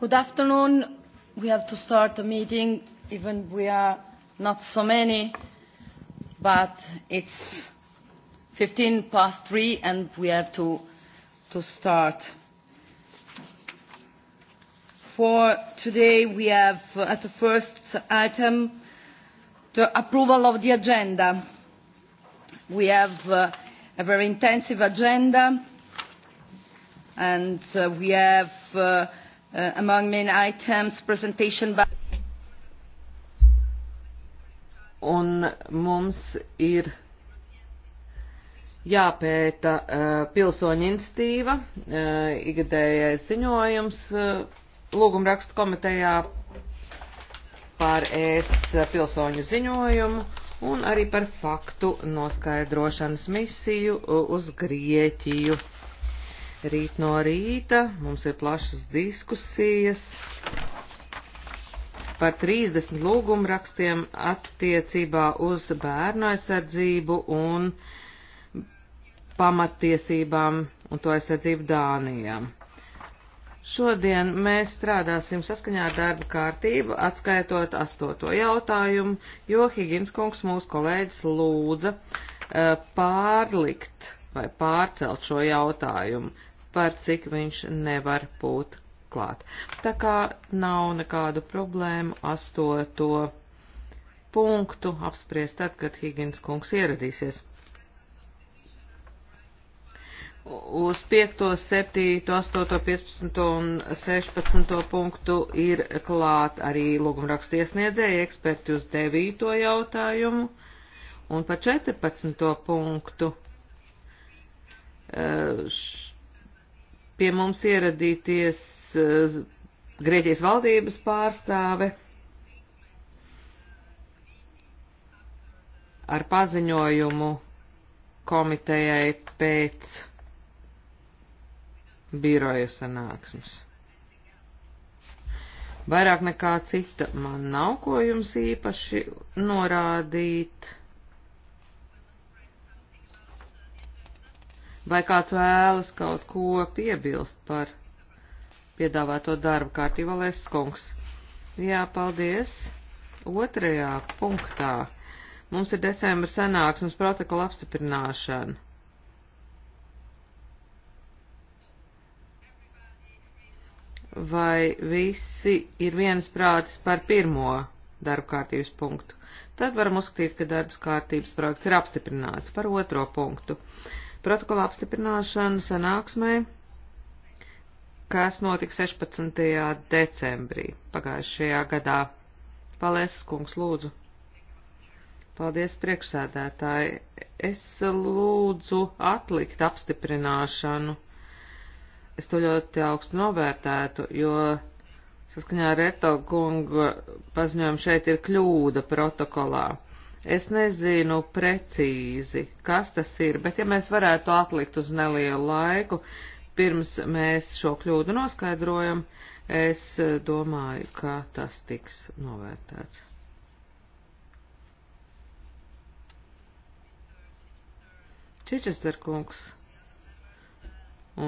Good afternoon. We have to start a meeting, even we are not so many, but it's 15 past three and we have to, to start. For today we have uh, at the first item the approval of the agenda. We have uh, a very intensive agenda and uh, we have uh, Uh, among main items presentation by Un mums ir jāpēta uh, pilsoņu institīva, uh, ikgadējais ziņojums uh, lūgumrakstu komitejā par ES uh, pilsoņu ziņojumu un arī par faktu noskaidrošanas misiju uh, uz Grieķiju. Rīt no rīta mums ir plašas diskusijas par 30 lūgumrakstiem attiecībā uz bērnu aizsardzību un pamattiesībām un to aizsardzību Dānijā. Šodien mēs strādāsim saskaņā ar darba kārtību, atskaitot astoto jautājumu, jo Higins kungs mūsu kolēģis lūdza uh, pārlikt vai pārcelt šo jautājumu par cik viņš nevar būt klāt. Tā kā nav nekādu problēmu astoto punktu apspriest tad, kad Higgins kungs ieradīsies. Uz 5, 7, 8, 15 un 16 punktu ir klāt arī lūgumrakstu iesniedzēji eksperti uz 9 jautājumu un par 14 punktu. Uh, pie mums ieradīties uh, Grieķijas valdības pārstāve ar paziņojumu komitejai pēc biroju sanāksmes. Vairāk nekā cita man nav ko jums īpaši norādīt. Vai kāds vēlas kaut ko piebilst par piedāvāto darbu kārtību, Lēs Kungs? Jā, paldies. Otrajā punktā mums ir decembra sanāksmes protokola apstiprināšana. Vai visi ir vienas prātas par pirmo darba kārtības punktu? Tad varam uzskatīt, ka darbas kārtības projekts ir apstiprināts par otro punktu. Uh, protokola apstiprināšana sanāksmē, kas notika 16. decembrī pagājušajā gadā. Palēsas kungs, lūdzu. Paldies, priekšsēdētāji. Es lūdzu atlikt apstiprināšanu. Es to ļoti augstu novērtētu, jo saskaņā ar Reto kungu paziņojumu šeit ir kļūda protokolā. Es nezinu precīzi, kas tas ir, bet ja mēs varētu atlikt uz nelielu laiku, pirms mēs šo kļūdu noskaidrojam, es e, domāju, ka tas tiks novērtēts. Čičesterkungs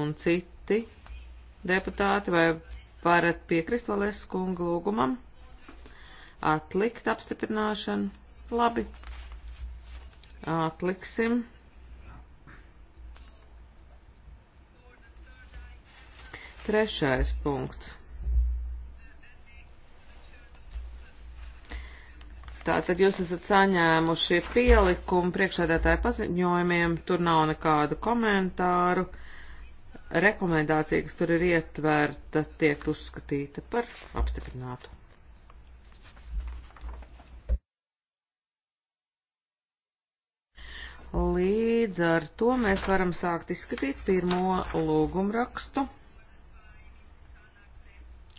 un citi deputāti, vai varat piekrist Valēs kunga lūgumam atlikt apstiprināšanu? Labi. Atliksim. Trešais punkts. Tātad jūs esat saņēmuši pielikumu priekšsēdētāju paziņojumiem, tur nav nekādu komentāru. Rekomendācija, kas tur ir ietverta, tiek uzskatīta par apstiprinātu. Līdz ar to mēs varam sākt izskatīt pirmo lūgumrakstu,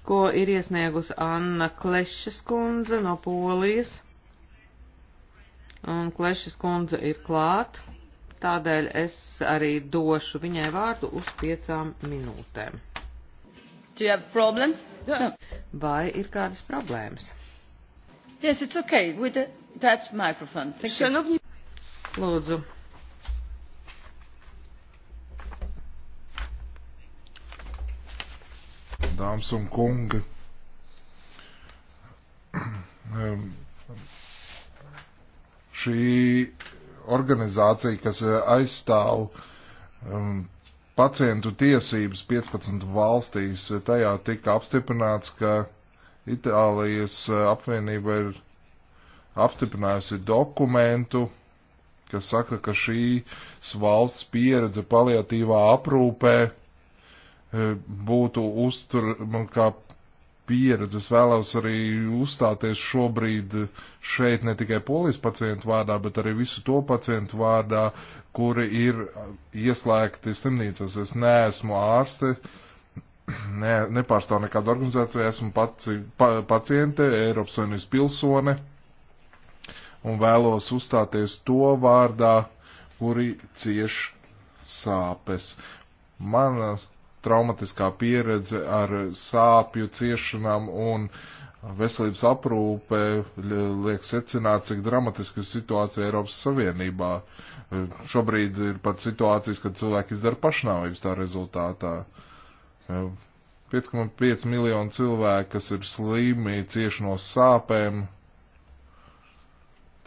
ko ir iesniegusi Anna Klešas kundze no Polijas. Un Klešas kundze ir klāt, tādēļ es arī došu viņai vārdu uz piecām minūtēm. No. Vai ir kādas problēmas? Yes, it's okay with the, that microphone. Thank you. Lūdzu. Dāmas un kungi, šī organizācija, kas aizstāv um, pacientu tiesības 15 valstīs, tajā tika apstiprināts, ka Itālijas eh, apvienība ir apstiprinājusi dokumentu, kas saka, ka šīs valsts pieredze paliatīvā aprūpē e, būtu uzturama kā pieredze. Es vēlos arī uzstāties šobrīd šeit ne tikai polijas pacientu vārdā, bet arī visu to pacientu vārdā, kuri ir ieslēgti slimnīcas. Es neesmu ārste, ne, nepārstāvu nekādu organizāciju, esmu paci, pa, paciente, Eiropas Savienības pilsone un vēlos uzstāties to vārdā, kuri cieš sāpes. Mana traumatiskā pieredze ar sāpju ciešanām un veselības aprūpe liek secināt, cik dramatiska situācija Eiropas Savienībā. Šobrīd ir pat situācijas, kad cilvēki izdara pašnāvības tā rezultātā. 5,5 miljonu cilvēku, kas ir slīmi, cieši no sāpēm,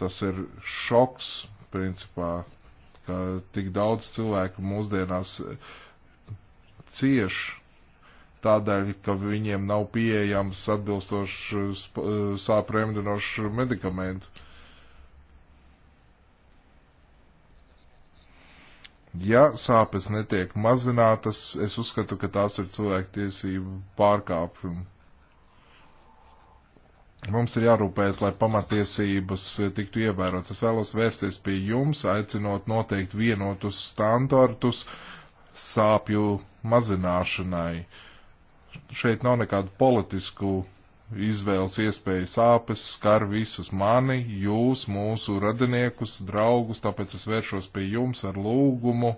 tas ir šoks, principā, ka tik daudz cilvēku mūsdienās cieš tādēļ, ka viņiem nav pieejams atbilstošs sāpremdinošs medikamentu. Ja sāpes netiek mazinātas, es uzskatu, ka tās ir cilvēktiesību pārkāpumi. Mums ir jārūpējas, lai pamatiesības eh, tiktu ievērotas. Es vēlos vērsties pie jums, aicinot noteikt vienotus standartus sāpju mazināšanai. Šeit nav nekādu politisku izvēles iespēju. Sāpes skar visus mani, jūs, mūsu radiniekus, draugus, tāpēc es vēršos pie jums ar lūgumu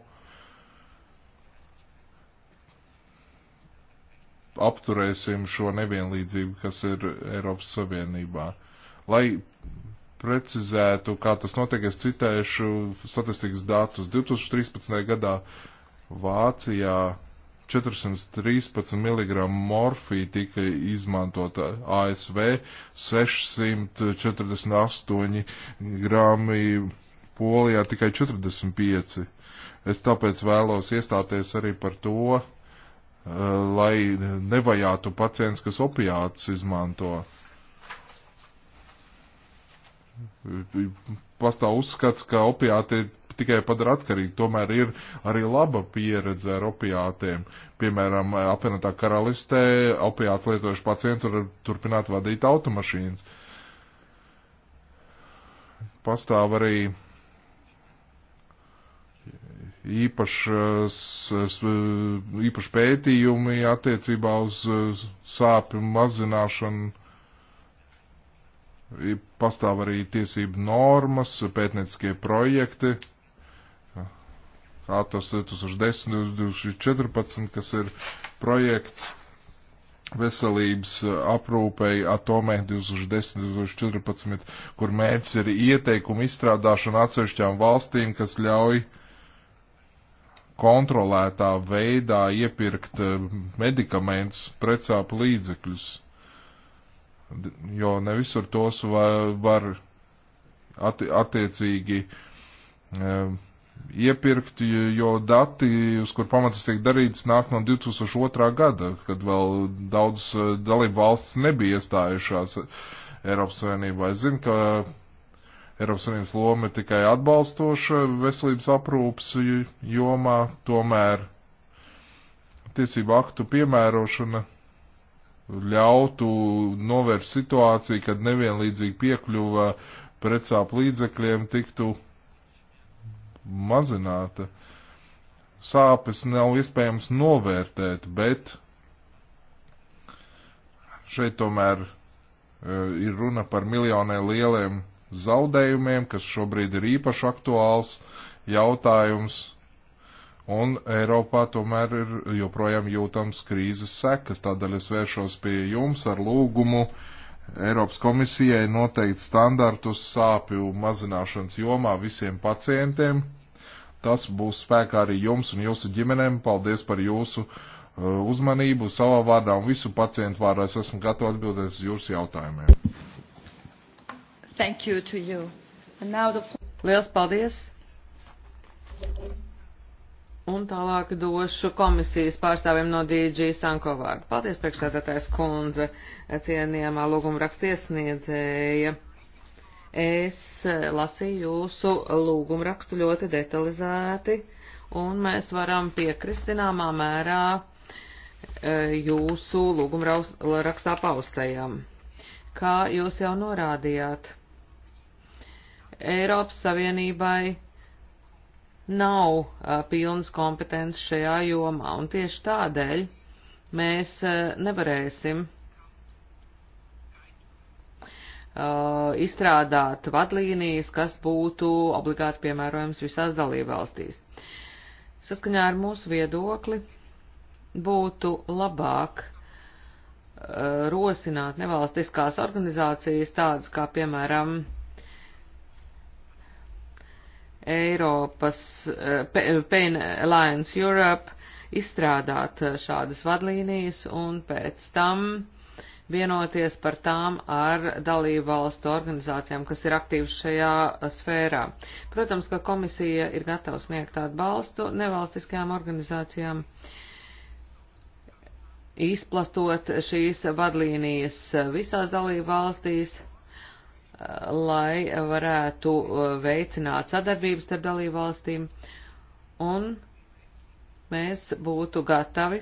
apturēsim šo nevienlīdzību, kas ir Eiropas Savienībā. Lai precizētu, kā tas notiek, es citēšu statistikas datus. 2013. gadā Vācijā 413 mg morfija tika izmantota ASV, 648 grāmi Polijā tikai 45. Es tāpēc vēlos iestāties arī par to, Eh, lai nevajātu pacients, kas opiāts izmanto. Pastāv uzskats, ka opiāti tikai padara atkarīgi, tomēr ir arī laba pieredze ar opiātiem. Piemēram, apvienotā karalistē opiāts lietojuši pacienti var turpināt vadīt automašīnas. Pastāv arī uh, īpašas, īpaši pētījumi attiecībā uz sāpju mazināšanu. Pastāv arī tiesību normas, pētnieciskie projekti, kā tas 2010, 2014, kas ir projekts veselības aprūpei atomē 2010-2014, kur mērķis ir ieteikumu izstrādāšana atsevišķām valstīm, kas ļauj kontrolētā veidā iepirkt eh, medikamentus, precāpu līdzekļus, jo ne visur tos var attiecīgi eh, iepirkt, jo dati, uz kur pamatas tiek darīts, nāk no 2002. gada, kad vēl daudz eh, dalību valsts nebija iestājušās Eiropas Savienībā. Es zinu, ka Eiropas Savienības loma ir tikai atbalstoša veselības aprūpas jomā, tomēr tiesību aktu piemērošana ļautu novērst situāciju, kad nevienlīdzīgi piekļuva precāp līdzekļiem tiktu mazināta. Sāpes nav iespējams novērtēt, bet šeit tomēr e, ir runa par miljoniem lieliem zaudējumiem, kas šobrīd ir īpaši aktuāls jautājums. Un Eiropā tomēr ir joprojām jūtams krīzes sekas, tādēļ es vēršos pie jums ar lūgumu Eiropas komisijai noteikt standartus sāpju mazināšanas jomā visiem pacientiem. Tas būs spēkā arī jums un jūsu ģimenēm. Paldies par jūsu uh, uzmanību savā vārdā un visu pacientu vārdā. Es esmu gatavs atbildēt uz jūsu jautājumiem. Thank you to you. And now the... Liels paldies! Un tālāk došu komisijas pārstāvim no DG Sankovārdu. Paldies, priekšsēdētājs kundze, cienījamā lūguma rakstiesniedzēja. Es lasīju jūsu lūgumu rakstu ļoti detalizēti, un mēs varam piekristināmā mērā e, jūsu lūgumu rakstā paustajam. Kā jūs jau norādījāt? Eiropas Savienībai nav uh, pilnas kompetences šajā jomā, un tieši tādēļ mēs uh, nevarēsim uh, izstrādāt vadlīnijas, kas būtu obligāti piemērojams visās dalībvalstīs. Saskaņā ar mūsu viedokli būtu labāk uh, rosināt nevalstiskās organizācijas tādas kā, piemēram, Eiropas eh, Pain Alliance Europe izstrādāt eh, šādas vadlīnijas un pēc tam vienoties par tām ar dalību valstu organizācijām, kas ir aktīvas šajā eh, sfērā. Protams, ka komisija ir gatava sniegt atbalstu nevalstiskajām organizācijām, izplastot šīs vadlīnijas visās dalību valstīs lai varētu uh, veicināt sadarbības starp dalībvalstīm, un mēs būtu gatavi,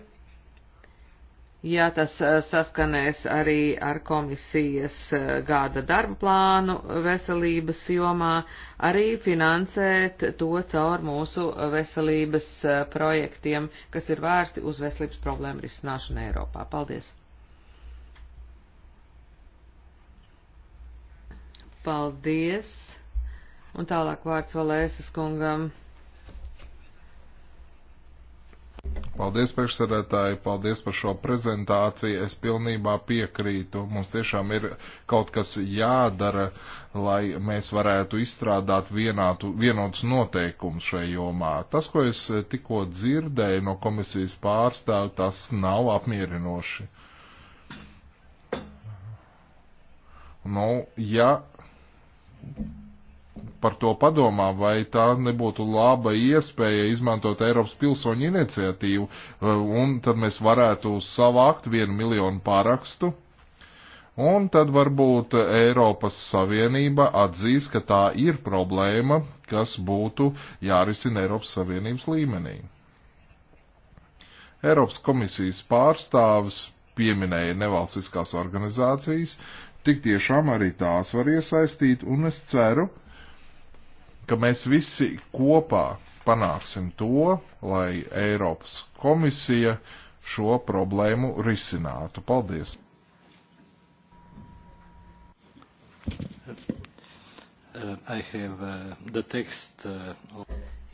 ja tas uh, saskanēs arī ar komisijas uh, gada darba plānu veselības jomā, arī finansēt to caur mūsu veselības projektiem, kas ir vērsti uz veselības problēmu risināšanu Eiropā. Paldies! Paldies! Un tālāk vārds Valēsas kungam. Paldies, priekšsēdētāji, paldies par šo prezentāciju. Es pilnībā piekrītu. Mums tiešām ir kaut kas jādara, lai mēs varētu izstrādāt vienātu, vienotus noteikumus šajā jomā. Tas, ko es tikko dzirdēju no komisijas pārstāvu, tas nav apmierinoši. Nu, ja par to padomā, vai tā nebūtu laba iespēja izmantot Eiropas pilsoņu iniciatīvu, eh, un tad mēs varētu savākt vienu miljonu pārakstu, un tad varbūt Eiropas Savienība atzīs, ka tā ir problēma, kas būtu jārisina Eiropas Savienības līmenī. Eiropas komisijas pārstāvis pieminēja nevalstiskās organizācijas, uh, tik tiešām arī tās var iesaistīt, un es ceru, ka mēs visi kopā panāksim to, lai Eiropas komisija šo problēmu risinātu. Paldies! Uh, I have uh, the text. Uh...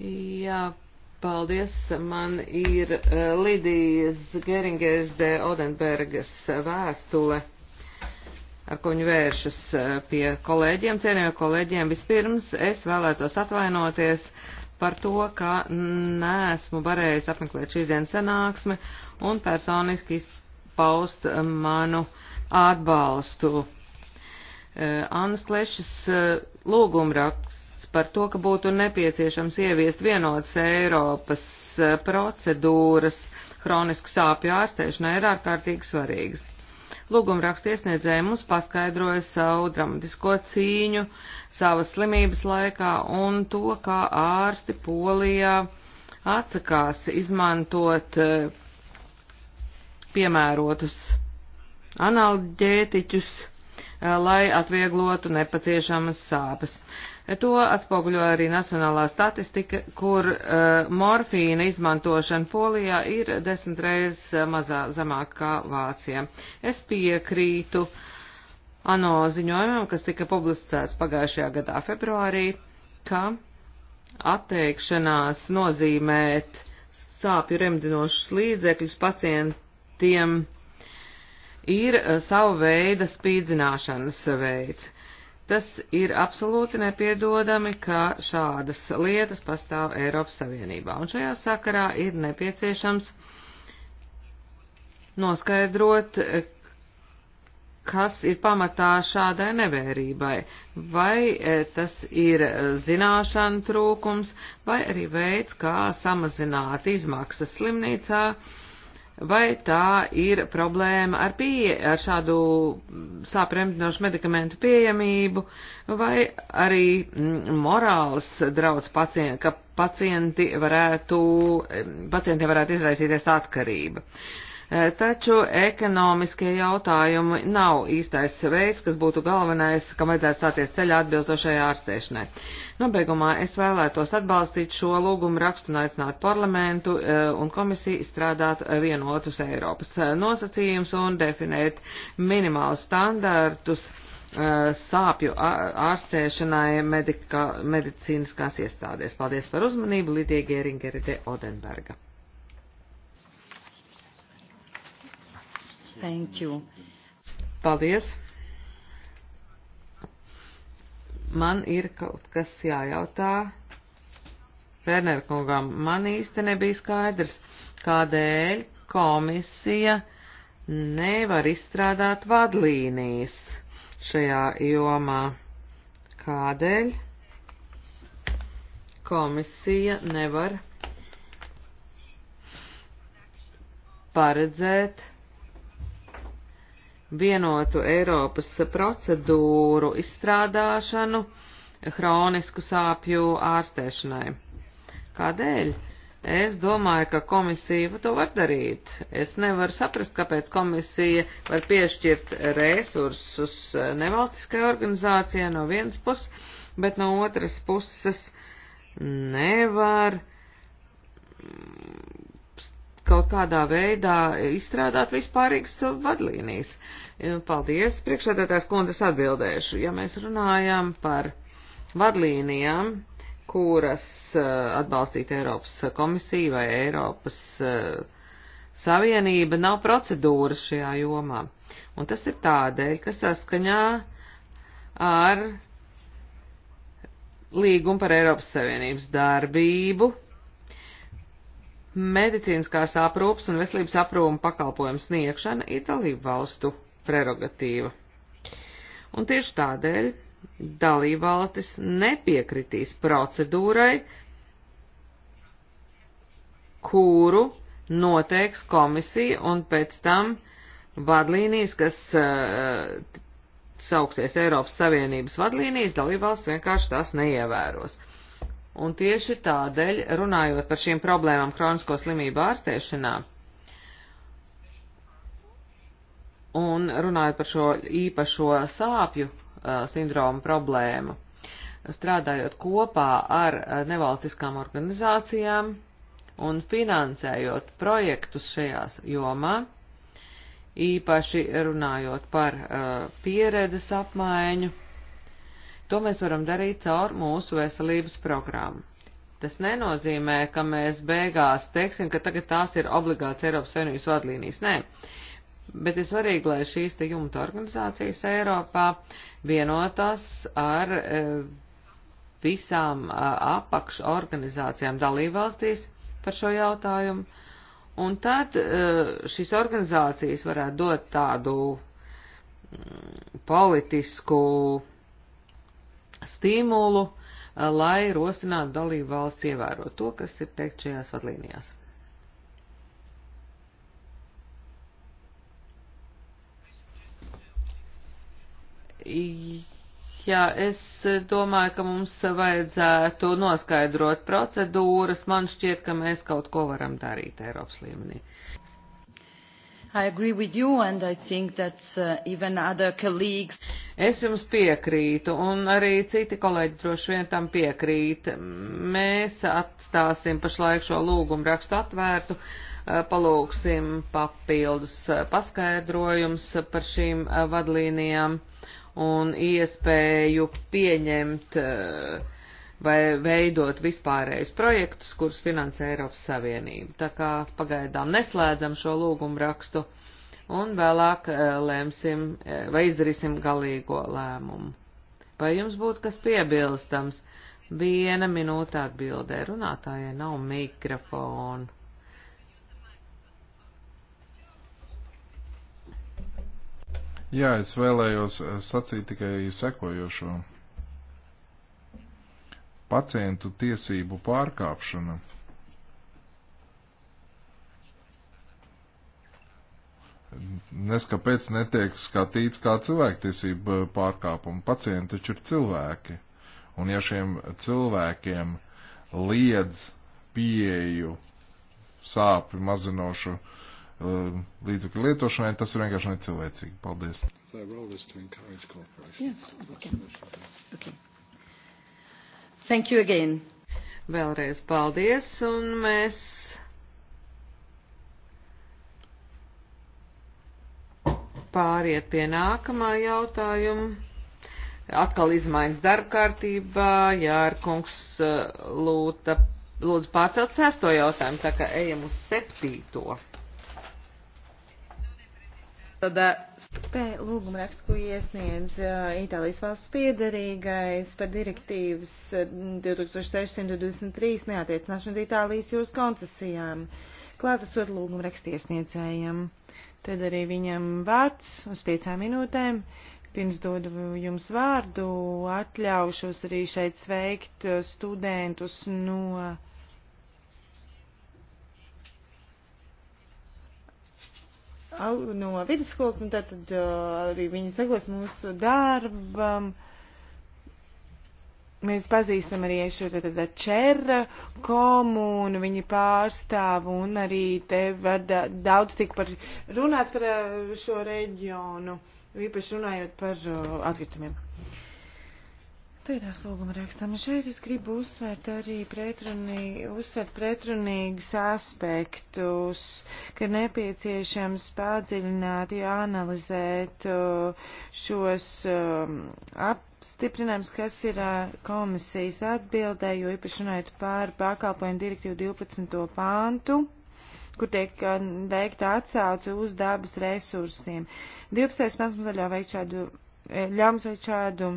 Jā, paldies. Man ir uh, Lidijas Geringers de Odenbergas vēstule ar ko viņi vēršas eh, pie kolēģiem, cienījumiem kolēģiem. Vispirms es vēlētos atvainoties par to, ka nesmu varējis apmeklēt šīs dienas sanāksmi un personiski paust eh, manu atbalstu. Eh, Annas Klešas lūgumraksts par to, ka būtu nepieciešams ieviest vienotas Eiropas procedūras hronisku sāpju ārstēšanai ir ārkārtīgi svarīgas. Lūguma raksta iesniedzēja mums paskaidroja savu dramatisko cīņu savas slimības laikā un to, kā ārsti Polijā atsakās izmantot eh, piemērotus analģētiķus, eh, lai atvieglotu nepaciešamas sāpes. To atspoguļo arī nacionālā statistika, kur uh, morfīna izmantošana polijā ir desmit reizes eh, mazā zemāk kā Vācijā. Es piekrītu ANO ziņojumam, kas tika publicēts pagājušajā gadā februārī, ka atteikšanās nozīmēt sāpju remdinošus līdzekļus pacientiem ir eh, sava veida spīdzināšanas veids. Tas ir absolūti nepiedodami, ka šādas lietas pastāv Eiropas Savienībā, un šajā sakarā ir nepieciešams noskaidrot, kas ir pamatā šādai nevērībai, vai e, tas ir zināšana trūkums, vai arī veids, kā samazināt izmaksas slimnīcā, uh, vai tā ir problēma ar, pie, ar šādu sāpremdinošu medikamentu pieejamību, vai arī mm, morāls draudz pacienti, ka pacienti varētu, pacientiem varētu izraisīties atkarība. Uh, Eh, taču ekonomiskie jautājumi nav īstais veids, kas būtu galvenais, kam vajadzētu stāties ceļā atbilstošai ārstēšanai. Nobeigumā es vēlētos atbalstīt šo lūgumu rakstu un aicināt parlamentu eh, un komisiju izstrādāt vienotus Eiropas eh, nosacījumus un definēt minimālus standartus sāpju ārstēšanai medikā, medicīniskās iestādēs. Paldies par uzmanību, Lidija Geringerite Odenberga. Thank you. Paldies. Man ir kaut kas jājautā. Vērner kungam, man īsti nebija skaidrs, kādēļ komisija nevar izstrādāt vadlīnijas šajā jomā. Kādēļ komisija nevar paredzēt vienotu Eiropas procedūru izstrādāšanu hronisku sāpju ārstēšanai. Kādēļ? Es domāju, ka komisija to var darīt. Es nevaru saprast, kāpēc komisija var piešķirt resursus nevaltiskai organizācijai no vienas puses, bet no otras puses nevar kaut kādā veidā izstrādāt vispārīgas vadlīnijas. E, paldies, priekšsēdētājs kundzes atbildēšu. Ja mēs runājam par vadlīnijām, kuras e, atbalstīt Eiropas komisija vai Eiropas e, Savienība, nav procedūras šajā jomā. Un tas ir tādēļ, ka saskaņā ar līgumu par Eiropas Savienības darbību medicīniskās aprūpas un veselības aprūpa pakalpojumu sniegšana ir dalību valstu prerogatīva. Un tieši tādēļ dalību valstis nepiekritīs procedūrai, kuru noteiks komisija un pēc tam vadlīnijas, kas uh, sauksies Eiropas Savienības vadlīnijas, dalībvalsts vienkārši tās neievēros. Un tieši tādēļ, runājot par šīm problēmām kronisko slimību ārstēšanā, un runājot par šo īpašo sāpju uh, sindromu problēmu, strādājot kopā ar uh, nevalstiskām organizācijām un finansējot projektus šajās jomā, īpaši runājot par uh, pieredzes apmaiņu To mēs varam darīt caur mūsu veselības programmu. Tas nenozīmē, ka mēs beigās teiksim, ka tagad tās ir obligāts Eiropas Savienības vadlīnijas. Nē, bet ir svarīgi, lai šīs te jumta organizācijas Eiropā vienotās ar e, visām apakšorganizācijām dalībvalstīs par šo jautājumu. Un tad e, šīs organizācijas varētu dot tādu politisku stimulu, eh, lai rosinātu dalību valsts ievērot to, kas ir teikt šajās vadlīnijās. Jā, es domāju, ka mums vajadzētu noskaidrot procedūras. Man šķiet, ka mēs kaut ko varam darīt Eiropas līmenī. Uh, I agree with you and I think that uh, even other colleagues. Es jums piekrītu un arī citi kolēģi droši vien tam piekrīt. Mēs atstāsim pašlaik šo lūgumu rakstu atvērtu, uh, palūksim papildus uh, paskaidrojums par šīm uh, vadlīnijām un iespēju pieņemt uh, vai veidot vispārējus projektus, kurus finansē Eiropas Savienība. Tā kā pagaidām neslēdzam šo lūgumu rakstu un vēlāk eh, lēmsim eh, vai izdarīsim galīgo lēmumu. Vai jums būtu kas piebilstams? Viena minūte atbildē runātājai nav mikrofonu. Jā, es vēlējos eh, sacīt tikai sekojošo pacientu tiesību pārkāpšana. Nes kāpēc netiek skatīts kā cilvēktiesība pārkāpuma. Pacienti taču ir cilvēki. Un ja šiem cilvēkiem liedz pieeju sāpju mazinošu uh, līdzekļu lietošanai, tas ir vienkārši necilvēcīgi. Paldies. Yes, okay. Okay. Thank you again. Vēlreiz paldies, un mēs. Pāriet pie nākamā jautājuma. Atkal izmaiņas darbkārtībā. Jārkungs uh, lūta, lūdzu pārcelt sesto jautājumu, tā kā ejam uz septīto. Tad uh, P lūguma raksts, ko iesniedz Itālijas valsts piedarīgais par direktīvas 2623 neatiecināšanas Itālijas jūras koncesijām. Klātesot lūguma raksts iesniedzējiem. Tad arī viņam vārds uz piecām minūtēm. Pirms dodu jums vārdu, atļaušos arī šeit sveikt studentus no. no vidusskolas, un tātad uh, arī viņi sekos mūsu darbam. Mēs pazīstam arī šo tātad čerra komunu, viņi pārstāv, un arī te var daudz tik par runāts par uh, šo reģionu, īpaši runājot par uh, atkritumiem. Uh, Tīrās lūguma rakstam. Šeit es gribu uzsvērt arī pretrunīgi, uzsvērt pretrunīgus aspektus, ka nepieciešams padziļināt, jāanalizēt uh, šos um, apstiprinājums, kas ir uh, komisijas atbildē, jo īpaši runājot par pakalpojumu direktīvu 12. pāntu kur tiek uh, veikta atsauce uz dabas resursiem. 12. pants mums ļauj veikt šādu, ļauj mums veikt šādu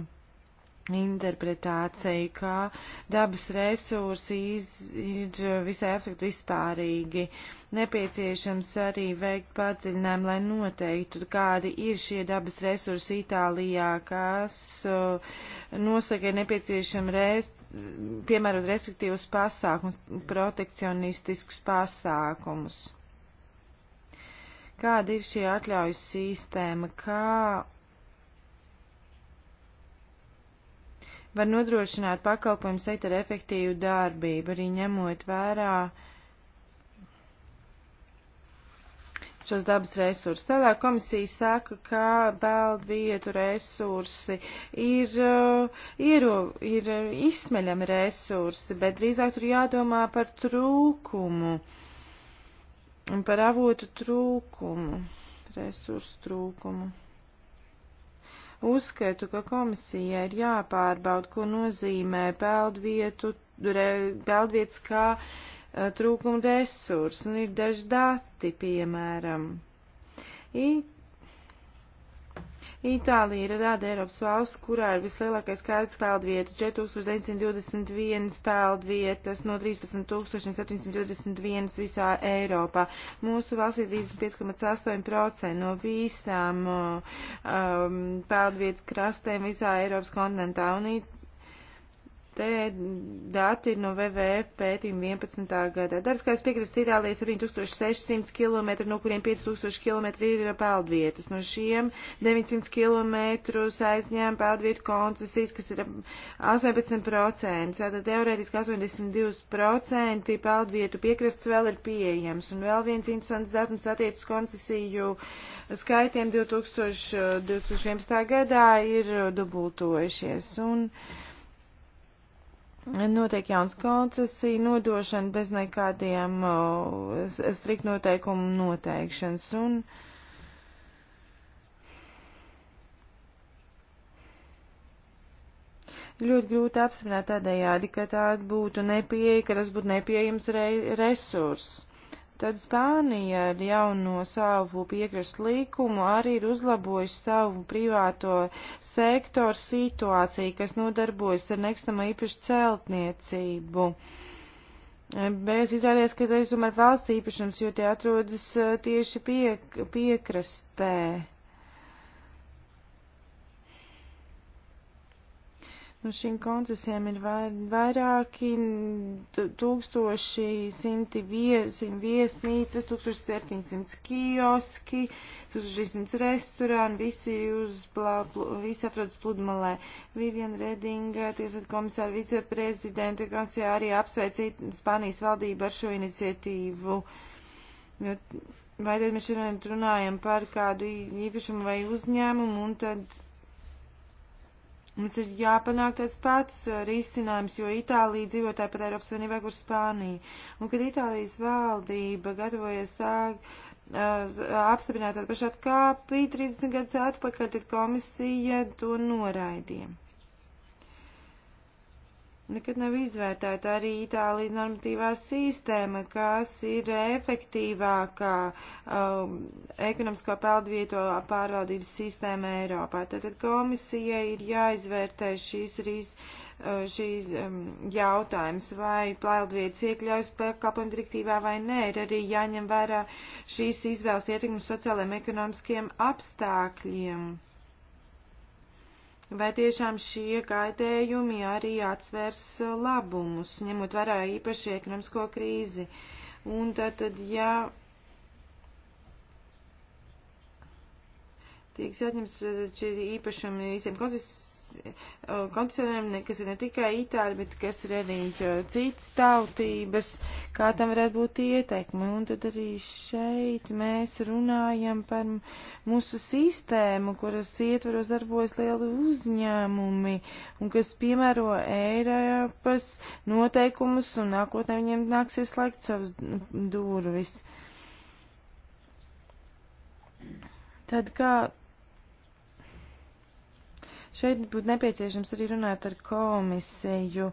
interpretācija, ka dabas resursi iz, ir visai absolūti vispārīgi. Nepieciešams arī veikt padziļinājumu, lai noteiktu, kādi ir šie dabas resursi Itālijā, kas uh, nosaka, ir nepieciešama res, piemērot restriktīvus pasākumus, protekcionistiskus pasākumus. Kāda ir šī atļaujas sistēma? Kā var nodrošināt pakalpojumu sektoru efektīvu darbību, arī ņemot vērā šos dabas resursus. Tālāk komisija saka, ka beld vietu resursi ir, uh, ir, ir izsmeļami resursi, bet drīzāk tur jādomā par trūkumu, par avotu trūkumu, resursu trūkumu. Uzskatu, ka komisija ir jāpārbaud, ko nozīmē peldvietu, peldvietas kā e, trūkuma resursi, un ir daži dati, piemēram. It Itālija ir tāda Eiropas valsts, kurā ir vislielākais skaits peldvietu - 4921 peldvietas no 13721 visā Eiropā. Mūsu valsts ir 35,8% no visām uh, um, peldvietas krastēm visā Eiropas kontinentā, un it, Te dati ir no WWF e pētījuma 11. gadā. Darbskais piekrasts Itālijai 7600 km, no kuriem 5000 km ir peldvietas. No šiem 900 km aizņēma peldvietu koncesijas, kas ir 18%. Tātad teorētiski 82% peldvietu piekrasts vēl ir pieejams. Un vēl viens interesants datums attiec uz koncesiju skaitiem 2000, 2011. gadā ir dubultojušies. Un, uh, notiek jauns koncesija nodošana bez nekādiem strikt noteikumu noteikšanas. Un, Ļoti grūti apsvērt tādējādi, ka tā būtu nepieeja, ka tas būtu nepieejams re resurs. Tad Spānija ar jauno savu piekrastu likumu arī ir uzlabojusi savu privāto sektoru situāciju, kas nodarbojas ar nekstamā īpašu celtniecību. Bez izrādījās, ka tas tomēr valsts īpašums, jo tie atrodas eh, tieši piek, piekrastē. No šīm koncesijām ir vairāki tūkstoši simti vies, viesnīcas, 1700 kioski, 1600 restorāni, visi, uz, plā, pl, visi atrodas pludmalē. Vivian Redinga, tiesat komisāra viceprezidenta, kas arī apsveicīt Spānijas valdību ar šo iniciatīvu. Nu, vai tad mēs šodien runājam par kādu īpašumu vai uzņēmumu, un tad Mums ir jāpanāk tāds pats uh, risinājums, jo Itālija dzīvo tāpat Eiropas Savienībā, kur Spānija. Un kad Itālijas valdība gatavojas uh, apstiprināt ar pašu atkāpi 30 gadus atpakaļ, tad komisija to noraidīja nekad nav izvērtēta arī Itālijas normatīvā sistēma, kas ir efektīvākā um, ekonomisko peldvieto pārvaldības sistēma Eiropā. Tātad komisija ir jāizvērtē šīs, rīs, uh, šīs um, jautājums, vai peldvietas iekļaujas pakalpojumu direktīvā vai nē, ir arī jāņem vērā šīs izvēles ietekmes sociālajiem ekonomiskiem apstākļiem vai tiešām šie kaitējumi arī atsvērs labumus, ņemot vērā īpaši ekonomisko krīzi. Un tad, tad ja tiks atņemts šie īpašumi visiem konsistenci, un koncertiem, kas ir ne tikai itāļi, bet kas ir arī uh, citas tautības, kā tam varētu būt ieteikumi. Un tad arī šeit mēs runājam par mūsu sistēmu, kuras ietvaros darbojas lieli uzņēmumi un kas piemēro Eiropas noteikumus un nākotnē viņiem nāksies slēgt savas durvis. Tad kā Šeit būtu nepieciešams arī runāt ar komisiju,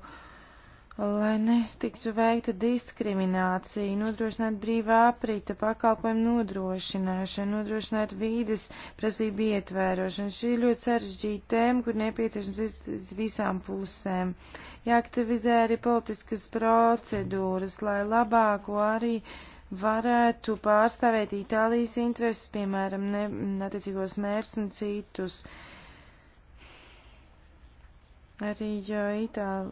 lai netiktu veikta diskriminācija, nodrošināt brīvā aprīta pakalpojumu nodrošināšanu, nodrošināt vīdes prasību ietvērošanu. Šī ir ļoti sarežģīta tēma, kur nepieciešams visām pusēm. Jāaktivizē arī politiskas procedūras, lai labāko arī varētu pārstāvēt Itālijas intereses, piemēram, ne, attiecīgos mērķus un citus. Uh, Arī Itāli.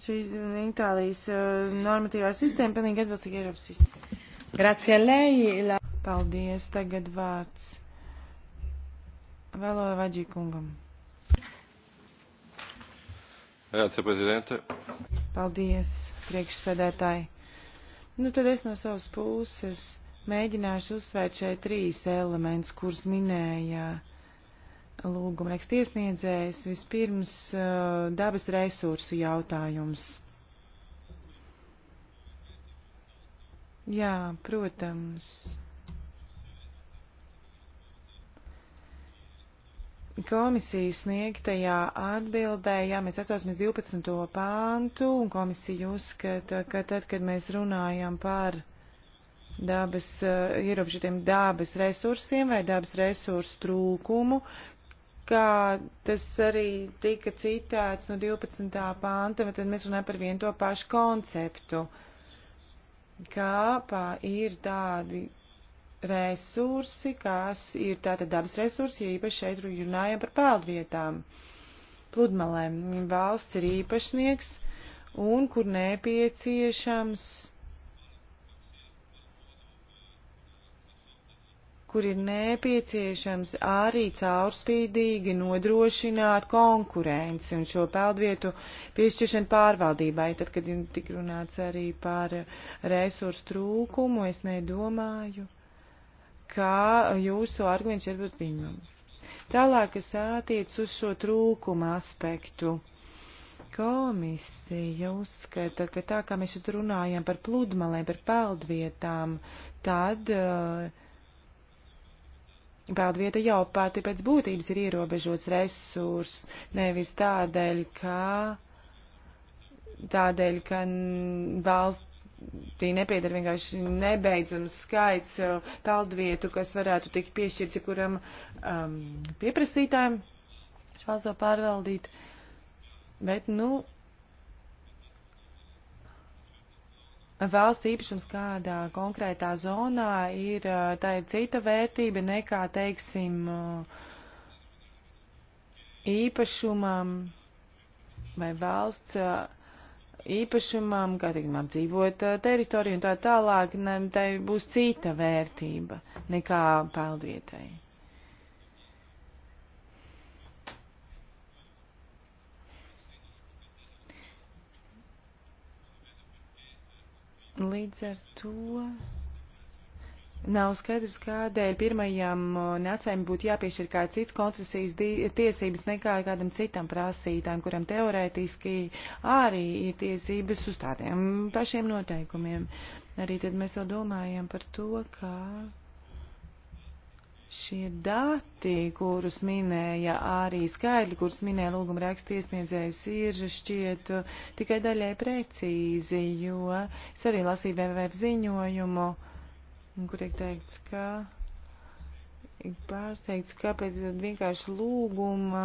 Šīs Itālijas uh, normatīvā sistēma pilnīgi atbilstīga Eiropas sistēma. Grazie lei. La... Paldies, tagad vārds. Vēloju Vaģī kungam. Grazie, prezidente. Paldies, priekšsēdētāji. Nu, tad es no savas puses mēģināšu uzsvērt šeit trīs elementus, kurus minēja lūguma rakstiesniedzējs. Vispirms dabas resursu jautājums. Jā, protams. Komisijas sniegtajā atbildē, jā, mēs atsaucamies 12. pāntu, un komisija uzskata, ka tad, kad mēs runājam par dabas, eh, ierobežotiem dabas resursiem vai dabas resursu trūkumu, kā tas arī tika citēts no 12. pānta, tad mēs runājam par vienu to pašu konceptu, kā pā ir tādi resursi, kas ir tātad dabas resursi, ja īpaši šeit runājam par peldvietām. Pludmalēm valsts ir īpašnieks un kur nepieciešams, kur ir nepieciešams arī caurspīdīgi nodrošināt konkurenci un šo peldvietu piešķiršanu pārvaldībai. Tad, kad tik runāts arī par resursu trūkumu, es nedomāju kā jūsu arguments var būt pieņemams. Tālāk, kas attiec uz šo trūkuma aspektu. Komisija uzskata, ka tā kā mēs šeit runājam par pludmalēm, par peldvietām, tad uh, Peldvieta jau pati pēc būtības ir ierobežots resurs, nevis tādēļ, ka, tādēļ, ka valsts tī nepiedara vienkārši nebeidzams skaits eh, peldvietu, kas varētu tikt piešķirts kuram um, ehm, pieprasītājiem švāzo pārvaldīt. Bet, nu, valsts īpašums kādā konkrētā zonā ir, eh, tā ir cita vērtība nekā, teiksim, eh, īpašumam vai valsts īpašumam, gadījumam dzīvot teritoriju un tā tālāk, ne, tai būs cita vērtība nekā peldvietai. Līdz ar to. Nav skaidrs, kādēļ pirmajam uh, nācējiem būtu jāpiešķir kāds cits koncesijas tiesības nekā kādam citam prasītājam, kuram teorētiski arī ir tiesības uz tādiem pašiem noteikumiem. Arī tad mēs jau domājam par to, kā šie dati, kurus minēja arī skaidri, kurus minēja lūguma rakstiesniedzējs, ir šķiet uh, tikai daļai precīzi, jo es arī lasīju VVF ziņojumu kur tiek teikts, ka ir pārsteigts, kāpēc vienkārši lūguma,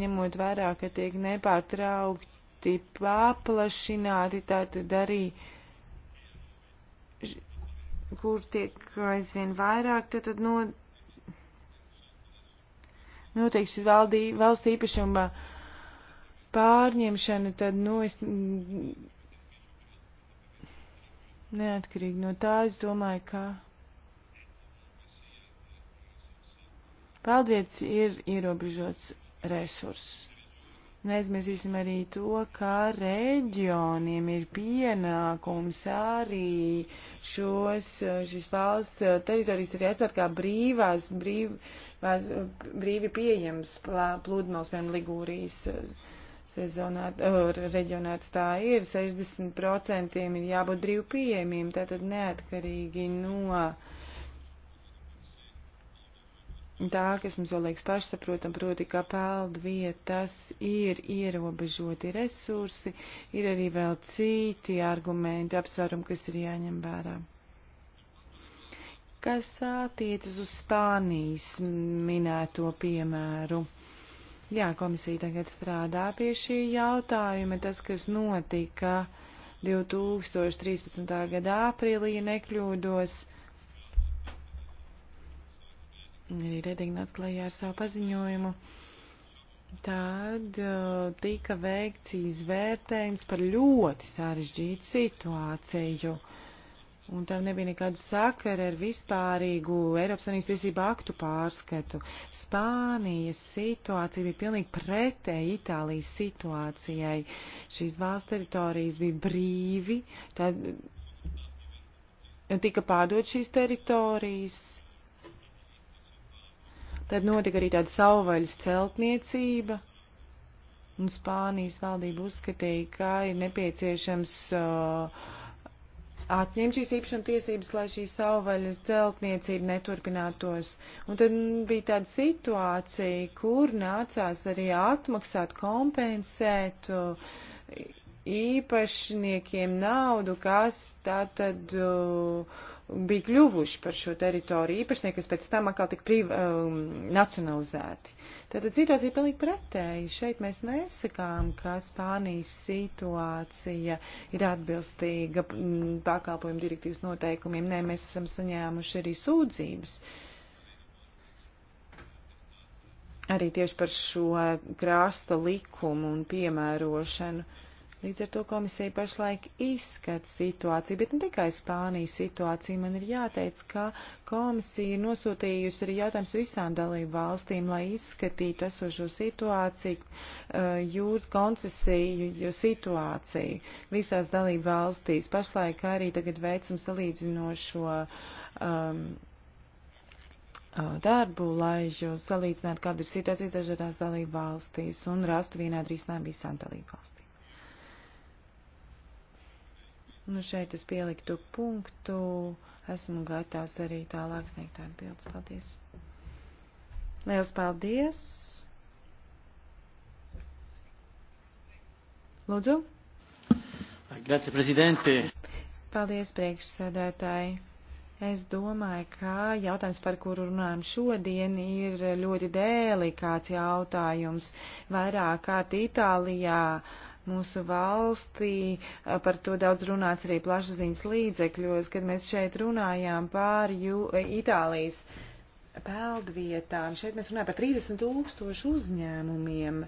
ņemot vērā, ka tiek nepārtraukti paplašināti, tātad arī, kur tiek aizvien vairāk, tad no, noteikti šis valdī, valsts īpašuma pārņemšana, tad, nu, es Neatkarīgi no tā, es domāju, ka peldvietas ir ierobežots resurss. Neaizmirsīsim arī to, ka reģioniem ir pienākums arī šos, šīs valsts teritorijas arī atstāt kā brīvās, brīvās brīvi pieejams plūdmals, piemēram, Ligūrijas sezonā, reģionā tā ir, 60% ir jābūt brīvi pieejamiem, tātad neatkarīgi no tā, kas mums vēl liekas pašsaprotam, proti, ka peldvietas ir ierobežoti resursi, ir arī vēl citi argumenti, apsvarumi, kas ir jāņem vērā. Kas attiecas uz Spānijas minēto piemēru? Jā, komisija tagad strādā pie šī jautājuma. Tas, kas notika 2013. gada aprīlī, ja nekļūdos, arī Redinga atklāja ar savu paziņojumu. Tad uh, tika veikts izvērtējums par ļoti sarežģītu situāciju un tam nebija nekāda sakara ar vispārīgu Eiropas Savienības tiesību aktu pārskatu. Spānijas situācija bija pilnīgi pretēji Itālijas situācijai. Šīs valsts teritorijas bija brīvi, tad tika pārdot šīs teritorijas. Tad notika arī tāda savvaļas celtniecība. Un Spānijas valdība uzskatīja, ka ir nepieciešams uh, atņemt šīs īpašuma tiesības, lai šī savvaļas dzeltniecība neturpinātos. Un tad bija tāda situācija, kur nācās arī atmaksāt, kompensēt uh, īpašniekiem naudu, kas tātad. Uh, bija kļuvuši par šo teritoriju īpašnieki, kas pēc tam atkal tika priv, um, nacionalizēti. Tātad situācija pilnīgi pretēji. Šeit mēs nesakām, ka Spānijas situācija ir atbilstīga mm, pakalpojumu direktīvas noteikumiem. Nē, mēs esam saņēmuši arī sūdzības. Arī tieši par šo krāsta likumu un piemērošanu. Uh, Līdz ar to komisija pašlaik izskata situāciju, bet ne tikai Spānijas situāciju. Man ir jāteic, ka komisija ir nosūtījusi arī jautājums visām dalību valstīm, lai izskatītu esošo situāciju, uh, jūras koncesiju situāciju visās dalību valstīs. Pašlaik arī tagad veicam salīdzinošo. Um, uh, darbu, lai salīdzinātu, kāda ir situācija dažādās dalību valstīs un rastu vienādu risinājumu visām dalību valstīm. Nu, šeit es pieliktu punktu. Esmu gatavs arī tālāk sniegt atbildes. Paldies! Liels paldies! Lūdzu! Grazie, prezidenti! Paldies, priekšsēdētāji! Es domāju, ka jautājums, par kuru runājam šodien, ir ļoti delikāts jautājums. Vairāk kārt Itālijā uh, mūsu valstī. Par to daudz runāts arī plašsaziņas līdzekļos, kad mēs šeit runājām pār jū, Itālijas peldvietām. Šeit mēs runājam par 30 tūkstošu uzņēmumiem.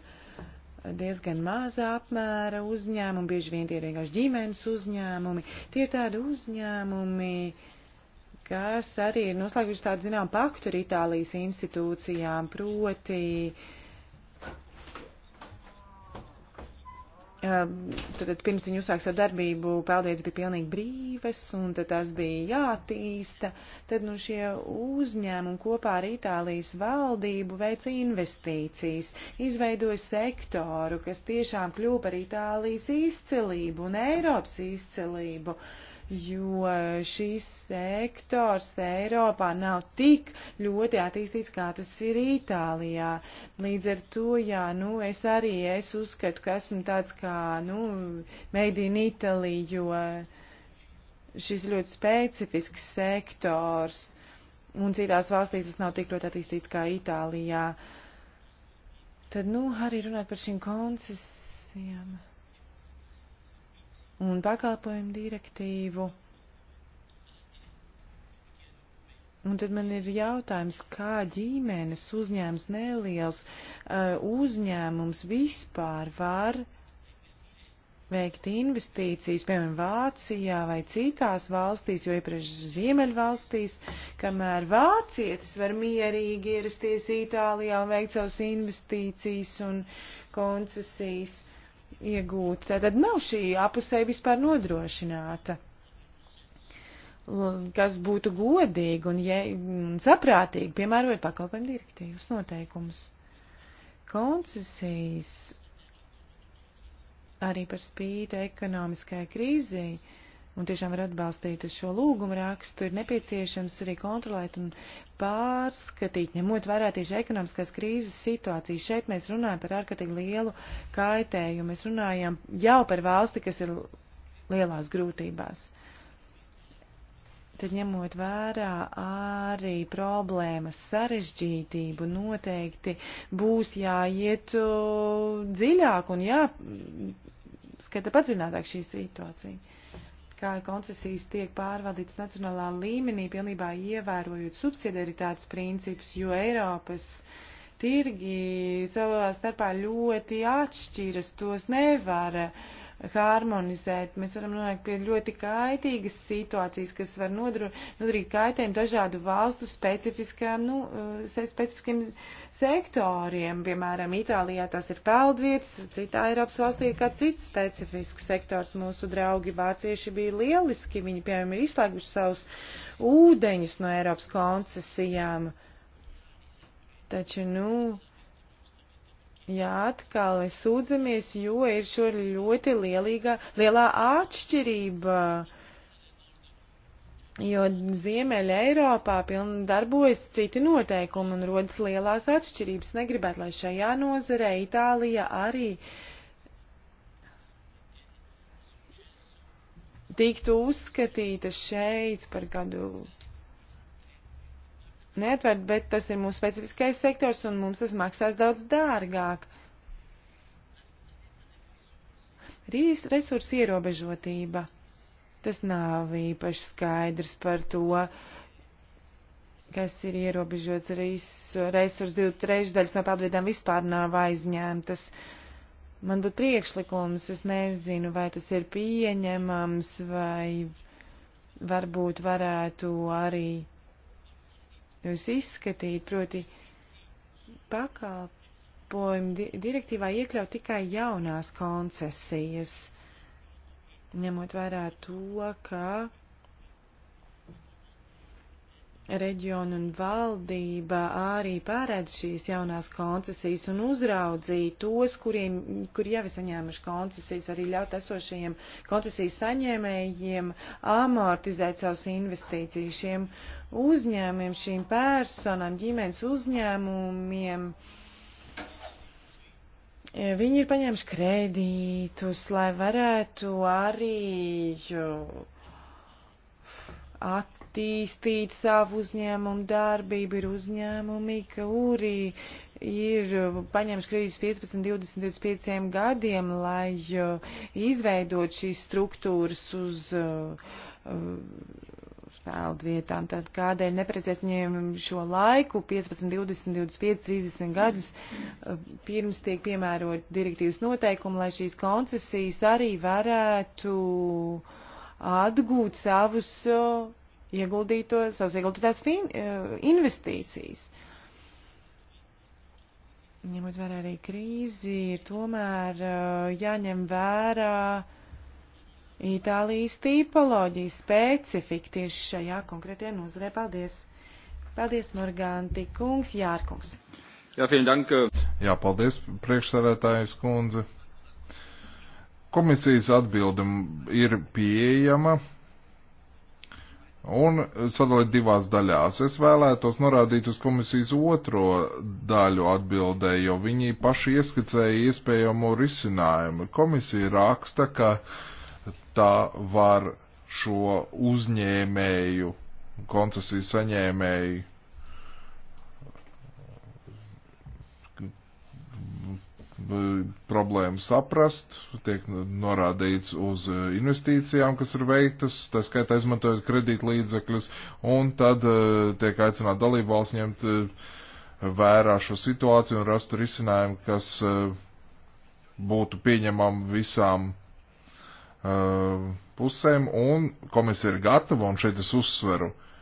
Diezgan mazā apmēra uzņēmumi, bieži vien tie ir vienkārši ģimenes uzņēmumi. Tie ir tādi uzņēmumi, kas arī ir noslēguši tādu, zinām, paktu ar Itālijas institūcijām, proti uh, Ehm, tad pirms viņi uzsāks ar darbību, peldējas bija pilnīgi brīves, un tad tās bija jātīsta. Tad nu šie uzņēmumi kopā ar Itālijas valdību veica investīcijas, izveidoja sektoru, kas tiešām kļūpa par Itālijas izcilību un Eiropas izcilību. Uh, jo šīs sektors Eiropā nav tik ļoti attīstīts, kā tas ir Itālijā. Līdz ar to, jā, nu, es arī es uzskatu, ka esmu tāds kā, nu, made in Italy, jo šis ļoti specifisks sektors, un citās valstīs tas nav tik ļoti attīstīts kā Itālijā. Tad, nu, arī runāt par šīm koncesijām un pakalpojumu direktīvu. Un tad man ir jautājums, kā ģimenes uzņēmums, neliels uh, uzņēmums vispār var veikt investīcijas, piemēram, Vācijā vai citās valstīs, jo iepriekš Ziemeļvalstīs, kamēr vācietis var mierīgi ierasties Itālijā un veikt savas investīcijas un koncesijas. Uh, iegūt. Tad nav šī apusēja vispār nodrošināta kas būtu godīgi un ja, saprātīgi, piemērojot pakalpojumu direktīvas noteikumus. Koncesijas arī par spīti ekonomiskai krīzei uh, un tiešām var atbalstīt uz šo lūgumu rakstu, ir nepieciešams arī kontrolēt un pārskatīt, ņemot vērā tieši ekonomiskās krīzes situāciju. Šeit mēs runājam par ārkārtīgi lielu kaitējumu, mēs runājam jau par valsti, kas ir lielās grūtībās. Tad ņemot vērā arī problēmas sarežģītību, noteikti būs jāiet uh, dziļāk un jāskata padziļinātāk šī situācija kā koncesijas tiek pārvaldītas nacionālā līmenī, pilnībā ievērojot subsidiaritātes principus, jo Eiropas tirgi savā starpā ļoti atšķiras, tos nevar uh, harmonizēt. Mēs varam nonākt pie ļoti kaitīgas situācijas, kas var nodarīt kaitējumu dažādu valstu specifiskām, nu, eh, specifiskiem sektoriem. Piemēram, Itālijā tas ir peldvietas, citā Eiropas valstī ir kāds cits specifisks sektors. Mūsu draugi vācieši bija lieliski, viņi, piemēram, ir izslēguši savus ūdeņus no Eiropas koncesijām. Taču, nu, Jā, atkal mēs sūdzamies, jo ir šo ļoti lielīga, lielā atšķirība. Jo Ziemeļa Eiropā piln darbojas citi noteikumi un rodas lielās atšķirības. Negribētu, lai šajā nozarē Itālija arī tiktu uzskatīta šeit par kādu neatvert, bet tas ir mūsu specifiskais sektors un mums tas maksās daudz dārgāk. Rīs resursu ierobežotība. Tas nav īpaši skaidrs par to, kas ir ierobežots rīs resursu divu trešdaļas no pabliedām vispār nav aizņemtas. Man būtu priekšlikums, es nezinu, vai tas ir pieņemams, vai varbūt varētu arī jūs izskatīt, proti pakalpojumu di direktīvā iekļaut tikai jaunās koncesijas, ņemot vērā to, ka reģionu un valdība arī pārēd šīs jaunās koncesijas un uzraudzīja tos, kuriem, kur jau ir saņēmuši koncesijas, arī ļaut esošajiem koncesijas saņēmējiem amortizēt savus investīcijas šiem uzņēmiem, šīm personām, ģimenes uzņēmumiem. E, viņi ir paņēmuši kredītus, lai varētu arī at, attīstīt savu uzņēmumu darbību, ir uzņēmumi, kuri ir paņēmuši kredītus 15, 20, 25 gadiem, lai uh, izveidot šīs struktūras uz spēldu uh, vietām. Tad kādēļ neprecēt viņiem šo laiku 15, 20, 25, 30 gadus uh, pirms tiek piemērot direktīvas noteikumu, lai šīs koncesijas arī varētu atgūt savus ieguldīto, savas ieguldītās fin, eh, investīcijas. Ņemot vērā arī krīzi, ir tomēr eh, jāņem vērā Itālijas tipoloģija specifika tieši šajā konkrētajā nozarē. Paldies! Paldies, Morganti kungs, Jārkungs! Jā, dank. Eh. Jā paldies, priekšsēdētājas kundze! Komisijas atbilde ir pieejama un sadalīt divās daļās. Es vēlētos norādīt uz komisijas otro daļu atbildē, jo viņi paši ieskicēja iespējamo risinājumu. Komisija raksta, ka tā var šo uzņēmēju, koncesiju saņēmēju problēmu saprast, tiek norādīts uz e, investīcijām, kas ir veiktas, tā skaitā izmantojot kredītlīdzekļus, un tad e, tiek aicināt dalību valsts ņemt e, vērā šo situāciju un rastu risinājumu, kas būtu pieņemam visām pusēm, un komisija ir gatava, un šeit es uzsveru, uh,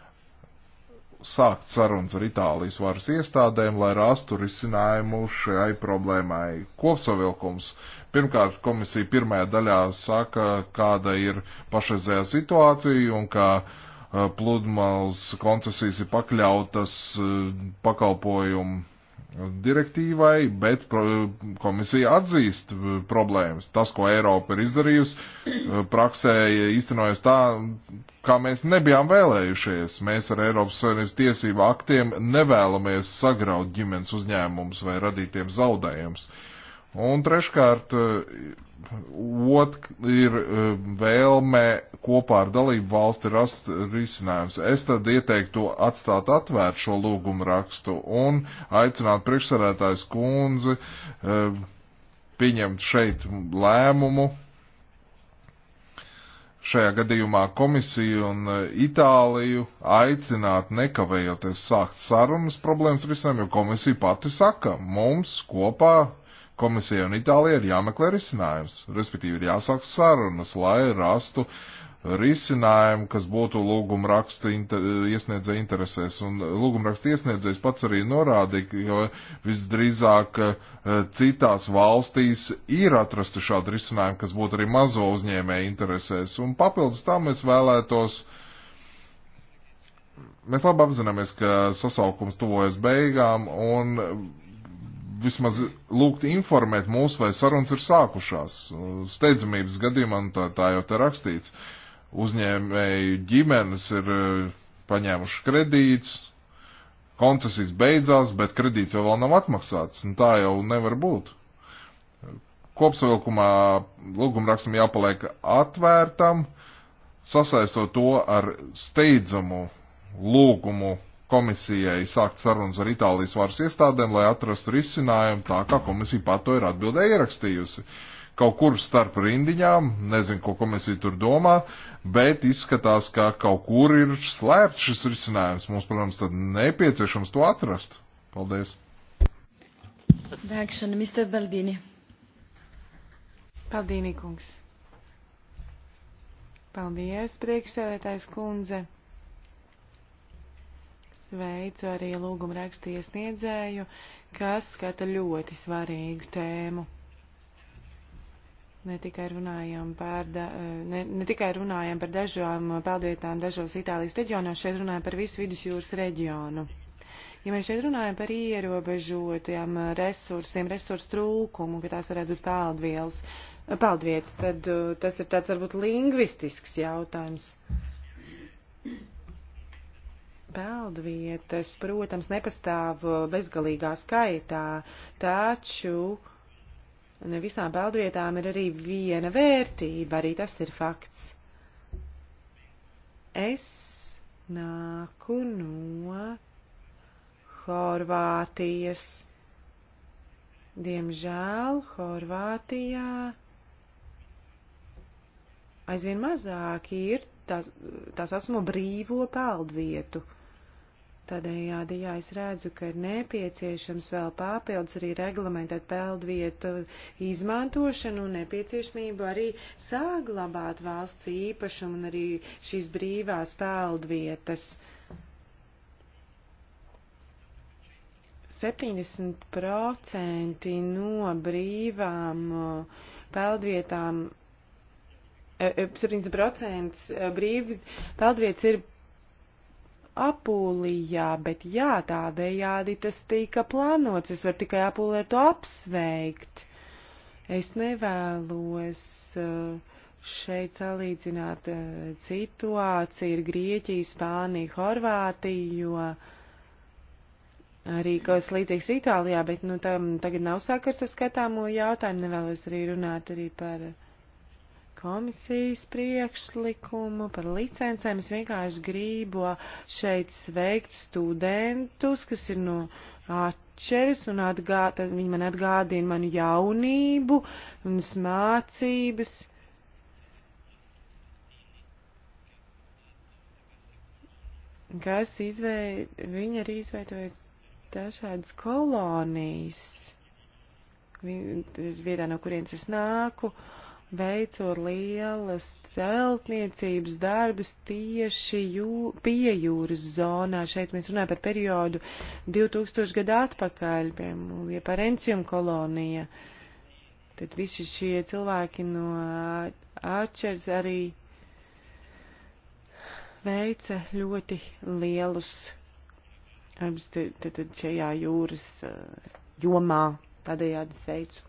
sākt sarunas ar Itālijas varas iestādēm, lai rastu risinājumu šai problēmai. Kopsavilkums. Pirmkārt, komisija pirmajā daļā saka, kāda ir pašreizējā situācija un ka uh, pludmales koncesijas ir pakļautas uh, pakalpojumu direktīvai, bet komisija atzīst uh, problēmas. Tas, ko Eiropa ir izdarījusi, uh, praksē īstenojas tā, kā mēs nebijām vēlējušies. Mēs ar Eiropas Savienības tiesību aktiem nevēlamies sagraut ģimenes uzņēmumus vai radītiem zaudējumus. Un treškārt, uh, Ot, ir e, vēlme kopā ar dalību valsti rast risinājums. Es tad ieteiktu atstāt atvērt šo lūgumu rakstu un aicināt priekšsarētājs kundzi e, pieņemt šeit lēmumu. Šajā gadījumā komisiju un e, Itāliju aicināt nekavējoties sākt sarunas problēmas risinājumu, jo komisija pati saka, mums kopā Komisija un Itālija ir jāmeklē risinājums, respektīvi ir jāsāk sarunas, lai rastu risinājumu, kas būtu lūguma raksta inter, iesniedzē interesēs. Un lūguma raksta iesniedzējs pats arī norādīja, ka visdrīzāk eh, citās valstīs ir atrasta šādi risinājumi, kas būtu arī mazo uzņēmēju interesēs. Un papildus tam es vēlētos. Mēs labi apzināmies, ka sasaukums tuvojas beigām, un vismaz lūgt informēt mūs, vai sarunas ir sākušās. Steidzamības gadījumā, nu tā, tā jau te rakstīts, uzņēmēju ģimenes ir eh, paņēmuši kredīts, koncesijas beidzās, bet kredīts jau vēl nav atmaksāts. Nu, tā jau nevar būt. Kopsavilkumā lūgumrakstam jāpaliek atvērtam, sasaistot to ar steidzamu lūgumu komisijai sākt sarunas ar Itālijas varas iestādēm, lai atrastu risinājumu tā, kā komisija pat to ir atbildē ierakstījusi. Kaut kur starp rindiņām, nezinu, ko komisija tur domā, bet izskatās, ka kaut kur ir slēpts šis risinājums. Mums, protams, tad nepieciešams to atrast. Paldies. Dēkšana, Mr. Baldini. Paldīnī kungs. Paldies, priekšsēdētājs kundze sveicu arī lūgumu rakstiesniedzēju, kas skata ļoti svarīgu tēmu. Ne tikai runājam par, da, eh, ne, ne tikai runājam par dažām peldvietām dažos Itālijas reģionos, šeit runājam par visu vidusjūras reģionu. Ja mēs šeit runājam par ierobežotiem resursiem, resursu trūkumu, ka tās varētu būt peldvielas, peldvietas, tad eh, tas ir tāds varbūt lingvistisks jautājums. Peldvietas, protams, nepastāv uh, bezgalīgā skaitā, taču ne visām peldvietām ir arī viena vērtība, arī tas ir fakts. Es nāku no Horvātijas. Diemžēl Horvātijā aizvien mazāk ir tās, tās esmu brīvo peldvietu. vietu Tādējādi, jā, es redzu, ka ir nepieciešams vēl papildus arī reglamentēt peldvietu izmantošanu un nepieciešamību arī saglabāt valsts īpašumu un arī šīs brīvās peldvietas. 70% no brīvām uh, peldvietām 70% e, e, uh, brīvas peldvietas ir Apulijā, bet jā, tādējādi tas tika plānots. Es varu tikai Apulē to apsveikt. Es nevēlos uh, šeit salīdzināt uh, situāciju ar Grieķiju, Spāniju, Horvātiju, jo arī kaut kas līdzīgs Itālijā, bet nu, tam tagad nav sakars ar skatāmo jautājumu. Nevēlos arī runāt arī par komisijas priekšlikumu par licencēm. Es vienkārši gribu šeit sveikt studentus, kas ir no atšķeris un atgādā, viņi man atgādina manu jaunību un mācības. Kas izveid, viņi arī izveidoja dažādas kolonijas. Vietā, no kurienes es nāku, uh, veicot lielas celtniecības darbus tieši jū, pie jūras zonā. Šeit mēs runājam par periodu 2000 gadu atpakaļ, piemēram, ja par Encium kolonija. Tad visi šie cilvēki no Arčers arī veica ļoti lielus darbus šajā jūras eh, jomā. Tādējādi sveicu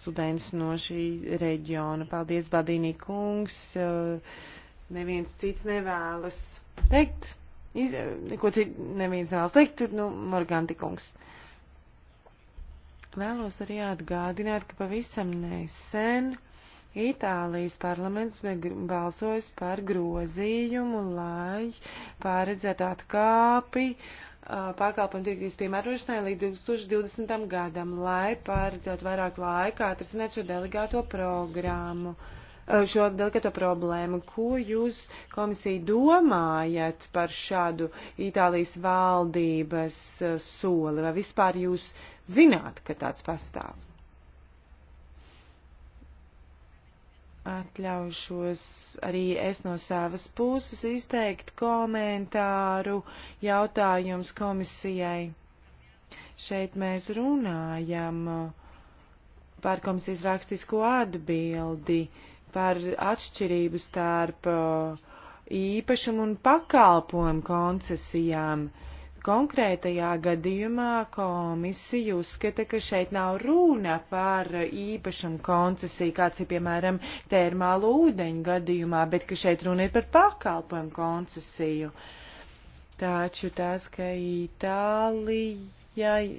studentus no šī reģiona. Paldies, Badīnī kungs. Eh, neviens cits nevēlas teikt. Eh, neko citu neviens nevēlas teikt. Nu, Morganti kungs. Vēlos arī atgādināt, ka pavisam nesen Itālijas parlaments balsojas par grozījumu, lai pārredzētu atkāpi uh, pakalpojumu direktīvas piemērošanai līdz 2020. gadam, lai paredzētu vairāk laika atrisināt šo delegāto programmu, šo delegāto problēmu. Ko jūs komisija domājat par šādu Itālijas valdības soli? Vai vispār jūs zināt, ka tāds pastāv? Atļaušos arī es no savas puses izteikt komentāru jautājums komisijai. Šeit mēs runājam par komisijas rakstisko atbildi, par atšķirību starp uh, īpašumu un pakalpojumu koncesijām. Uh, Konkrētajā gadījumā komisija uzskata, ka šeit nav runa par īpašumu koncesiju, kāds ir piemēram termālu ūdeņu gadījumā, bet ka šeit runa ir par pakalpojumu koncesiju. Taču tas, ka Itālijai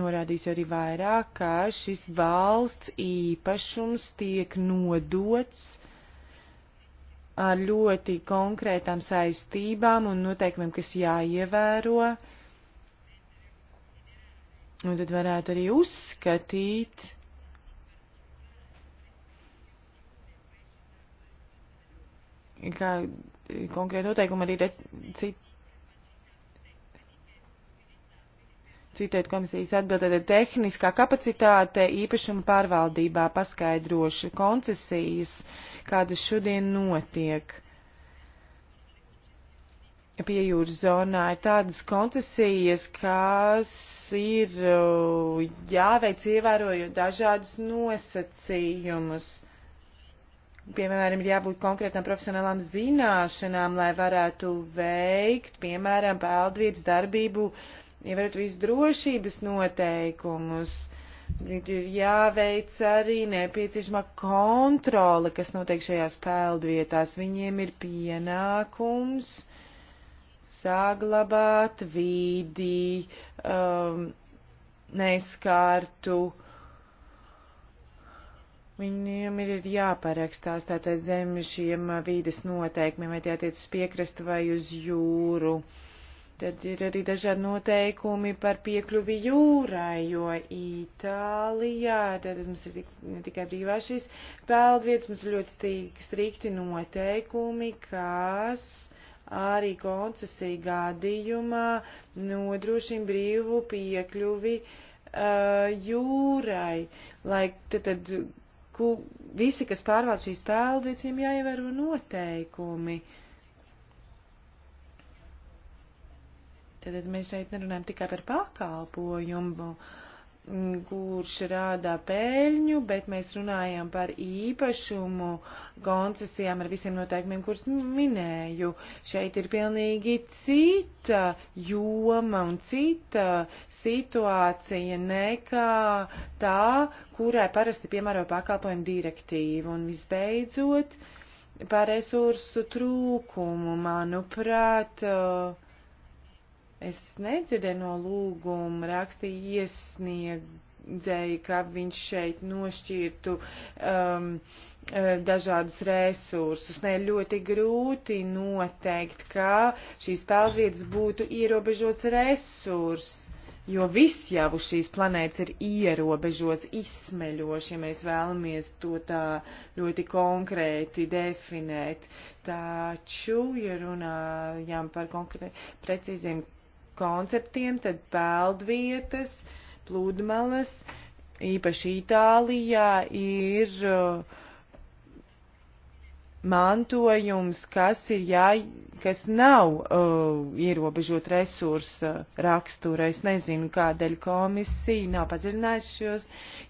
norādīs arī vairāk, ka šis valsts īpašums tiek nodots ar ļoti konkrētām saistībām un noteikumiem, kas jāievēro. Un tad varētu arī uzskatīt, ka konkrēti noteikumi arī citi citēt komisijas atbildēt, tehniskā kapacitāte īpašuma pārvaldībā paskaidroši koncesijas, kādas šodien notiek. Pie jūras zonā ir tādas koncesijas, kas ir uh, jāveic ievērojot dažādus nosacījumus piemēram, ir jābūt konkrētām profesionālām zināšanām, lai varētu veikt, piemēram, peldvietas darbību ievērot ja visus drošības noteikumus. Ir jāveic arī nepieciešamā kontrole, kas notiek šajās peldvietās. Viņiem ir pienākums saglabāt vīdi, um, neskārtu. Viņiem ir jāparakstās tātad zem šiem uh, vīdes noteikumiem, vai tie attiec uz piekrastu vai uz jūru. Uh, Tad ir arī dažādi noteikumi par piekļuvi jūrai, jo Itālijā tad mums ir tik, ne tikai brīvā šīs peldvietas, mums ir ļoti strikti noteikumi, kas arī koncesija gadījumā nodrošina brīvu piekļuvi uh, jūrai, lai tad, tad ku, visi, kas pārvalda šīs peldvietas, viņiem jāievēro noteikumi. Uh, Tātad mēs šeit nerunājam tikai par pakalpojumu, mm, kurš rādā pēļņu, bet mēs runājam par īpašumu koncesijām ar visiem noteikumiem, kurus minēju. Šeit ir pilnīgi cita joma un cita situācija nekā tā, kurai parasti piemēro pakalpojumu direktīvu. Un visbeidzot, par resursu trūkumu, manuprāt, uh, Es nedzirdēju no lūguma raksta iesniedzēja, ka viņš šeit nošķirtu um, eh, dažādus resursus. Nē, ļoti grūti noteikt, ka šīs peldvietas būtu ierobežots resurs, jo viss jau uz šīs planētas ir ierobežots, izsmeļoši, ja mēs vēlamies to tā ļoti konkrēti definēt. Taču, ja runājam par konkrēti precīziem konceptiem, tad peldvietas, pludmales, īpaši Itālijā, ir uh, mantojums, kas ir jā, kas nav uh, ierobežot resursa uh, rakstura. Es nezinu, kādēļ komisija nav padziļinājusi šos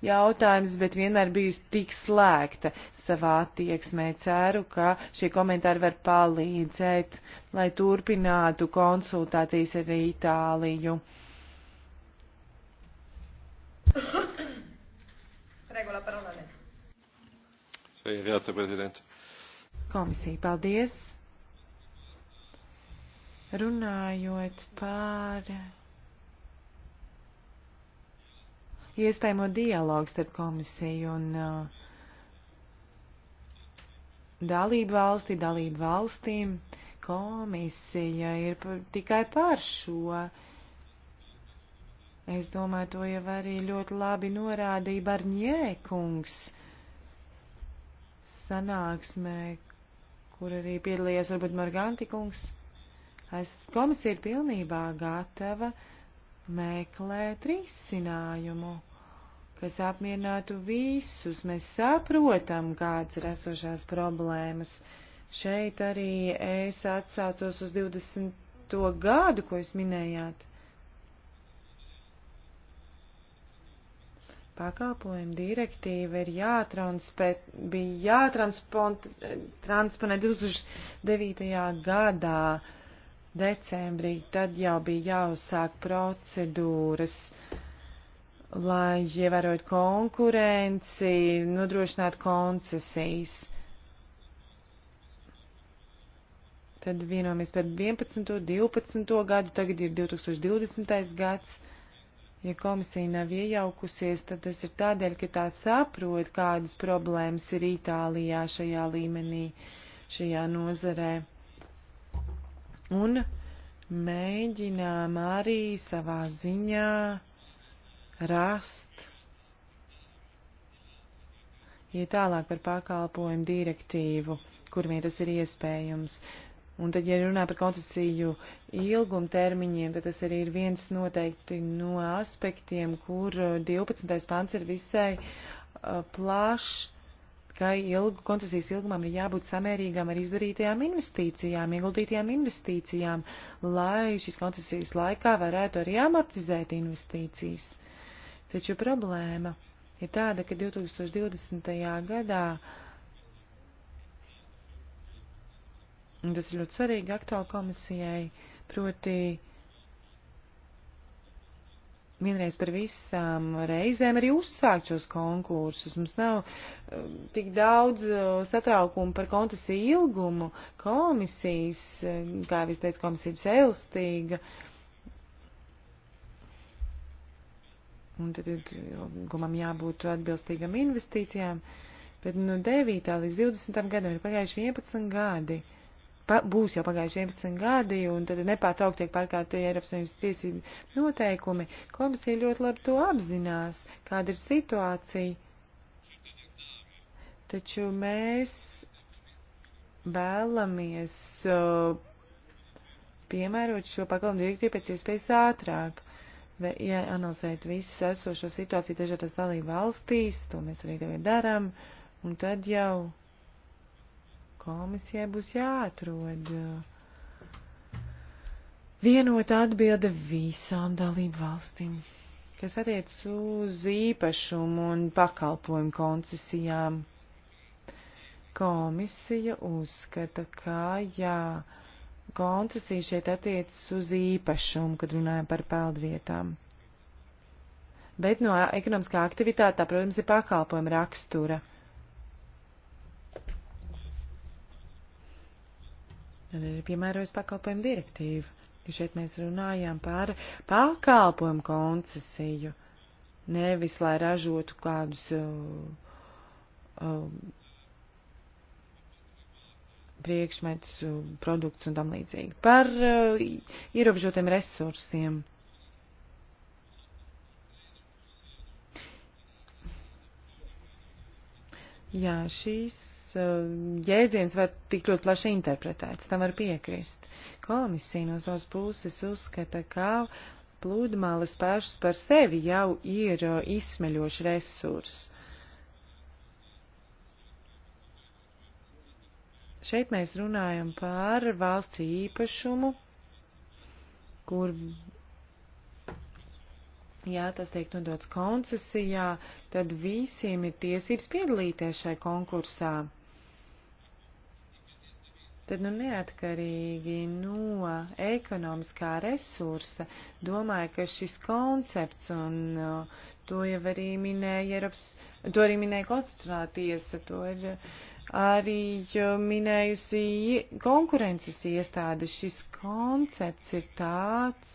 jautājumus, bet vienmēr bijusi tik slēgta savā attieksmē. Ceru, ka šie komentāri var palīdzēt, lai turpinātu konsultācijas ar Itāliju. Prego la parola a lei. Sì, grazie Presidente komisiju. Paldies! Runājot par iespējamo dialogu starp komisiju un uh, dalību valsti, dalību valstīm, komisija ir par, tikai par šo. Es domāju, to jau arī ļoti labi norādīja Barņē kungs sanāksmē, kur arī piedalījās varbūt Morgantikungs. Es, komisija ir pilnībā gatava meklēt risinājumu, kas apmierinātu visus. Mēs saprotam, kādas ir esošās problēmas. Šeit arī es atsaucos uz 20. gadu, ko jūs minējāt. pakalpojumu direktīva ir jātranspē, bija jātransponē 2009. gadā decembrī, tad jau bija jāuzsāk procedūras, lai ievērot konkurenci, nodrošināt koncesijas. Tad vienojamies par 11. 12. gadu, tagad ir 2020. gads Ja komisija nav iejaukusies, tad tas ir tādēļ, ka tā saprot, kādas problēmas ir Itālijā šajā līmenī, šajā nozarē. Un mēģinām arī savā ziņā rast, iet ja tālāk par pakalpojumu direktīvu, kur vien tas ir iespējams. Un tad, ja runā par koncesiju ilgumu termiņiem, tad tas arī ir viens noteikti no aspektiem, kur 12. Uh, pants ir visai uh, plašs, ka ilgu, koncesijas ilgumam ir jābūt samērīgām ar izdarītajām investīcijām, ieguldītajām investīcijām, lai šīs koncesijas laikā varētu arī amortizēt investīcijas. Taču problēma ir tāda, ka 2020. gadā un tas ir ļoti svarīgi aktuāli komisijai, proti vienreiz par visām reizēm arī uzsākt šos konkursus. Mums nav uh, tik daudz uh, satraukumu par koncesiju ilgumu, komisijas, uh, kā jau es teicu, komisijas elastīga. Un tad ilgumam jābūt atbilstīgam investīcijām. Bet no nu, 9. līdz 20. gadam ir pagājuši 11 gadi. Uh, pa, būs jau pagājuši 11 gadi, un tad nepārtraukti tiek pārkārtīgi Eiropas Savienības tiesību noteikumi. Komisija ļoti labi to apzinās, kāda ir situācija. Taču mēs vēlamies uh, piemērot šo pakalnu direktīvu pēc iespējas ātrāk. Vai, ja analizēt visu esošo situāciju dažādās dalību valstīs, to mēs arī tagad darām, un tad jau Komisijai būs jāatrod uh, vienota atbilde visām dalību valstīm, kas attiec uz īpašumu un pakalpojumu koncesijām. Komisija uzskata, ka jā, koncesija šeit attiecas uz īpašumu, kad runājam par peldvietām. Bet no ekonomiskā aktivitātā, protams, ir pakalpojuma rakstura. Uh, Tad ir piemērojas pakalpojumu direktīva. Ja šeit mēs runājām par pakalpojumu koncesiju, nevis lai ražotu kādus uh, uh, priekšmetus, uh, produktus un tam līdzīgi. Par uh, ierobežotiem resursiem. Jā, šīs Eh, jēdziens var tik ļoti plaši interpretēts, tam var piekrist. Komisija no savas puses uzskata, ka pludmales pašas par sevi jau ir eh, izsmeļošs resurs. Šeit mēs runājam par valsts īpašumu, kur ja tas tiek nodots koncesijā, tad visiem ir tiesības piedalīties šai konkursā tad nu neatkarīgi no ekonomiskā resursa, domāju, ka šis koncepts un to jau arī minēja Eiropas, to arī minēja konstitucionālā tiesa, to ir arī minējusi konkurences iestāde. Šis koncepts ir tāds,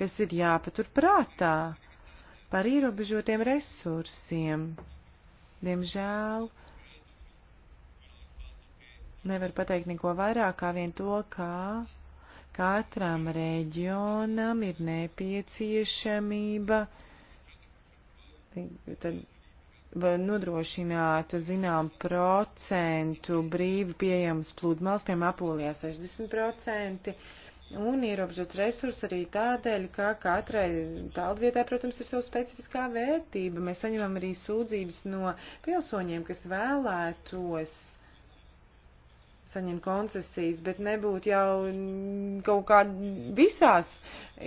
kas ir jāpatur prātā par ierobežotiem resursiem. Diemžēl Nevar pateikt neko vairāk kā vien to, kā katram reģionam ir nepieciešamība tad nodrošināt, zinām, procentu brīvi pieejams pludmales, piemēram, apūlijā 60%, un ierobežots resurs arī tādēļ, ka katrai peldvietai, protams, ir savu specifiskā vērtība. Mēs saņemam arī sūdzības no pilsoņiem, kas vēlētos saņem koncesijas, bet nebūtu jau kaut kā visās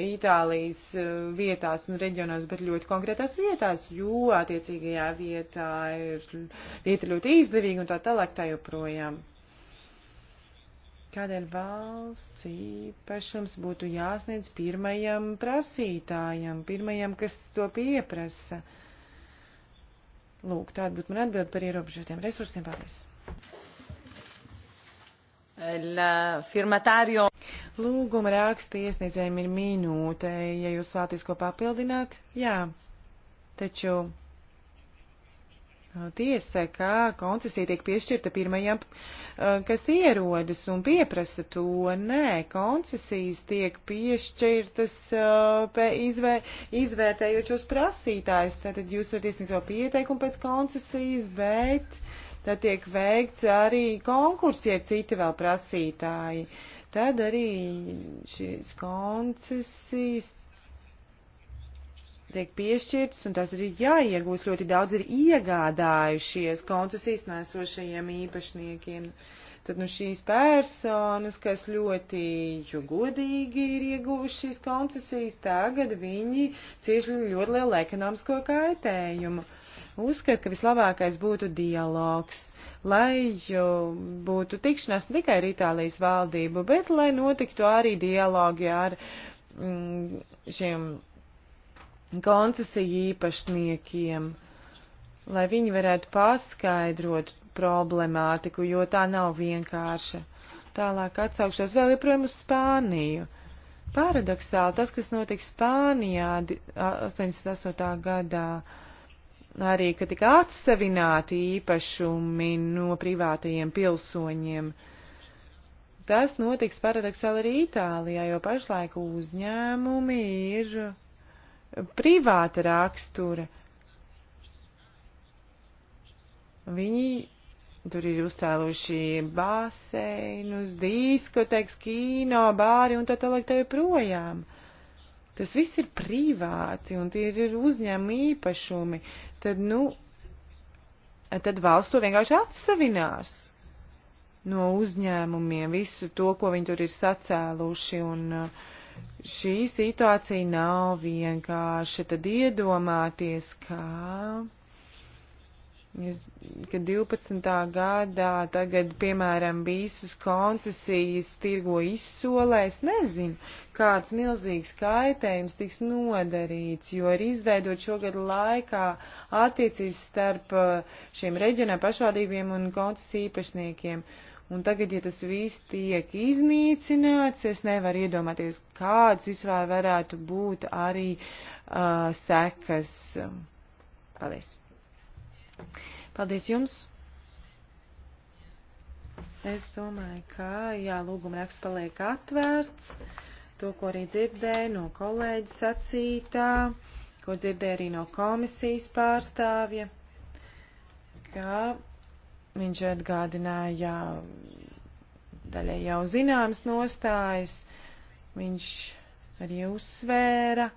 Itālijas eh, vietās un reģionos, bet ļoti konkrētās vietās, jo attiecīgajā vietā ir vieta ļoti izdevīga un tā tālāk tā joprojām. Kādēļ valsts īpašums būtu jāsniedz pirmajam prasītājam, pirmajam, kas to pieprasa? Lūk, tāda būtu man atbild par ierobežotiem resursiem. Paldies! Uh, Firmatārio. Lūguma raksta iesniedzējiem ir minūte, ja jūs vēlaties ko papildināt. Jā, taču uh, tiesa, ka koncesija tiek piešķirta pirmajam, uh, kas ierodas un pieprasa to. Nē, koncesijas tiek piešķirtas izvē, izvērtējot šos prasītājus. Tātad jūs varat iesniegt savu pieteikumu pēc koncesijas, bet tad tiek veikts arī konkurss, tiek citi vēl prasītāji. Tad arī šīs koncesijas tiek piešķirtas, un tas arī jāiegūst. Ļoti daudz ir iegādājušies koncesijas no esošajiem īpašniekiem. Tad nu šīs personas, kas ļoti godīgi ir ieguvušas šīs koncesijas, tagad viņi cieši ļoti lielu ekonomisko kaitējumu uzskata, ka vislabākais būtu dialogs, lai būtu tikšanās ne tikai ar Itālijas valdību, bet lai notiktu arī dialogi ar mm, šiem koncesiju īpašniekiem, lai viņi varētu paskaidrot problemātiku, jo tā nav vienkārša. Tālāk atsaukšos vēl joprojām uz Spāniju. Paradoxāli tas, kas notika Spānijā 88. gadā, arī, ka tika atsevināti īpašumi no privātajiem pilsoņiem. Tas notiks paradoksāli arī Itālijā, jo pašlaik uzņēmumi ir privāta rakstura. Viņi tur ir uzcēluši baseinus, diskoteks, kino, bāri un tā tālāk tevi projām. Uh, Tas viss ir privāti un tie ir uzņēmumi īpašumi. Tad, nu, tad valsts to vienkārši atsavinās no uzņēmumiem visu to, ko viņi tur ir sacēluši. Un uh, šī situācija nav vienkārši. Tad iedomāties, kā. Ka ka 12. gadā tagad, piemēram, visas koncesijas tirgo izsolē, es nezinu, kāds milzīgs kaitējums tiks nodarīts, jo ir izveidot šogad laikā attiecības starp uh, šiem reģionā pašvaldībiem un koncesiju īpašniekiem. Un tagad, ja tas viss tiek iznīcināts, es nevaru iedomāties, kāds vispār varētu būt arī uh, sekas. Paldies! Paldies jums! Es domāju, ka jā, lūguma raksts paliek atvērts. To, ko arī dzirdēju no kolēģa sacītā, ko dzirdēju arī no komisijas pārstāvja, ka viņš atgādināja daļai jau zināmas nostājas. Viņš arī uzsvēra,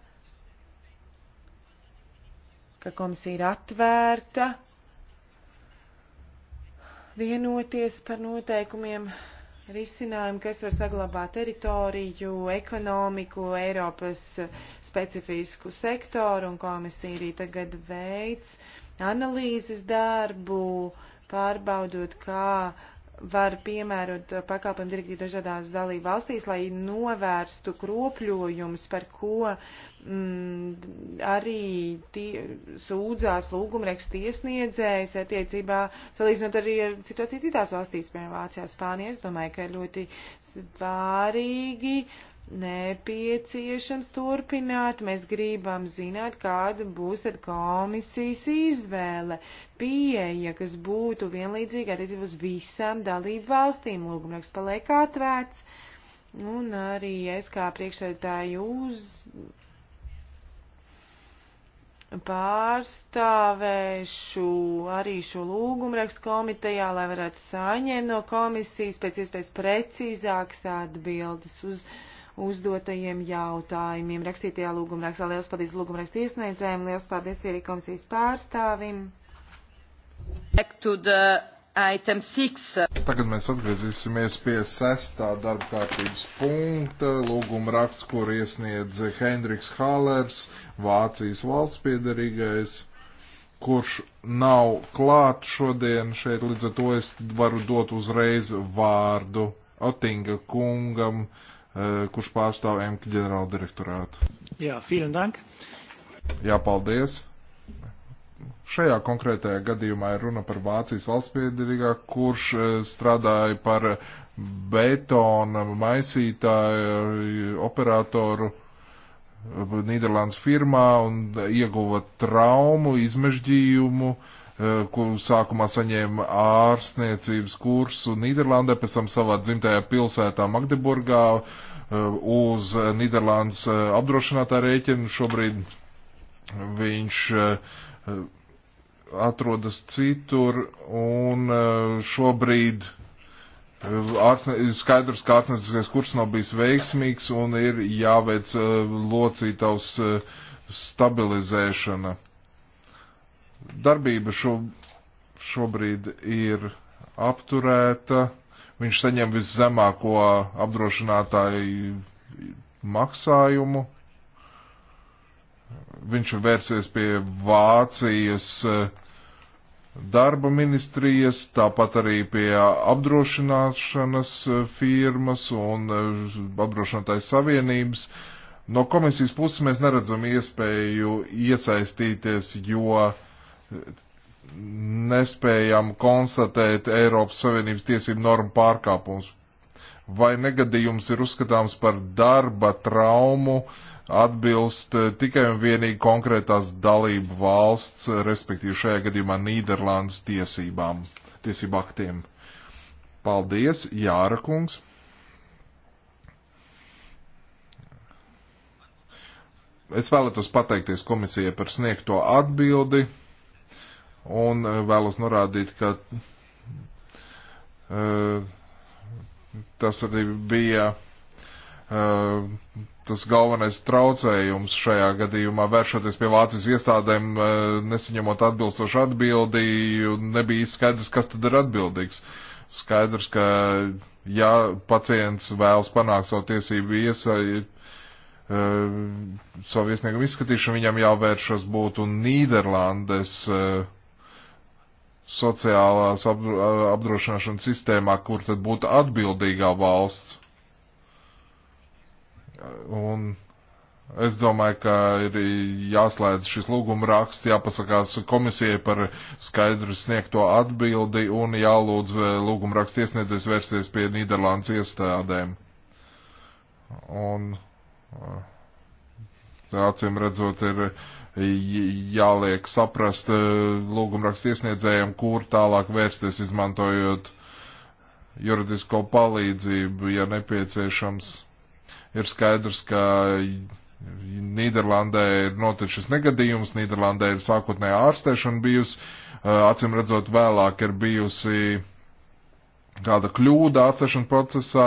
ka komisija ir atvērta vienoties par noteikumiem, risinājumu, kas var saglabāt teritoriju, ekonomiku, Eiropas specifisku sektoru, un komisija arī tagad veids analīzes darbu, pārbaudot, kā var piemērot pakalpojumu direktīvu dažādās dalību valstīs, lai novērstu kropļojumus, par ko mm, arī tie, sūdzās lūgumreksts tiesniedzējs attiecībā, salīdzinot arī ar situāciju citās valstīs, piemēram, Vācijā, Spānijā. Es domāju, ka ir ļoti svārīgi uh, nepieciešams turpināt. Mēs gribam zināt, kāda būs tad komisijas izvēle, pieeja, kas būtu vienlīdzīga attiecībā uz visām dalību valstīm. Lūgumraks paliek atvērts. Un arī es kā priekšsēdētāju uz pārstāvēšu arī šo lūgumrakstu komitejā, lai varētu saņemt no komisijas pēc iespējas precīzākas atbildes uz uh, uzdotajiem jautājumiem. Rakstītajā lūgumrakstā liels paldies lūgumrakstu iesniedzējiem, liels paldies arī komisijas pārstāvim. Tagad mēs atgriezīsimies pie sestā darba kārtības punkta, lūguma raksts, kur iesniedz Hendriks Hālers, Vācijas valsts piedarīgais, kurš nav klāt šodien šeit, līdz ar to es varu dot uzreiz vārdu Otinga kungam, uh, Eh, kurš pārstāv MK ģenerāla direktorātu. Jā, vielen dank. Jā, paldies. Šajā konkrētajā gadījumā ir runa par Vācijas valsts piedarīgā, kurš eh, strādāja par betona maisītāju operatoru eh, Nīderlandes firmā un ieguva traumu, izmežģījumu, uh, Eh, kur sākumā saņēma ārstniecības kursu Nīderlandē, pēc tam savā dzimtajā pilsētā Magdeburgā eh, uz Nīderlandes eh, apdrošinātā rēķina. Šobrīd viņš atrodas citur un šobrīd skaidrs, ka ārstniecības kurs nav bijis veiksmīgs un ir jāveic locītavs stabilizēšana darbība šo, šobrīd ir apturēta. Viņš saņem viszemāko apdrošinātāju maksājumu. Viņš vērsies pie Vācijas eh, darba ministrijas, tāpat arī pie apdrošināšanas eh, firmas un eh, apdrošinātājas savienības. No komisijas puses mēs neredzam iespēju iesaistīties, jo uh, nespējam konstatēt Eiropas Savienības tiesību normu pārkāpumus. Vai negadījums ir uzskatāms par darba traumu, atbilst tikai un vienīgi konkrētās dalību valsts, respektīvi šajā gadījumā Nīderlandes tiesībām, tiesību aktiem. Paldies, Jāra kungs! Es vēlētos pateikties komisijai par sniegto atbildi. Un eh, vēlos norādīt, ka uh, tas arī bija uh, tas galvenais traucējums šajā gadījumā, vēršoties pie Vācijas iestādēm, uh, nesaņemot atbilstošu atbildību, nebija skaidrs, kas tad ir atbildīgs. Skaidrs, ka ja pacients vēlas panākt savu tiesību iesa, savu iesniegumu izskatīšanu, viņam jāvēršas būtu Nīderlandes uh, sociālās apdrošināšanas sistēmā, kur tad būtu atbildīgā valsts. Un es domāju, ka ir jāslēdz šis lūguma raksts, jāpasakās komisijai par skaidru sniegto atbildi un jālūdz eh, lūguma raksts iesniedzējs vērsties pie Nīderlandes iestādēm. Un, eh, acīm redzot, ir uh, jāliek saprast e, lūgumraksts iesniedzējiem, kur tālāk vērsties, izmantojot juridisko palīdzību, ja nepieciešams. Ir skaidrs, ka Nīderlandē ir noticis negadījums, Nīderlandē ir sākotnējā ārstēšana bijusi, e, acim redzot vēlāk ir bijusi kāda kļūda atcešana procesā,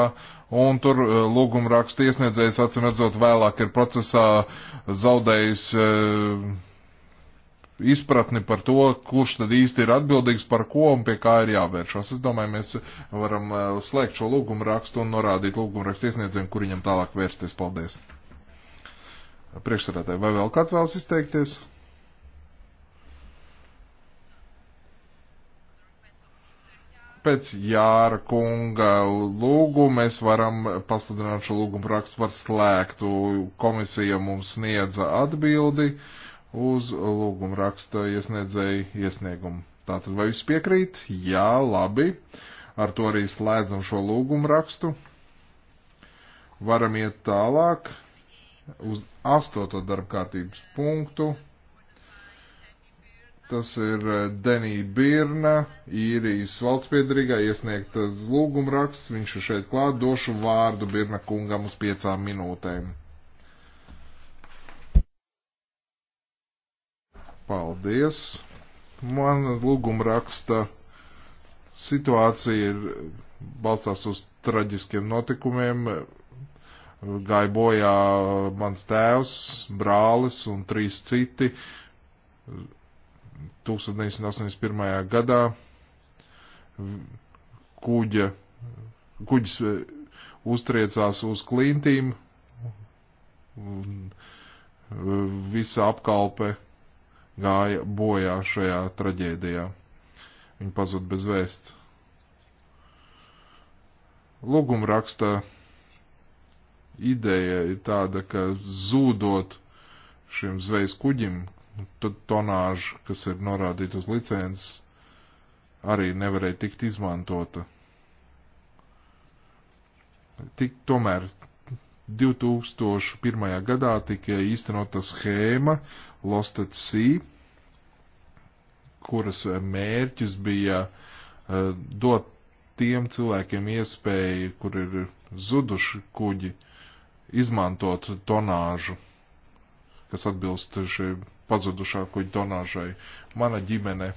un tur eh, lūguma raksta iesniedzējs, acīm redzot, vēlāk ir procesā zaudējis e, izpratni par to, kurš tad īsti ir atbildīgs par ko un pie kā ir jāvēršas. Es domāju, mēs varam eh, slēgt šo lūguma rakstu un norādīt lūguma rakstu iesniedzējiem, kur viņam tālāk vērsties. Paldies! Priekšsarētāji, vai vēl kāds vēlas izteikties? pēc Jāra kunga lūgu mēs varam pasludināt šo lūgumu rakstu par slēgtu. Komisija mums sniedza atbildi uz lūgumu raksta iesniedzēju iesniegumu. Tātad vai jūs piekrīt? Jā, labi. Ar to arī slēdzam šo lūgumu rakstu. Varam iet tālāk uz astoto darbkārtības punktu. Tas ir eh, Denija Birna, īrijas valstspiedrīgā iesniegtas eh, lūgumraksts. Viņš ir šeit klāt. Došu vārdu Birna kungam uz piecām minūtēm. Paldies. Man lūgumraksta situācija ir eh, balstās uz traģiskiem notikumiem. Gāja bojā mans tēvs, brālis un trīs citi 1981. gadā kuģa, kuģis e, uztriecās uz klintīm, e, visa apkalpe gāja bojā šajā traģēdijā. Viņa pazud bez vēsts. Lūguma raksta ideja ir tāda, ka zūdot šim zvejas kuģim, tonāža, kas ir norādīta uz licences, arī nevarēja tikt izmantota. Tik, tomēr 2001. gadā tika īstenota schēma Lost at Sea, kuras mērķis bija uh, dot tiem cilvēkiem iespēju, kur ir zuduši kuģi, izmantot tonāžu kas atbilst šai pazudušā kuģa tonāžai. Mana ģimene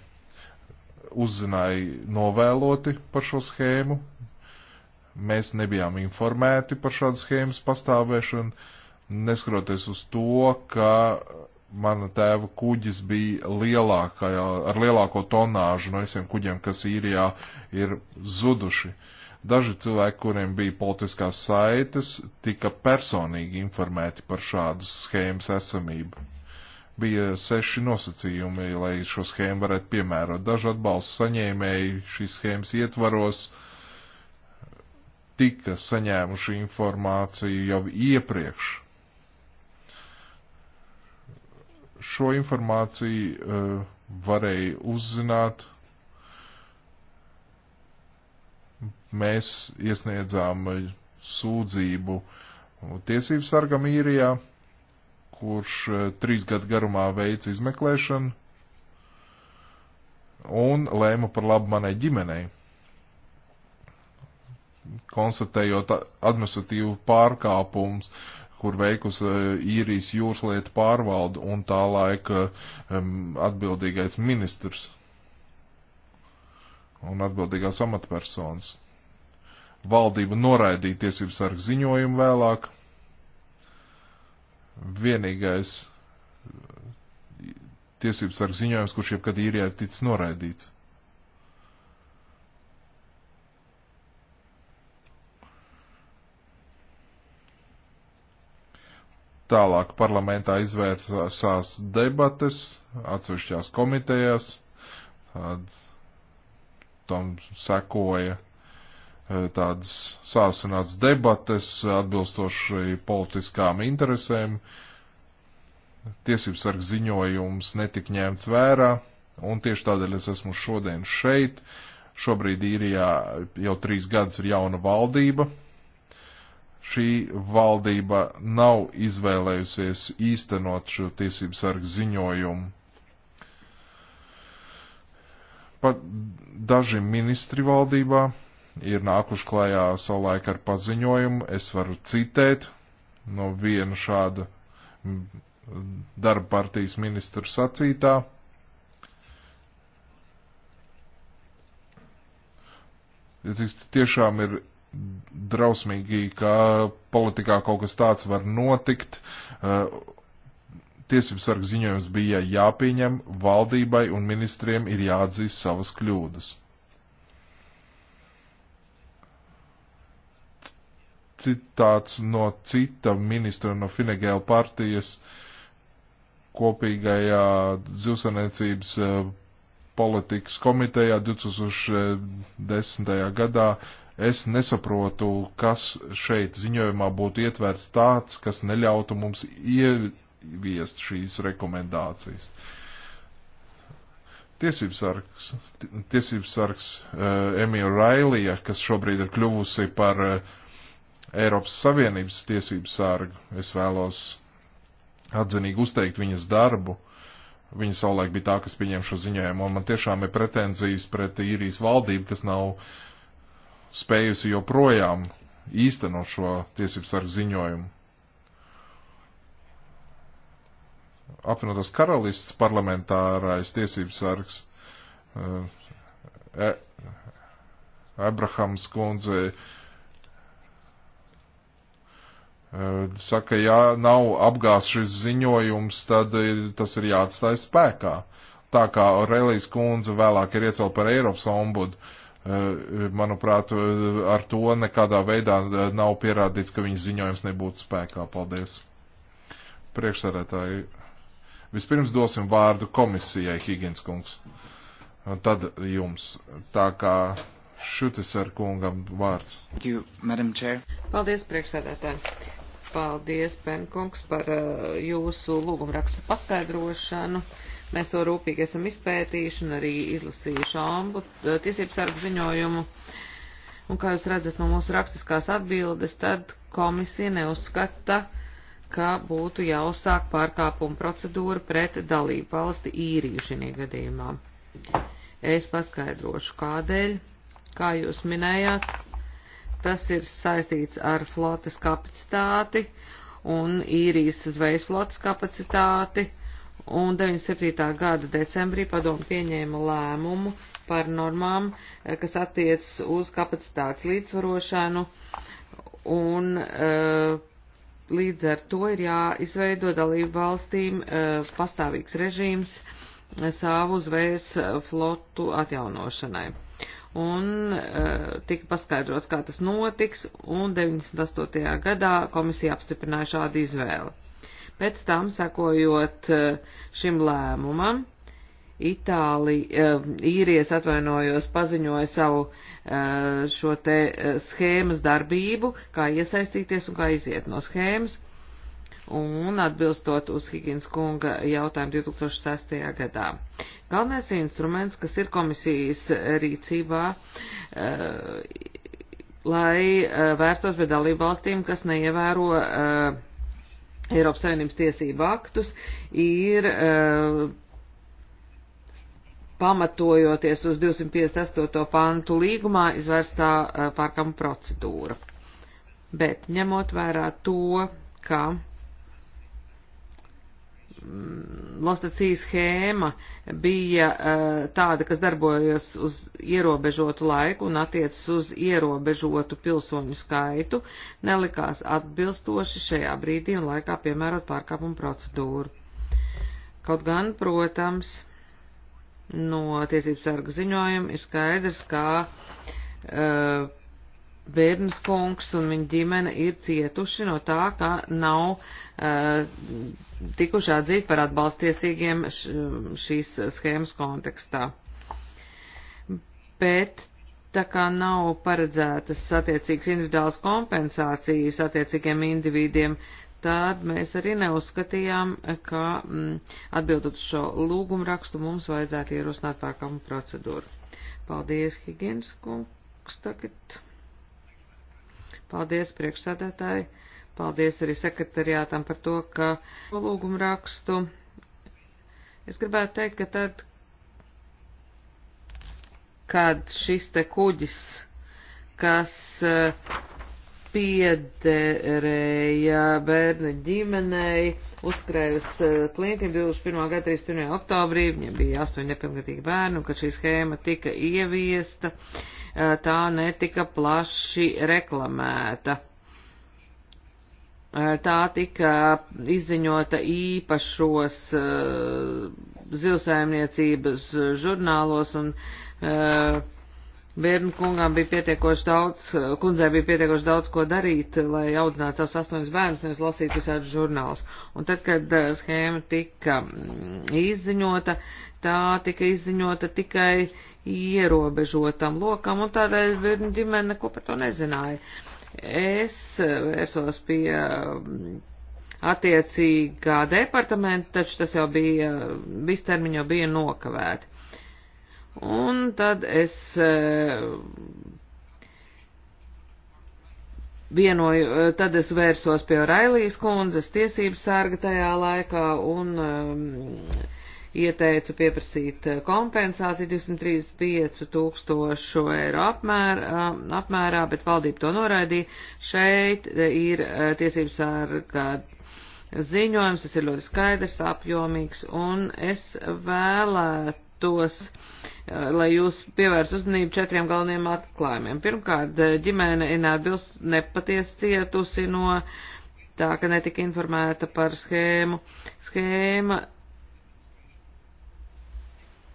uzzināja novēloti par šo schēmu. Mēs nebijām informēti par šādu schēmas pastāvēšanu, neskroties uz to, ka mana tēva kuģis bija lielākajā, ar lielāko tonāžu no visiem kuģiem, kas īrijā ir zuduši. Uh, Daži cilvēki, kuriem bija politiskās saites, tika personīgi informēti par šādas schēmas esamību. Bija seši nosacījumi, lai šo schēmu varētu piemērot. Daži atbalsts saņēmēji šīs schēmas ietvaros tika saņēmuši informāciju jau iepriekš. Šo informāciju uh, varēja uzzināt mēs iesniedzām sūdzību tiesību sargam īrijā, kurš eh, trīs gadu garumā veica izmeklēšanu un lēma par labu manai ģimenei, konstatējot administratīvu pārkāpumus, kur veikus eh, īrijas jūraslietu pārvaldu un tā laika atbildīgais ministrs un atbildīgās amatpersonas. Valdība noraidīja tiesību sargu ziņojumu vēlāk. Vienīgais tiesību sargu ziņojums, kurš jebkad īrijā ir ticis noraidīts. Tālāk parlamentā izvērsās debates atsevišķās komitejās. Tāds tam sekoja e, tādas sāsināts debates atbilstoši politiskām interesēm. Tiesības sarg ziņojums netika ņemts vērā, un tieši tādēļ es esmu šodien šeit. Šobrīd īrijā jau trīs gadus ir jauna valdība. Šī valdība nav izvēlējusies īstenot šo tiesības sarg ziņojumu Pat daži ministri valdībā ir nākuši klajā savulaik ar paziņojumu. Es varu citēt no viena šāda darba partijas ministra sacītā. Tiešām ir drausmīgi, ka politikā kaut kas tāds var notikt, eh, tiesības sarga ziņojums bija jāpieņem, valdībai un ministriem ir jāatzīst savas kļūdas. Citāts no cita ministra no Finegēla partijas kopīgajā dzīvesanēcības e, politikas komitejā 2010. gadā es nesaprotu, kas šeit ziņojumā būtu ietverts tāds, kas neļautu mums ie, ieviest šīs rekomendācijas. Tiesības sargs, tiesības sargs uh, Emīla Railija, kas šobrīd ir kļuvusi par uh, Eiropas Savienības tiesības sargu, es vēlos atzinīgi uzteikt viņas darbu. Viņa savulaik bija tā, kas pieņēma šo ziņojumu, un man tiešām ir pretenzijas pret īrijas valdību, kas nav spējusi joprojām īstenot šo tiesības sargu ziņojumu. apvienotās karalists parlamentārais tiesības sargs eh, e, Abrahams kundze e, saka, ja nav apgāz šis ziņojums, tad eh, tas ir jāatstāj spēkā. Tā kā Relijas kundze vēlāk ir iecelt par Eiropas ombudu, e, manuprāt, ar to nekādā veidā nav pierādīts, ka viņas ziņojums nebūtu spēkā. Paldies! Priekšsarētāji Vispirms dosim vārdu komisijai, Higgins kungs. Un tad jums tā kā šutis ar kungam vārds. You, Paldies, priekšsēdētāji. Paldies, Penkungs, par uh, jūsu lūgumrakstu paskaidrošanu. Mēs to rūpīgi esam izpētījuši un arī izlasījuši ombu uh, tiesības sargu ziņojumu. Un kā jūs redzat no mūsu rakstiskās atbildes, tad komisija neuzskata, uh, ka būtu jāuzsāk pārkāpuma procedūra pret dalību valsti īriju šī gadījumā. Es paskaidrošu, kādēļ, kā jūs minējāt, tas ir saistīts ar flotes kapacitāti un īrijas zvejas flotes kapacitāti, un 97. gada decembrī padomu pieņēma lēmumu par normām, eh, kas attiec uz kapacitātes līdzvarošanu un uh, Līdz ar to ir jāizveido dalību valstīm e, pastāvīgs režīms e, savu zvejas e, flotu atjaunošanai. Un tika paskaidrots, kā tas notiks, un 98. gadā komisija apstiprināja šādu izvēli. Pēc tam, sekojot šim lēmumam, Itāli, eh, īrijas atvainojos, paziņoja savu eh, šo te eh, schēmas darbību, kā iesaistīties un kā iziet no schēmas. Un atbilstot uz Higgins kunga jautājumu 2006. gadā. Galvenais instruments, kas ir komisijas rīcībā, lai vērstos pie dalību valstīm, kas neievēro Eiropas Savienības tiesību aktus, ir pamatojoties uz 258. pantu līgumā izvērstā eh, pārkāpuma procedūra. Bet ņemot vērā to, ka mm, Lostacīja schēma bija uh, tāda, kas darbojas uz ierobežotu laiku un attiecas uz ierobežotu pilsoņu skaitu, nelikās atbilstoši šajā brīdī un laikā piemērot pārkāpumu procedūru. Kaut gan, protams, no tiesības sarga ziņojuma ir skaidrs, ka uh, Bērnas kungs un viņa ģimene ir cietuši no tā, ka nav uh, tikuši atzīti par atbalstiesīgiem š, šīs schēmas kontekstā. Bet tā kā nav paredzētas attiecīgas individuālas kompensācijas attiecīgiem individiem, uh, tad mēs arī neuzskatījām, ka mm, atbildot uz šo lūgumu rakstu mums vajadzētu ierosināt pārkāpumu procedūru. Paldies, Higienas kungs, tagad. Paldies, priekšsēdētāji. Paldies arī sekretariātam par to, ka lūgumu rakstu. Es gribētu teikt, ka tad, kad šis te kuģis, kas uh, piederēja bērna ģimenei, uzskrēja uz eh, klientiem 21. gada 31. oktobrī, viņiem bija 8 nepilngadīgi bērnu, kad šī schēma tika ieviesta, eh, tā netika plaši reklamēta. Eh, tā tika izziņota īpašos zivsaimniecības žurnālos un uh, Bērnu kungām bija pietiekoši daudz, kundzei bija pietiekoši daudz ko darīt, lai audzinātu savus astoņus bērnus, nevis lasītu visādus žurnālus. Un tad, kad eh, schēma tika mm, izziņota, tā tika izziņota tikai ierobežotam lokam, un tādēļ bērnu ģimene neko par to nezināja. Es eh, vērsos pie mm, attiecīgā departamenta, taču tas jau bija, eh, vistermiņo bija nokavēti. Un tad es eh, vienoju, eh, tad es vērsos pie Railijas kundzes tiesības sārga tajā laikā un um, ieteicu pieprasīt kompensāciju 235 tūkstošu eiro apmēr, apmērā, bet valdība to noraidīja. Šeit ir tiesības sārga ziņojums, tas ir ļoti skaidrs, apjomīgs, un es vēlētu tos, eh, lai jūs pievērst uzmanību četriem galveniem atklājumiem. Pirmkārt, eh, ģimene ir neatbilst nepaties cietusi no tā, ka netika informēta par schēmu. Schēma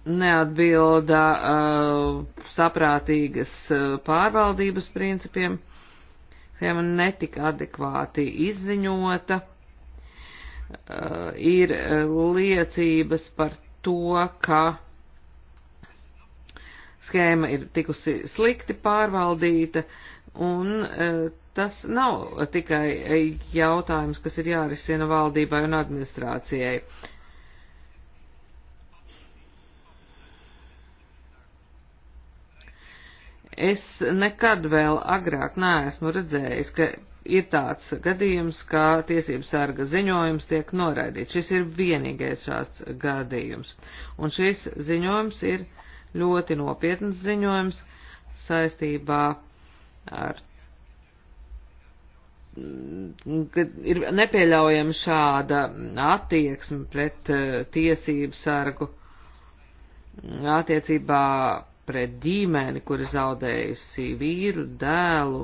neatbilda uh, saprātīgas uh, pārvaldības principiem, schēma netika adekvāti izziņota, uh, ir liecības par to, ka schēma ir tikusi slikti pārvaldīta, un e, tas nav tikai jautājums, kas ir jārisina valdībai un administrācijai. Es nekad vēl agrāk neesmu redzējis, ka ir tāds gadījums, kā tiesības sarga ziņojums tiek noraidīts. Šis ir vienīgais šāds gadījums. Un šis ziņojums ir uh, ļoti nopietns ziņojums saistībā ar ka ir nepieļaujama šāda attieksme pret uh, tiesību sargu attiecībā pret ģimeni, kur ir zaudējusi vīru, dēlu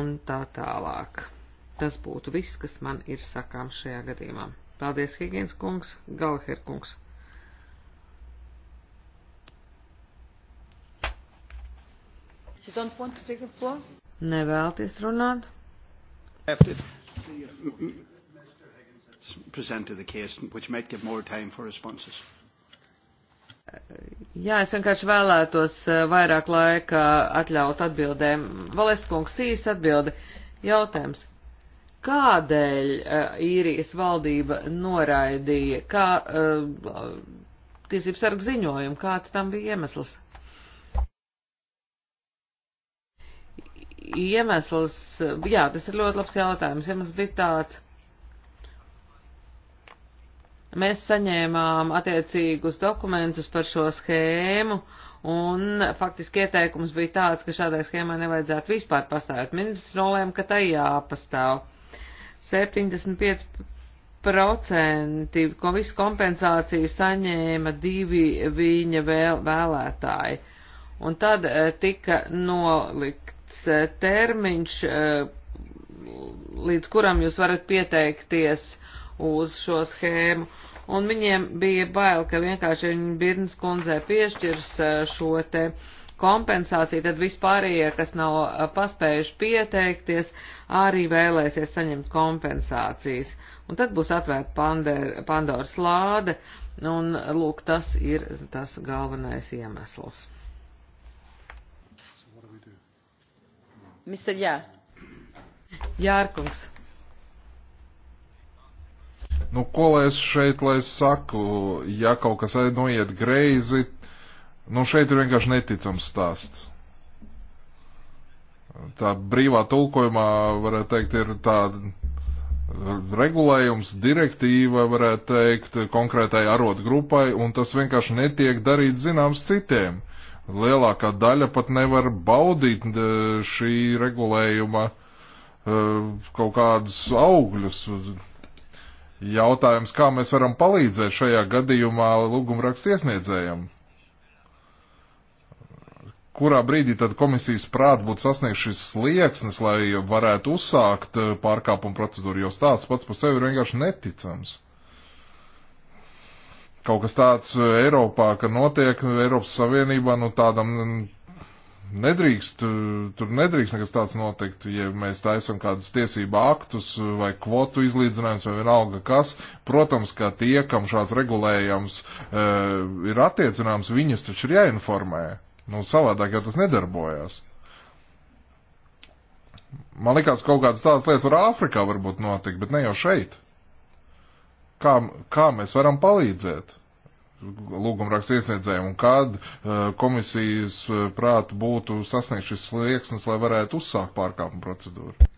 un tā tālāk. Tas būtu viss, kas man ir sakām šajā gadījumā. Paldies, Higiens kungs, Galher kungs. Nevēlties runāt? Uh, jā, es vienkārši vēlētos uh, vairāk laika atļaut atbildēm. Valeskungs īsti atbildi. Jautājums. Kādēļ uh, īrijas valdība noraidīja kā, tiesības sarg ziņojumu? Kāds tam bija iemesls? iemesls, jā, tas ir ļoti labs jautājums, iemesls bija tāds, mēs saņēmām attiecīgus dokumentus par šo schēmu, un faktiski ieteikums bija tāds, ka šādai schēmai nevajadzētu vispār pastāvēt. Ministrs nolēma, ka tai jāpastāv. 75% ko visu kompensāciju saņēma divi viņa vēl, vēlētāji. Un tad eh, tika nolikt noteikts e, termiņš, e, līdz kuram jūs varat pieteikties uz šo schēmu. Un viņiem bija bail, ka vienkārši viņa Birnas kundzē piešķirs e, šo te kompensāciju, tad vispārējie, kas nav paspējuši pieteikties, arī vēlēsies saņemt kompensācijas. Un tad būs atvērta Pandoras lāde, un lūk, tas ir tas galvenais iemesls. Mr. Jā. Jārkungs. Nu, ko lai es šeit, lai es saku, ja kaut kas noiet greizi, nu, šeit ir vienkārši neticams stāsts. Tā brīvā tulkojumā, varētu teikt, ir tāda regulējums, direktīva, varētu teikt, konkrētai arotgrupai, un tas vienkārši netiek darīts zināms citiem lielākā daļa pat nevar baudīt e, šī regulējuma e, kaut kādus augļus. Jautājums, kā mēs varam palīdzēt šajā gadījumā lūgumrakstu iesniedzējiem? Kurā brīdī tad komisijas prāt būtu sasniegts šis slieksnis, lai varētu uzsākt e, pārkāpumu procedūru, jo stāsts pats par sevi ir vienkārši neticams kaut kas tāds eh, Eiropā, ka notiek Eiropas Savienībā, nu tādam nedrīkst, eh, tur nedrīkst nekas tāds notikt, ja mēs taisam kādus tiesību aktus vai kvotu izlīdzinājums vai vienalga kas. Protams, ka tie, kam šāds regulējums e, ir attiecināms, viņas taču ir jāinformē. Nu, savādāk jau tas nedarbojas. Man likās, kaut kādas tādas lietas var Āfrikā varbūt notikt, bet ne jau šeit kā, kā mēs varam palīdzēt lūgumrakstu iesniedzējiem un kad eh, komisijas eh, prātu būtu sasniegt šis slieksnis, lai varētu uzsākt pārkāpumu procedūru?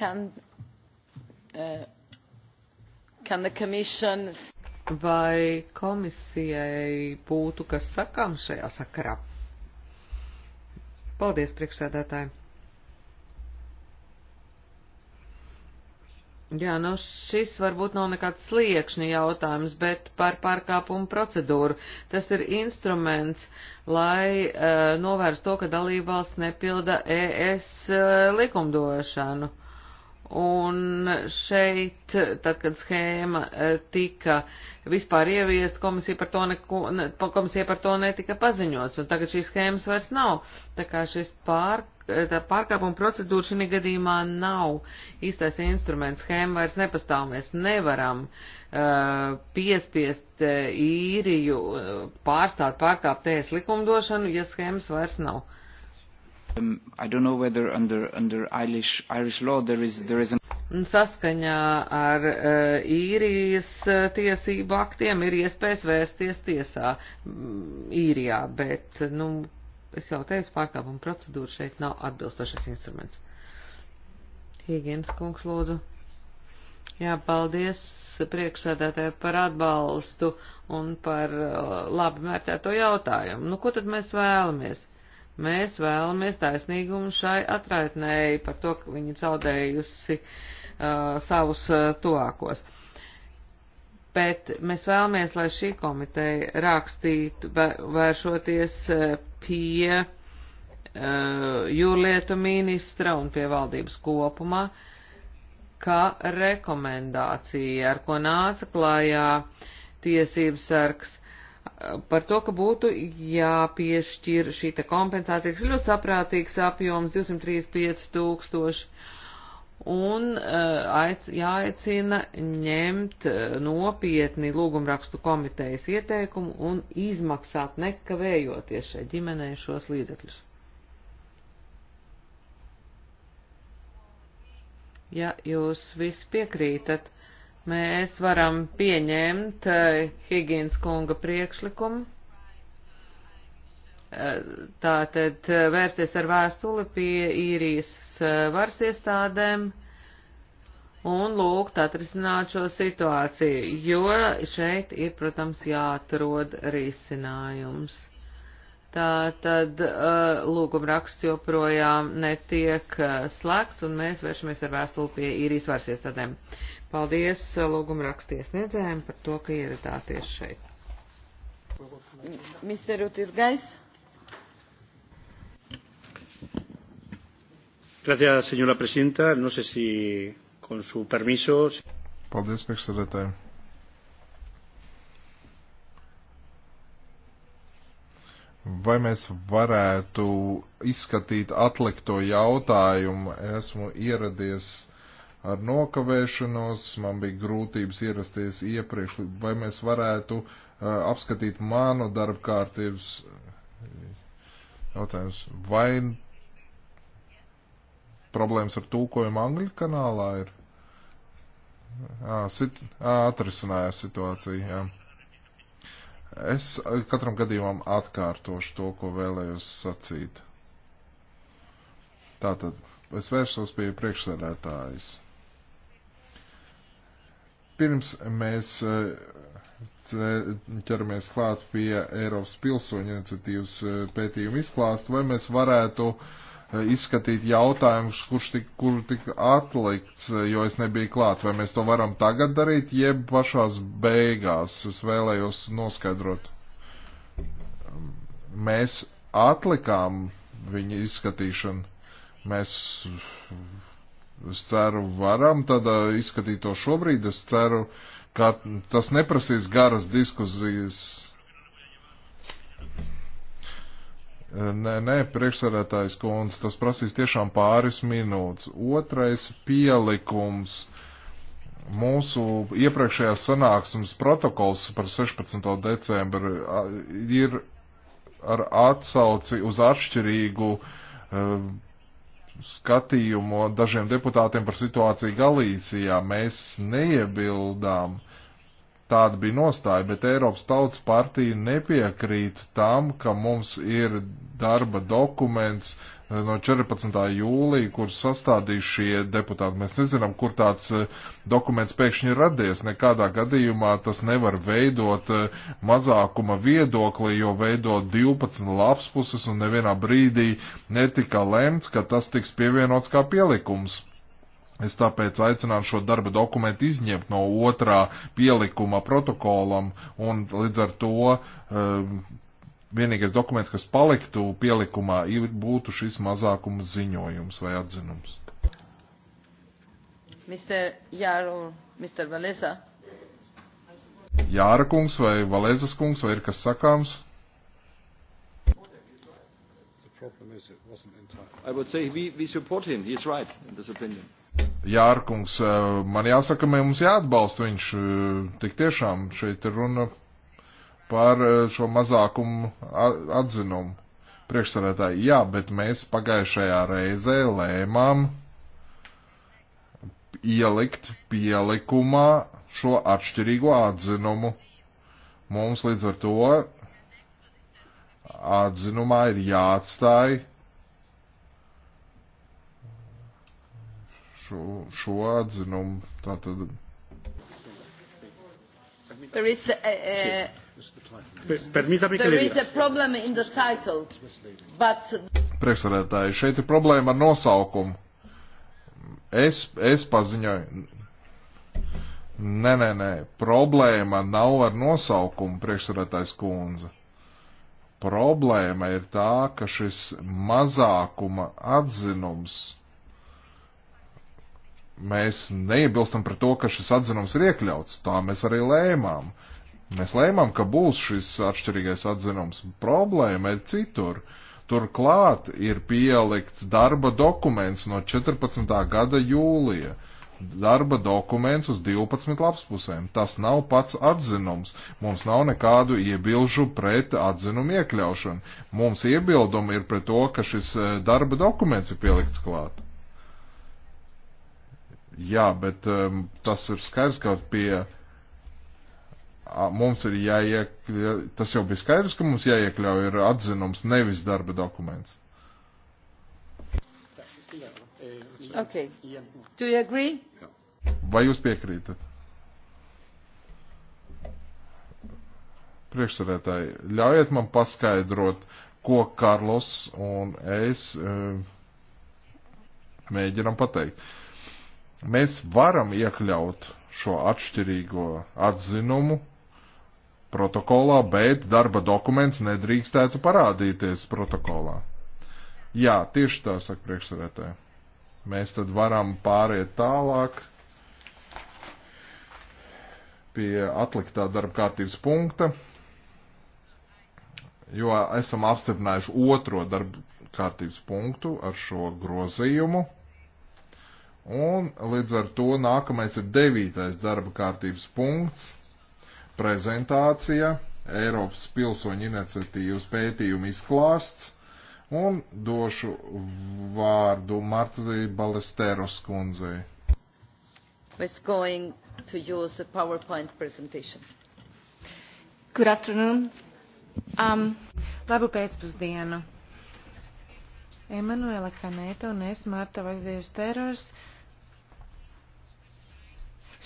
Can, uh, can the commission... Vai komisijai būtu kas sakām šajā sakarā? Paldies, priekšsēdētāji! Jā, nu šis varbūt nav nekāds sliekšņi jautājums, bet par pārkāpumu procedūru. Tas ir instruments, lai uh, novērstu to, ka dalībvalsts nepilda ES uh, eh, likumdošanu. Un šeit, tad, kad schēma uh, tika vispār ieviest, komisija par, to neko, ne, komisija par to netika paziņots, un tagad šīs schēmas vairs nav. Tā kā šis pārkāpums tā pārkāpuma procedūra šī gadījumā nav īstais instruments. Schēma vairs nepastāv. Mēs nevaram uh, piespiest uh, īriju uh, pārstāt pārkāpt ES likumdošanu, ja schēmas vairs nav. Um, under, under Irish, Irish law there is, there is an... Saskaņā ar uh, īrijas uh, tiesību aktiem ir iespējas vērsties tiesā īrijā, bet, nu, es jau teicu, pārkāpuma procedūra šeit nav atbilstošais instruments. Higienas kungs lūdzu. Jā, paldies priekšsēdētāji par atbalstu un par uh, labi mērķēto jautājumu. Nu, ko tad mēs vēlamies? Mēs vēlamies taisnīgumu šai atraitnēji par to, ka viņa zaudējusi uh, savus uh, tuvākos. Uh, bet mēs vēlamies, lai šī komiteja rakstītu, vēršoties e, pie uh, jūrlietu ministra un pie valdības kopumā, ka rekomendācija, ar ko nāca klājā tiesības sargs, par to, ka būtu jāpiešķir šī kompensācija, kas ir ļoti saprātīgs apjoms, 235 tūkstoši un eh, aic, jāaicina ņemt eh, nopietni lūgumrakstu komitejas ieteikumu un izmaksāt nekavējoties šai ģimenei šos līdzekļus. Ja jūs visi piekrītat, mēs varam pieņemt eh, Higīnas kunga priekšlikumu tātad eh, vērsties ar vēstuli pie īrijas eh, varas iestādēm un lūgt atrisināt šo situāciju, jo šeit ir, protams, jāatrod risinājums. Tātad eh, lūguma raksts joprojām netiek slēgts un mēs vēršamies ar vēstuli pie īrijas varas iestādēm. Paldies lūguma rakstiesniedzējiem par to, ka ieradāties šeit. Mr. Utirgais. Gracias, señora presidenta. No sé si, con su permiso. Paldies, priekšsēdētāji. Vai mēs varētu izskatīt atlikto jautājumu? Esmu ieradies ar nokavēšanos, man bija grūtības ierasties iepriekš. Vai mēs varētu uh, apskatīt manu darba kārtības eh, jautājumus? Vai problēmas ar tūkojumu angļu kanālā ir? Ā, sit, ā, atrisinājās situācija, jā. Es katram gadījumam atkārtošu to, ko vēlējos sacīt. Tātad, es vērsos pie priekšsēdētājas. Pirms mēs ķeramies klāt pie Eiropas pilsoņu iniciatīvas pētījuma izklāstu, vai mēs varētu uh, izskatīt jautājumus, kurš tik, kur tika atlikts, eh, jo es nebiju klāt. Vai mēs to varam tagad darīt, jeb pašās beigās? Es vēlējos noskaidrot. Um, mēs atlikām viņa izskatīšanu. Mēs, es ceru, varam tad uh, izskatīt to šobrīd. Es ceru, ka tas neprasīs garas diskusijas Nē, nē, priekšsarētājs kundze, tas prasīs tiešām pāris minūtes. Otrais pielikums mūsu iepriekšējās sanāksmes protokols par 16. decembru ir ar atsauci uz atšķirīgu uh, skatījumu dažiem deputātiem par situāciju Galīcijā. Mēs neiebildām Tāda bija nostāja, bet Eiropas Tautas partija nepiekrīt tam, ka mums ir darba dokuments eh, no 14. jūlija, kurus sastādīja šie deputāti. Mēs nezinām, kur tāds eh, dokuments pēkšņi ir radies. Nekādā gadījumā tas nevar veidot eh, mazākuma viedokli, jo veido 12 lapspuses un nevienā brīdī netika lemts, ka tas tiks pievienots kā pielikums. Es tāpēc aicinātu šo darba dokumentu izņemt no otrā pielikuma protokolam, un līdz ar to um, vienīgais dokuments, kas paliktu pielikumā, būtu šis mazākuma ziņojums vai atzinums. Mr. Jāru, Mr. Valeza. Jāra kungs vai Valezas kungs, vai ir kas sakāms? The problem is it wasn't in time. I would say we, we support him. He's right in this opinion. Jārkungs, eh, man jāsaka, mums jāatbalsta viņš eh, tik tiešām šeit runa par eh, šo mazākumu atzinumu priekšsarētāji. Jā, bet mēs pagājušajā reizē lēmām ielikt pielikumā šo atšķirīgo atzinumu. Mums līdz ar to atzinumā ir jāatstāja šo, šo atzinumu. Tātad. There is, a, uh, there is a problem in the title, but... Priekšsēdētāji, šeit ir problēma ar nosaukumu. Es, es paziņoju. Nē, nē, nē, problēma nav ar nosaukumu, priekšsēdētājs kundze. Problēma ir tā, ka šis mazākuma atzinums Mēs neiebilstam par to, ka šis atzinums ir iekļauts. Tā mēs arī lēmām. Mēs lēmām, ka būs šis atšķirīgais atzinums. Problēma ir citur. Turklāt ir pielikts darba dokuments no 14. gada jūlija darba dokuments uz 12 lapspusēm. Tas nav pats atzinums. Mums nav nekādu iebilžu pret atzinumu iekļaušanu. Mums iebildumi ir pret to, ka šis eh, darba dokuments ir pielikts klāt. Jā, bet um, tas ir skaidrs, ka pie mums ir jāiekļauj, tas jau bija skaidrs, ka mums jāiekļauj ir atzinums, nevis darba dokuments. Okay. Do you agree? Vai jūs piekrītat? Priekšsarētāji, ļaujiet man paskaidrot, ko Karlos un es um, mēģinam pateikt. Uh, Mēs varam iekļaut šo atšķirīgo atzinumu protokolā, bet darba dokuments nedrīkstētu parādīties protokolā. Jā, tieši tā saka priekšsarētāji. Mēs tad varam pāriet tālāk pie atliktā darba kārtības punkta, jo esam apstiprinājuši otro darba kārtības punktu ar šo grozījumu. Un līdz ar to nākamais ir devītais darba kārtības punkts - prezentācija, Eiropas pilsoņu iniciatīvas pētījuma izklāsts, un došu vārdu Martai Balesteros kundzei. It's going to use a PowerPoint presentation. Good afternoon. Um, Labu pēcpusdienu. Emanuela Kanēta un es, Marta Vazieša Terors, uh,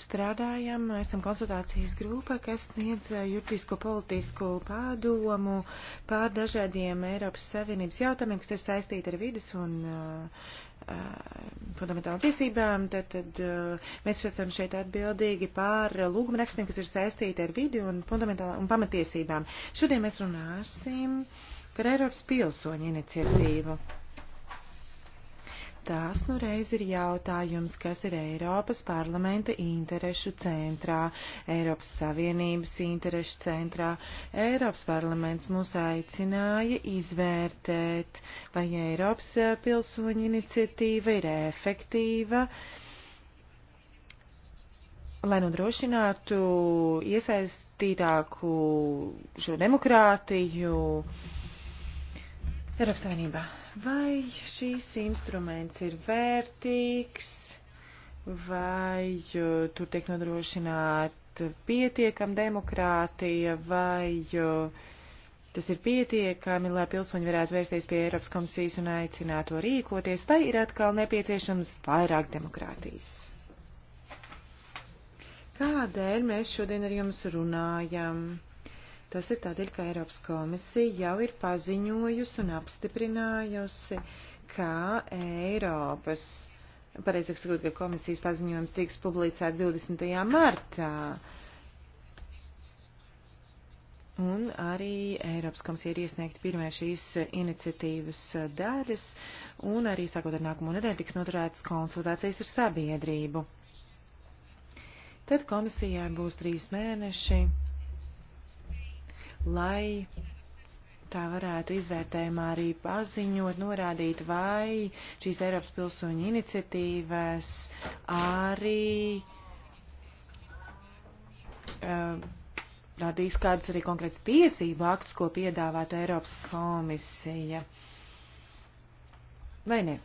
strādājam. Esam konsultācijas grupa, kas sniedz eh, juridisko politisko pādomu pār dažādiem Eiropas Savienības jautājumiem, kas ir saistīti ar vidas un uh, fundamentālām tiesībām, tad, tad mēs esam šeit atbildīgi pār lūgumrakstiem, kas ir saistīti ar vidi un, un pamatiesībām. Šodien mēs runāsim par Eiropas pilsoņu iniciatīvu. Mm. Tas nu reiz ir jautājums, kas ir Eiropas parlamenta interešu centrā, Eiropas Savienības interešu centrā. Eiropas parlaments mūs aicināja izvērtēt, vai Eiropas eh, pilsoņu iniciatīva ir efektīva, lai nodrošinātu iesaistītāku šo demokrātiju Eiropas Savienībā vai šīs instruments ir vērtīgs, vai eh, tur tiek nodrošināt pietiekam demokrātija, vai eh, tas ir pietiekami, lai pilsoņi varētu vērsties pie Eiropas komisijas un aicināt to rīkoties, vai ir atkal nepieciešams vairāk demokrātijas. Kādēļ mēs šodien ar jums runājam? Tas ir tādēļ, ka Eiropas komisija jau ir paziņojusi un apstiprinājusi, ka Eiropas, pareizāk sakot, ka komisijas paziņojums tiks publicēts 20. martā. Un arī Eiropas komisija ir iesniegta pirmie šīs iniciatīvas daļas, un arī sākot ar nākamo nedēļu tiks noturētas konsultācijas ar sabiedrību. Tad komisijai būs trīs mēneši lai tā varētu izvērtējumā arī paziņot, norādīt, vai šīs Eiropas pilsoņu iniciatīvas arī uh, radīs kādas arī konkrētas tiesību aktus, ko piedāvātu Eiropas komisija. Vai ne?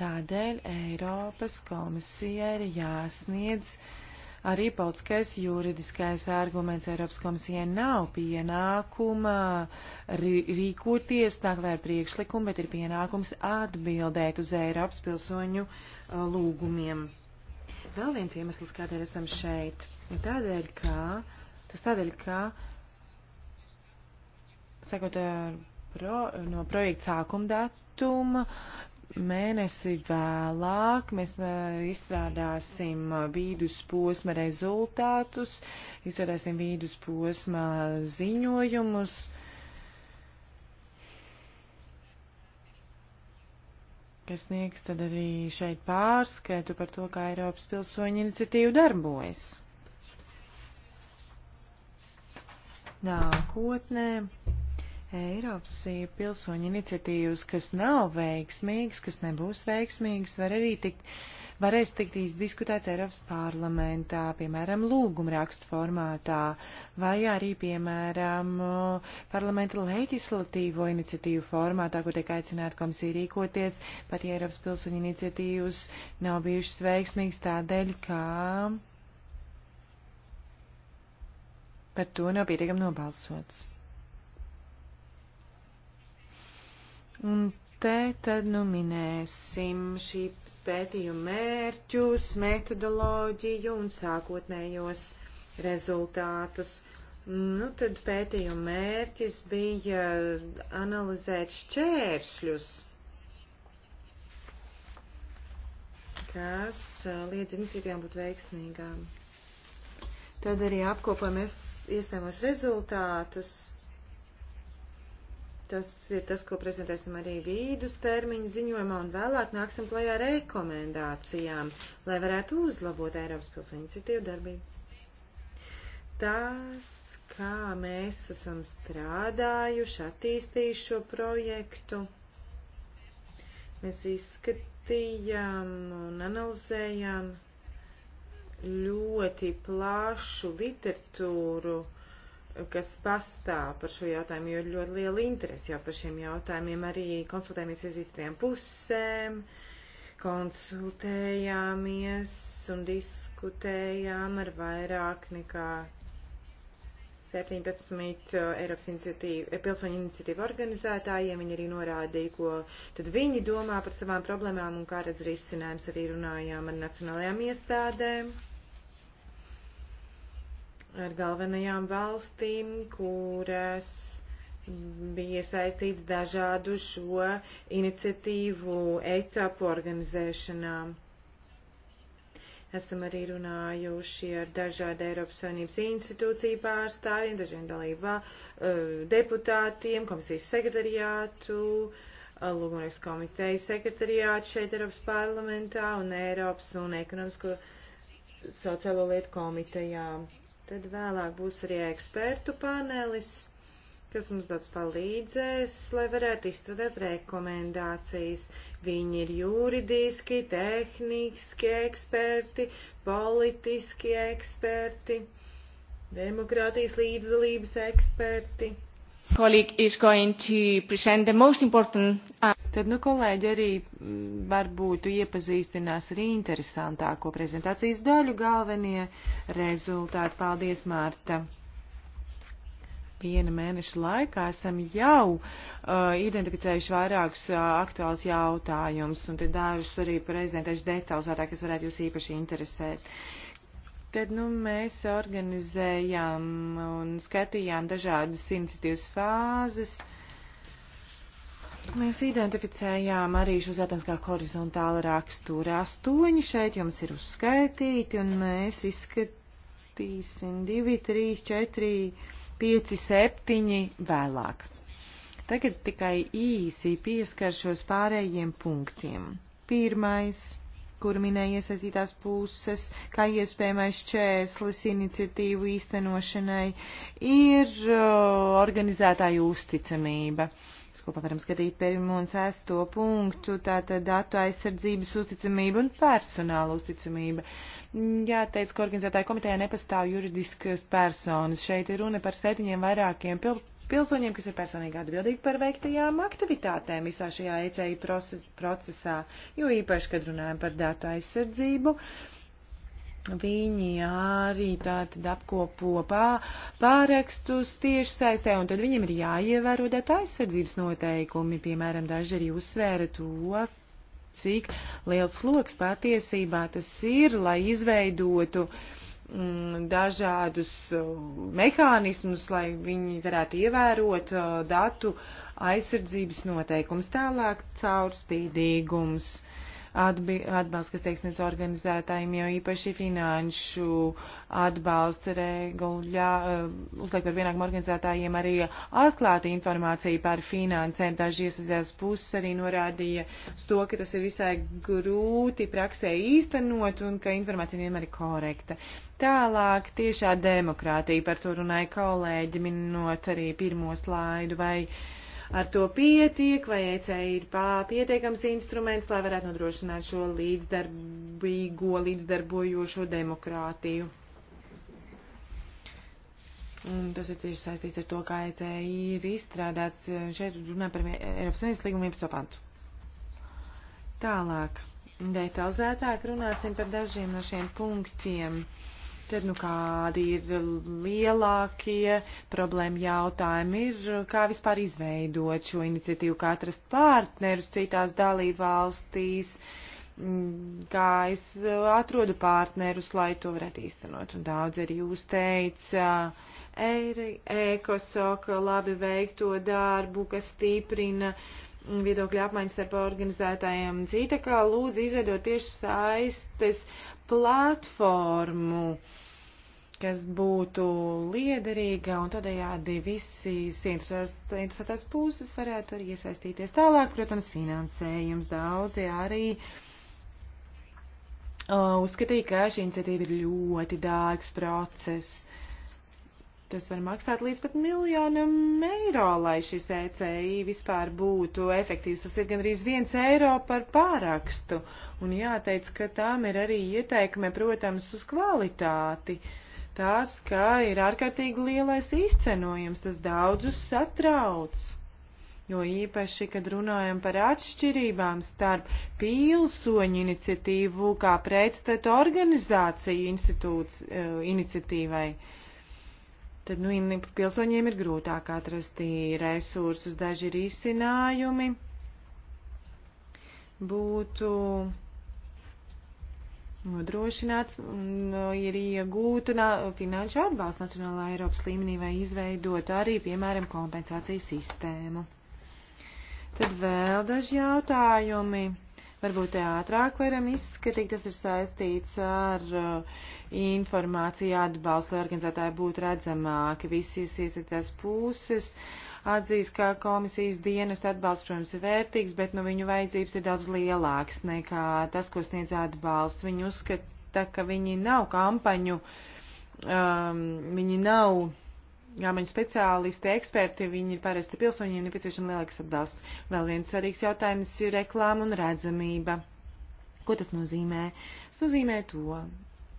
Tādēļ Eiropas komisija ir jāsniedz uh, arī politiskais juridiskais arguments Eiropas komisijai nav pienākuma rīkoties tā kā ar priekšlikumu, bet ir pienākums atbildēt uz Eiropas pilsoņu uh, lūgumiem. Vēl viens iemesls, kādēļ esam šeit, ir tādēļ, ka tas tādēļ, ka, sakot, uh, pro, no projekta sākuma datuma, mēnesi vēlāk mēs izstrādāsim vīdusposma rezultātus, izstrādāsim vīdusposma ziņojumus. kas sniegs tad arī šeit pārskatu par to, kā Eiropas pilsoņu iniciatīva darbojas. Nākotnē. Eiropas pilsoņu iniciatīvas, kas nav veiksmīgas, kas nebūs veiksmīgas, var arī tikt, varēs tikt izdiskutēts Eiropas parlamentā, piemēram, lūgumrakstu formātā, vai arī, piemēram, parlamenta leģislatīvo iniciatīvu formātā, kur tiek aicināta komisija rīkoties, pat ja Eiropas pilsoņu iniciatīvas nav bijušas veiksmīgas tādēļ, kā par to nav pietiekami nobalsots. Un te tad nu minēsim šī pētījuma mērķus, metodoloģiju un sākotnējos rezultātus. Nu, tad pētījuma mērķis bija analizēt šķēršļus, kas liedz iniciatīvām būt veiksmīgām. Tad arī apkopojam iespējamos rezultātus Tas ir tas, ko prezentēsim arī vīdus termiņu ziņojumā un vēlāk nāksim klajā rekomendācijām, lai varētu uzlabot Eiropas pilsēņu iniciatīvu darbību. Tas, kā mēs esam strādājuši, attīstījuši šo projektu, mēs izskatījām un analizējām ļoti plašu literatūru kas pastāv par šo jautājumu, jo ir ļoti liela interese jau par šiem jautājumiem. Arī konsultējamies ar citiem pusēm, konsultējāmies un diskutējām ar vairāk nekā 17 uh, Eiropas iniciatīva, eh, pilsoņu iniciatīvu organizētājiem. Viņi arī norādīja, ko tad viņi domā par savām problēmām un kā redz risinājums. Arī runājām ar nacionālajām iestādēm ar galvenajām valstīm, kuras bija iesaistīts dažādu šo iniciatīvu etapu organizēšanā. Esam arī runājuši ar dažādu Eiropas Savienības institūciju pārstāvjiem, dažiem dalībā eh, deputātiem, komisijas sekretariātu, eh, Lūgumraks komiteju sekretariātu šeit Eiropas parlamentā un Eiropas un ekonomisko sociālo lietu komitejām Tad vēlāk būs arī ekspertu panelis, kas mums daudz palīdzēs, lai varētu izstrādāt rekomendācijas. Viņi ir juridiski, tehniski eksperti, politiski eksperti, demokrātijas līdzdalības eksperti. Colleague is going to present the most important uh, Tad, nu, kolēģi arī mm, varbūt iepazīstinās ar interesantāko prezentācijas daļu galvenie rezultāti. Paldies, Mārta! Viena mēneša laikā esam jau uh, identificējuši vairākus uh, aktuāls jautājumus, un te dažus arī prezentēšu detalizētāk, kas varētu jūs īpaši interesēt. Tad nu, mēs organizējām un skatījām dažādas iniciatīvas fāzes. Uh, Mēs identificējām arī šos jautājumus kā horizontāli rakstura astoņi. Šeit jums ir uzskaitīti, un mēs izskatīsim divi, trīs, četri, pieci, septiņi vēlāk. Tagad tikai īsi pieskaršos pārējiem punktiem. Pirmais kur minēja iesaistītās puses, kā iespējamais čēslis iniciatīvu īstenošanai, ir organizētāju uzticamība. Uh, Mēs kopā varam skatīt pirmo un sesto punktu, tātad datu aizsardzības uzticamība un personāla uzticamība. Jā, teica, ka organizētāja komitejā nepastāv juridiskas personas. Šeit ir runa par septiņiem vairākiem pil pilsoņiem, kas ir personīgi atbildīgi par veiktajām aktivitātēm visā šajā ECI procesā, jo īpaši, kad runājam par datu aizsardzību. Uh, Viņi arī tātad apkopo pā, pārakstus tieši saistē, un tad viņiem ir jāievēro datu aizsardzības noteikumi. Piemēram, daži arī uzsvēra to, cik liels sloks patiesībā tas ir, lai izveidotu mm, dažādus uh, mehānismus, lai viņi varētu ievērot uh, datu aizsardzības noteikums. Tālāk caurspīdīgums. Uh, atbalsts, kas tiek sniedz organizētājiem, jo īpaši finanšu atbalsts regulā eh, uzliek par pienākumu organizētājiem arī atklāt informāciju par finansēm. Daži iesaistījās puses arī norādīja to, ka tas ir visai grūti praksē īstenot un ka informācija vienmēr ir korekta. Tālāk tiešā demokrātija, par to runāja kolēģi, minot arī pirmo slaidu vai ar to pietiek, vai ECE ir pietiekams instruments, lai varētu nodrošināt šo līdzdarbīgo, līdzdarbojošo demokrātiju. Un tas ir cieši saistīts ar to, kā ECE ir izstrādāts. Šeit runā par Eiropas Savienības līgumu 11. pantu. Tālāk. Detalizētāk runāsim par dažiem no šiem punktiem. Uh, Tad, nu, kādi ir lielākie problēma jautājumi ir, kā vispār izveidot šo iniciatīvu, kā atrast partnerus citās dalībvalstīs, mm, kā es atrodu partnerus, lai to varētu īstenot. Un daudz arī jūs teica, ekosoka labi veikto darbu, kas stiprina viedokļu apmaiņas starp organizētājiem. Cita kā lūdzu izveidot tieši saistes platformu, kas būtu liederīga, un tādējādi visi interesētās puses varētu arī iesaistīties tālāk. Protams, finansējums daudzi arī uh, uzskatīja, ka šī iniciatīva ir ļoti dārgs process. Uh, Tas var maksāt līdz pat miljonam eiro, lai šis ECI vispār būtu efektīvs. Tas ir gandrīz viens eiro par pārakstu. Un jāteic, ka tām ir arī ieteikme, protams, uz kvalitāti. Tās, kā ir ārkārtīgi lielais izcenojums, tas daudzus satrauc. Jo īpaši, kad runājam par atšķirībām starp pilsoņu iniciatīvu kā pretstatu organizāciju institūts, uh, iniciatīvai. Uh, tad nu, pilsoņiem ir grūtāk atrast resursus, daži risinājumi būtu nodrošināt un nu, ir iegūta finanšu atbalsts Nacionālā Eiropas līmenī vai izveidot arī, piemēram, kompensācijas sistēmu. Tad vēl daži jautājumi. Varbūt ātrāk varam izskatīt, tas ir saistīts ar uh, informācija atbalsta, lai organizētāji būtu redzamāki. Visas iesaistās puses atzīst, ka komisijas dienas atbalsts, protams, ir vērtīgs, bet nu, viņu vajadzības ir daudz lielākas nekā tas, ko sniedz atbalsts. Viņi uzskata, ka viņi nav kampaņu, um, viņi nav. Jā, viņi speciālisti, eksperti, viņi ir parasti pilsoņi, viņiem nepieciešama lielāks atbalsts. Vēl viens svarīgs jautājums ir reklāma un redzamība. Ko tas nozīmē? Tas nozīmē to,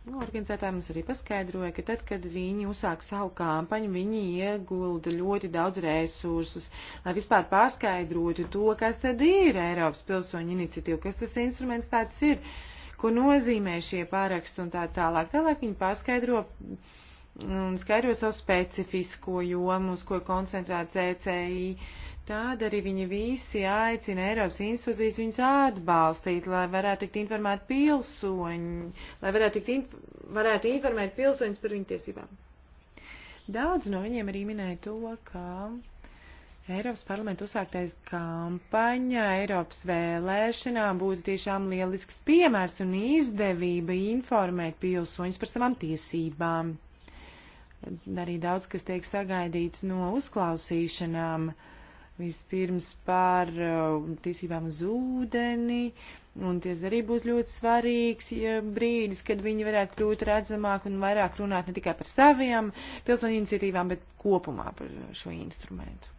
Nu, organizētāji mums arī paskaidroja, ka tad, kad viņi uzsāk savu kampaņu, viņi iegulda ļoti daudz resursus, lai vispār paskaidrotu to, kas tad ir Eiropas pilsoņu iniciatīva, kas tas instruments tāds ir, ko nozīmē šie pāraksti un tā tālāk. Tālāk viņi paskaidro un skaidro savu specifisko jomu, uz ko koncentrēts ECI Tāda arī viņi visi aicina Eiropas institūcijas viņus atbalstīt, lai varētu tikt informēt pilsoņi, lai varētu, tikt inf varētu informēt pilsoņus par viņu tiesībām. Daudz no viņiem arī minēja to, ka Eiropas parlamenta uzsāktais kampaņa Eiropas vēlēšanām būtu tiešām lielisks piemērs un izdevība informēt pilsoņus par savām tiesībām. Arī daudz, kas tiek sagaidīts no uzklausīšanām. Uh, Vispirms par uh, tiesībām uz ūdeni, un tas arī būs ļoti svarīgs brīdis, kad viņi varētu kļūt redzamāk un vairāk runāt ne tikai par saviem pilsoņu iniciatīvām, bet kopumā par šo instrumentu.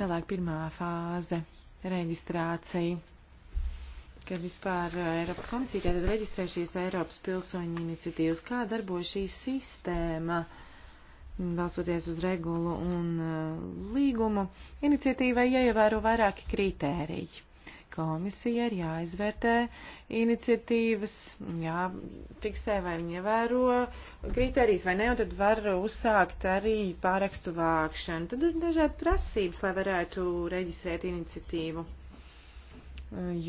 Tālāk pirmā fāze - reģistrācija kad vispār uh, Eiropas komisija tad reģistrē šīs Eiropas pilsoņu iniciatīvas. Kā darbojas šī sistēma? Uh, balsoties uz regulu un eh, līgumu, iniciatīvai jāievēro vairāki kritēriji. Komisija ir jāizvērtē iniciatīvas, jāfiksē, vai viņi ievēro kritērijas vai ne, un tad var uzsākt arī pārakstu vākšanu. Tad ir dažādi prasības, lai varētu reģistrēt iniciatīvu.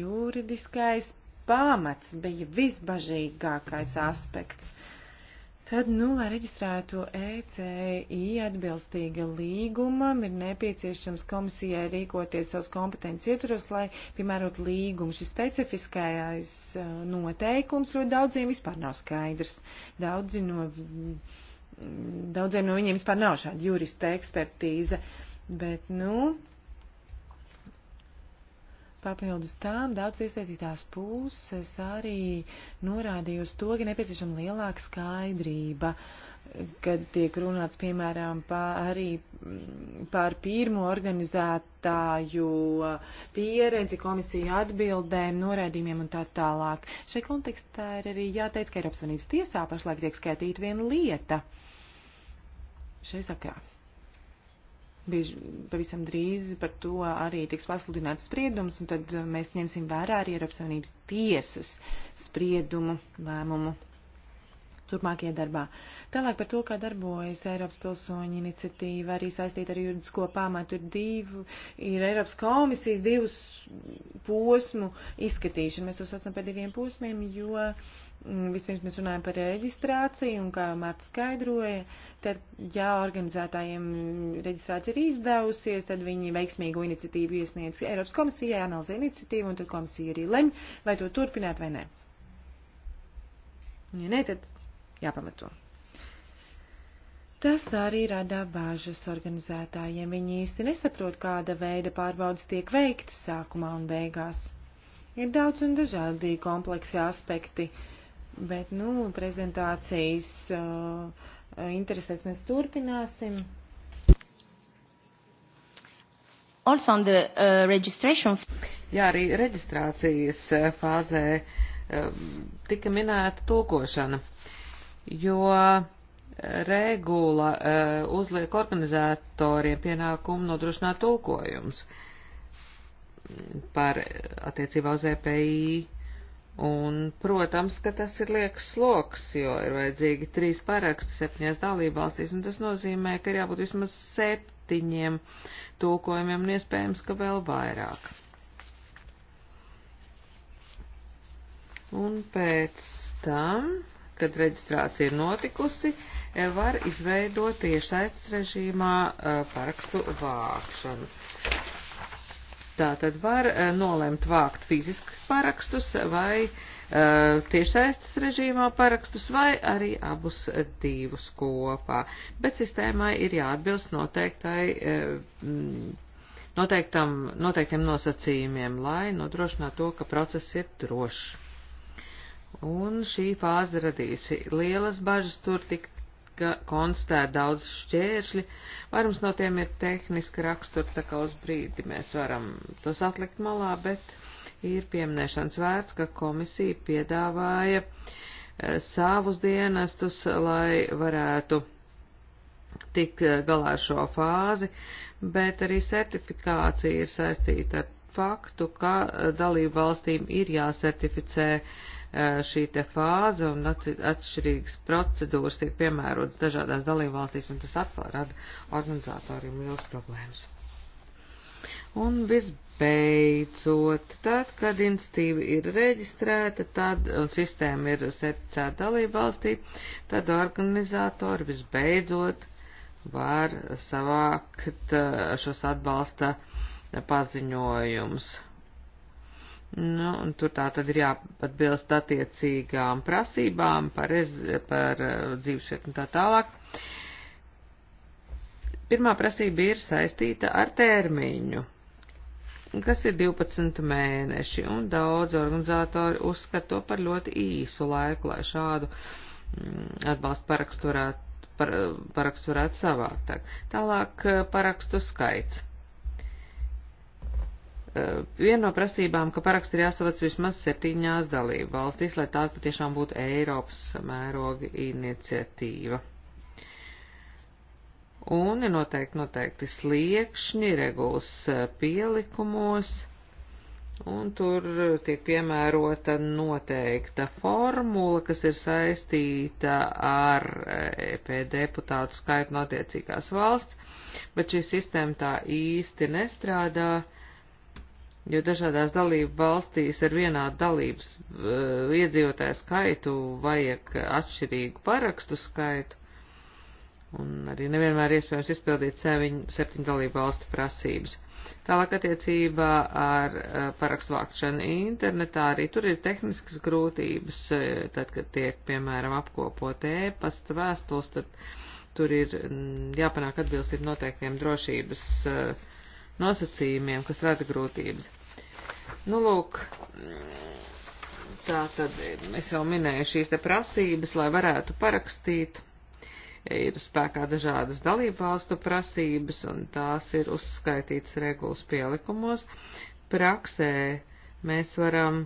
Juridiskais pamats bija visbažīgākais aspekts. Uh, Tad, nu, lai reģistrētu ECI atbilstīga līgumam, ir nepieciešams komisijai rīkoties savus kompetences ietvaros, lai piemērot līgumu. Šis specifiskais uh, noteikums ļoti daudziem vispār nav skaidrs. Daudzi no, mm, daudziem no viņiem vispār nav šāda jurista ekspertīze. Bet, nu, Papildus tām daudz iesaistītās puses arī norādīja uz to, ka nepieciešama lielāka skaidrība, kad tiek runāts, piemēram, pār, arī mm, par pirmo organizētāju pieredzi, komisiju atbildēm, norādījumiem un tā tālāk. Šai kontekstā ir arī jāteic, ka Eiropas Savienības tiesā pašlaik tiek skaitīta viena lieta šai sakrā bieži, pavisam drīz par to arī tiks pasludināts spriedums, un tad uh, mēs ņemsim vērā arī Eiropas Savienības tiesas spriedumu lēmumu turpmākajā darbā. Tālāk par to, kā darbojas Eiropas pilsoņu iniciatīva, arī saistīta ar juridisko pamatu, ir divu, ir Eiropas komisijas divus posmu izskatīšana. Mēs to saucam par diviem posmiem, jo mm, vispirms mēs runājam par reģistrāciju, un kā Marta skaidroja, tad, ja organizētājiem reģistrācija ir izdevusies, tad viņi veiksmīgu iniciatīvu iesniedz Eiropas komisijai, analizē iniciatīvu, un tad komisija arī lem, vai to turpināt vai nē. Ja nē, tad jāpamato. Tas arī rada bāžas organizētājiem. Viņi īsti nesaprot, kāda veida pārbaudas tiek veiktas sākumā un beigās. Ir daudz un dažādi kompleksi aspekti, bet, nu, prezentācijas uh, interesēs mēs turpināsim. Also on the uh, registration. Jā, arī reģistrācijas uh, fāzē um, tika minēta tulkošana. Uh, jo eh, regula eh, uzliek organizatoriem pienākumu nodrošināt tulkojums par attiecībā uz EPI. Un, protams, ka tas ir liekas sloks, jo ir vajadzīgi trīs paraksti septiņās dalībvalstīs, un tas nozīmē, ka ir jābūt vismaz septiņiem tulkojumiem, un iespējams, ka vēl vairāk. Un pēc tam kad reģistrācija ir notikusi, eh, var izveidot tiešsaistes režīmā eh, parakstu vākšanu. Tātad var eh, nolemt vākt fiziski parakstus vai tiešsaistes režīmā parakstus vai arī abus divus kopā, bet sistēmai ir jāatbilst noteiktai, noteiktam, noteiktiem nosacījumiem, lai nodrošinātu to, ka process ir drošs. Un šī fāze radīsi lielas bažas, tur tika konstatēt daudz šķēršļi, vairums no tiem ir tehniski rakstur, tā kā uz brīdi mēs varam tos atlikt malā, bet ir pieminēšanas vērts, ka komisija piedāvāja eh, savus dienestus, lai varētu tik eh, galā ar šo fāzi, bet arī certifikācija ir saistīta ar faktu, ka eh, dalību valstīm ir jāsertificē uh, šī te fāze un atšķirīgas procedūras tiek piemērotas dažādās dalībvalstīs, un tas atkal rada organizatoriem liels problēmas. Un visbeidzot, tad, kad institīva ir reģistrēta tad, un sistēma ir certificēta dalībvalstī, tad organizatori visbeidzot var savākt šos atbalsta paziņojumus Nu, un tur tā tad ir jāpatbilst attiecīgām prasībām par, ez, par eh, dzīvesvietu un tā tālāk. Pirmā prasība ir saistīta ar termiņu, kas ir 12 mēneši, un daudz organizatori uzskata to par ļoti īsu laiku, lai šādu mm, atbalstu parakstu varētu, par, eh, parakstu varētu savākt. Tālāk eh, parakstu skaits Eh, viena no prasībām, ka paraksti ir jāsavac vismaz septiņās dalību valstīs, lai tā patiešām būtu Eiropas mēroga iniciatīva. Un ir noteikti, noteikti sliekšņi regulas eh, pielikumos, un tur eh, tiek piemērota noteikta formula, kas ir saistīta ar EP e deputātu skaitu no attiecīgās valsts, bet šī sistēma tā īsti nestrādā jo dažādās dalību valstīs ar vienādu dalības uh, iedzīvotāju skaitu vajag atšķirīgu parakstu skaitu, un arī nevienmēr iespējams izpildīt seviņu, septiņu dalību valstu prasības. Tālāk attiecībā ar uh, parakstu vākšanu internetā arī tur ir tehniskas grūtības, uh, tad, kad tiek, piemēram, apkopot ēpastu vēstules, tad tur ir mm, jāpanāk atbilstība noteiktiem drošības uh, nosacījumiem, kas rada grūtības. Nu, lūk, tā tad es jau minēju šīs te prasības, lai varētu parakstīt. Ir spēkā dažādas dalību valstu prasības, un tās ir uzskaitītas regulas pielikumos. Praksē mēs varam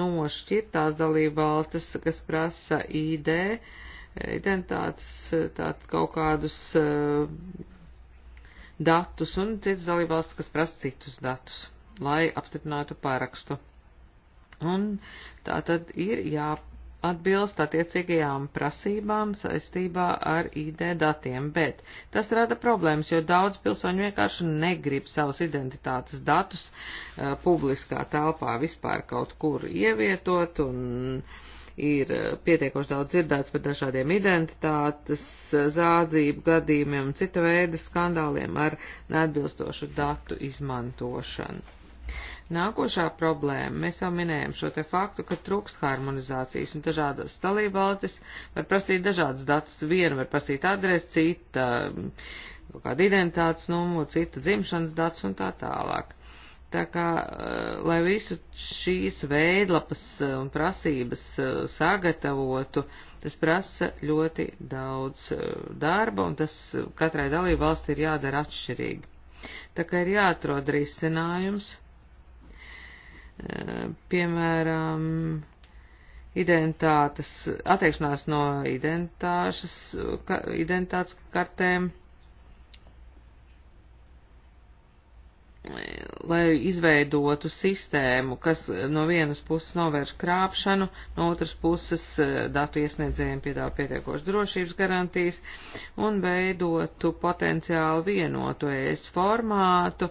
nošķirt tās dalību valstis, kas prasa ID, identitātes, tātad kaut kādus uh, datus un citas dalībvalstis, kas prasa citus datus, lai apstiprinātu pārakstu. Un tā tad ir jāatbilst attiecīgajām prasībām saistībā ar ID datiem, bet tas rada problēmas, jo daudz pilsoņu vienkārši negrib savus identitātes datus uh, publiskā telpā vispār kaut kur ievietot un uh, ir eh, pietiekoši daudz dzirdēts par dažādiem identitātes eh, zādzību gadījumiem un cita veida skandāliem ar neatbilstošu datu izmantošanu. Nākošā problēma, mēs jau minējam šo te faktu, ka trūkst harmonizācijas un dažādas dalībvalstis var prasīt dažādas datus, viena var prasīt adresi, cita mm, kaut kāda identitātes numuru, cita dzimšanas datus un tā tālāk. Tā kā, eh, lai visu šīs veidlapas eh, un prasības eh, sagatavotu, tas prasa ļoti daudz darba, un tas katrai dalību valsti ir jādara atšķirīgi. Tā kā ir jāatrod risinājums, piemēram, identitātes, attiekšanās no identitātes, ka, identitātes kartēm lai izveidotu sistēmu, kas no vienas puses novērš krāpšanu, no otras puses eh, datu iesniedzējiem piedāvā pietiekošas drošības garantijas un veidotu potenciāli vienoto ES formātu,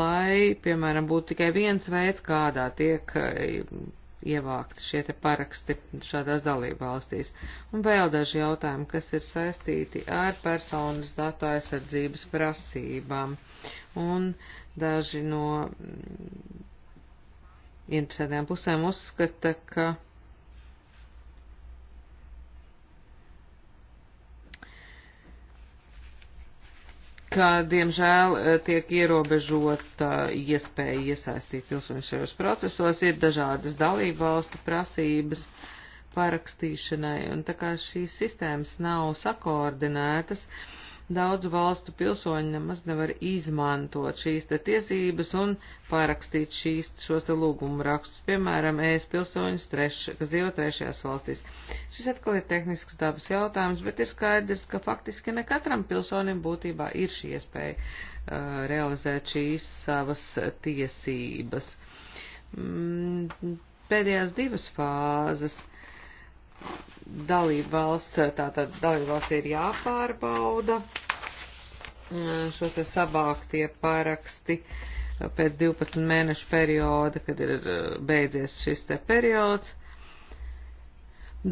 lai, piemēram, būtu tikai viens veids, kādā tiek eh, ievākt šie te paraksti šādās dalībvalstīs. Un vēl daži jautājumi, kas ir saistīti ar personas datu aizsardzības prasībām. Un daži no mm, interesētajām pusēm uzskata, ka ka, diemžēl, eh, tiek ierobežota iespēja iesaistīt pilsoņus šajos procesos, ir dažādas dalību valstu prasības parakstīšanai, un tā kā šīs sistēmas nav sakoordinētas, uh, daudzu valstu pilsoņi nemaz nevar izmantot šīs te tiesības un pārakstīt šīs, šos te lūgumu rakstus, piemēram, ES pilsoņus, treš, kas dzīvo trešajās valstīs. Šis atkal ir tehnisks dabas jautājums, bet ir skaidrs, ka faktiski ne katram pilsonim būtībā ir šī iespēja uh, realizēt šīs savas tiesības. Mm, pēdējās divas fāzes. Uh, dalību valsts, tātad dalību valsts ir jāpārbauda e, šo te savāktie paraksti pēc 12 mēnešu perioda, kad ir e, beidzies šis te periods.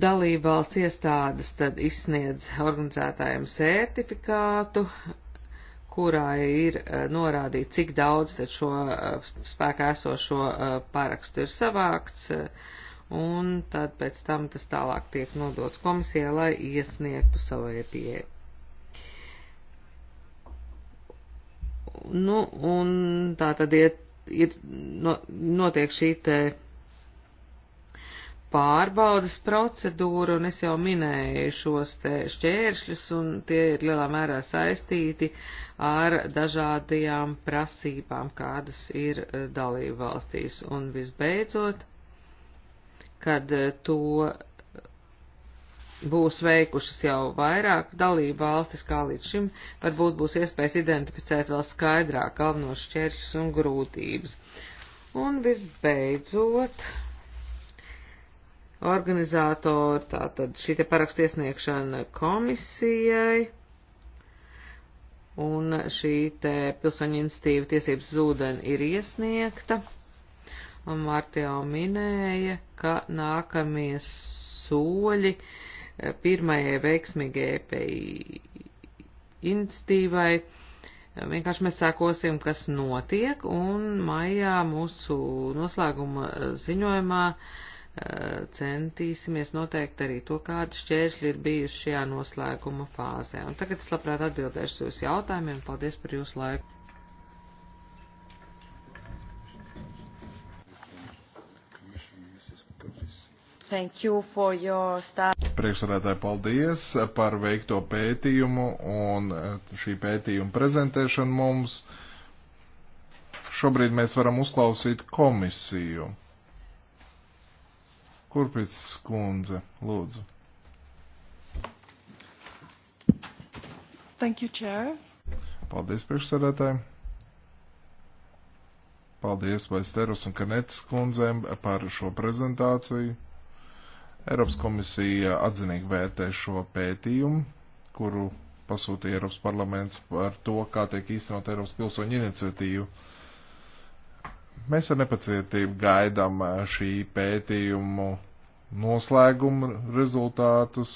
Dalība valsts iestādes tad izsniedz organizētājiem sertifikātu, kurā ir e, norādīts, cik daudz tad šo spēkā esošo parakstu ir savākts. Uh, un tad pēc tam tas tālāk tiek nodots komisijai, lai iesniegtu savu e pieeju. Nu, un tā tad iet, ir, no, notiek šī te pārbaudas procedūra, un es jau minēju šos te šķēršļus, un tie ir lielā mērā saistīti ar dažādajām prasībām, kādas ir eh, dalību valstīs. Un visbeidzot, kad eh, to būs veikušas jau vairāk dalība valstis kā līdz šim, varbūt būs iespējas identificēt vēl skaidrāk galvenos šķēršļus un grūtības. Un visbeidzot, organizātori, tātad šī te parakstu iesniegšana komisijai un šī te pilsoņu institīva tiesības zūdeni ir iesniegta un Marta jau minēja, ka nākamie soļi eh, pirmajai veiksmīgai EPI institīvai eh, vienkārši mēs sākosim, kas notiek, un maijā mūsu noslēguma ziņojumā eh, centīsimies noteikt arī to, kādi šķēršļi ir bijuši šajā noslēguma fāzē. Un tagad es labprāt atbildēšu uz jautājumiem. Paldies par jūsu laiku! Thank you for your start. Priekšsēdētāji, paldies par veikto pētījumu un e, šī pētījuma prezentēšanu mums. Šobrīd mēs varam uzklausīt komisiju. Kurpēc skundze, lūdzu. Thank you, Chair. Paldies, priekšsēdētāji. Paldies Vaisteros un Kanets kundzēm par šo prezentāciju. Eiropas komisija atzinīgi vērtē šo pētījumu, kuru pasūtīja Eiropas parlaments par to, kā tiek īstenot Eiropas pilsoņu iniciatīvu. Mēs ar nepacietību gaidām eh, šī pētījumu noslēgumu rezultātus,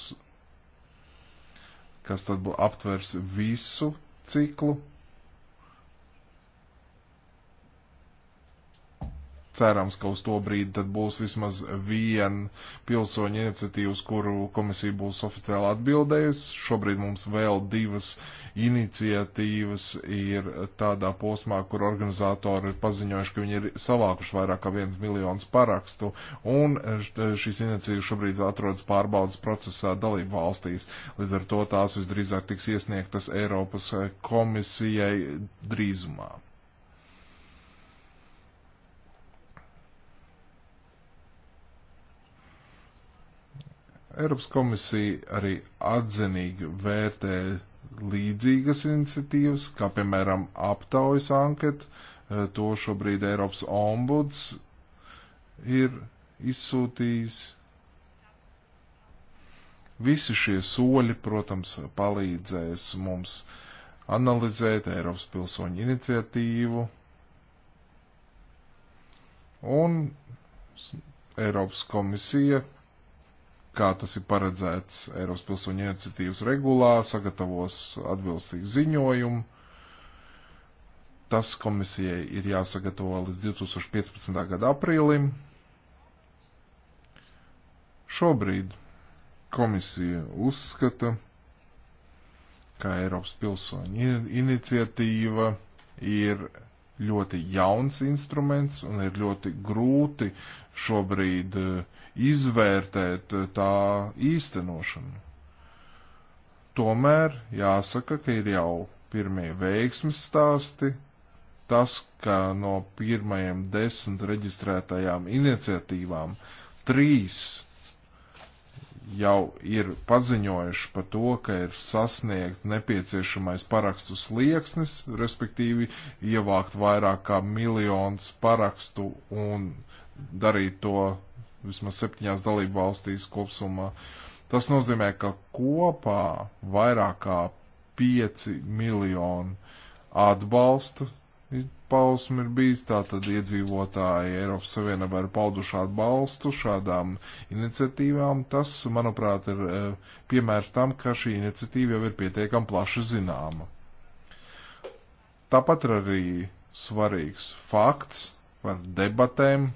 kas tad aptvers visu ciklu cerams, ka uz to brīdi tad būs vismaz viena pilsoņa iniciatīva, uz kuru komisija būs oficiāli atbildējusi. Šobrīd mums vēl divas iniciatīvas ir tādā posmā, kur organizatori ir paziņojuši, ka viņi ir savākuši vairāk kā viens miljons parakstu, un šīs iniciatīvas šobrīd atrodas pārbaudas procesā dalību valstīs. Līdz ar to tās visdrīzāk tiks iesniegtas Eiropas komisijai drīzumā. Eiropas komisija arī atzinīgi vērtē līdzīgas iniciatīvas, kā piemēram aptaujas anketa, eh, to šobrīd Eiropas ombuds ir izsūtījis. Visi šie soļi, protams, palīdzēs mums analizēt Eiropas pilsoņu iniciatīvu un Eiropas komisija kā tas ir paredzēts Eiropas pilsoņu iniciatīvas regulā, sagatavos atbilstīgu ziņojumu. Tas komisijai ir jāsagatavo līdz 2015. gada aprīlim. Šobrīd komisija uzskata, ka Eiropas pilsoņu iniciatīva ir ļoti jauns instruments un ir ļoti grūti šobrīd eh, izvērtēt eh, tā īstenošanu. Tomēr jāsaka, ka ir jau pirmie veiksmes stāsti, tas, ka no pirmajiem desmit reģistrētajām iniciatīvām trīs jau ir paziņojuši par to, ka ir sasniegt nepieciešamais parakstu slieksnis, respektīvi ievākt vairāk kā miljons parakstu un darīt to vismaz septiņās dalību valstīs kopsumā. Tas nozīmē, ka kopā vairāk kā 5 miljoni atbalstu pausmi ir bijis, tātad iedzīvotāji Eiropas Savienībā ir pauduši atbalstu šādām iniciatīvām. Tas, manuprāt, ir eh, piemērs tam, ka šī iniciatīva jau ir pietiekam plaši zināma. Tāpat ir arī svarīgs fakts par debatēm,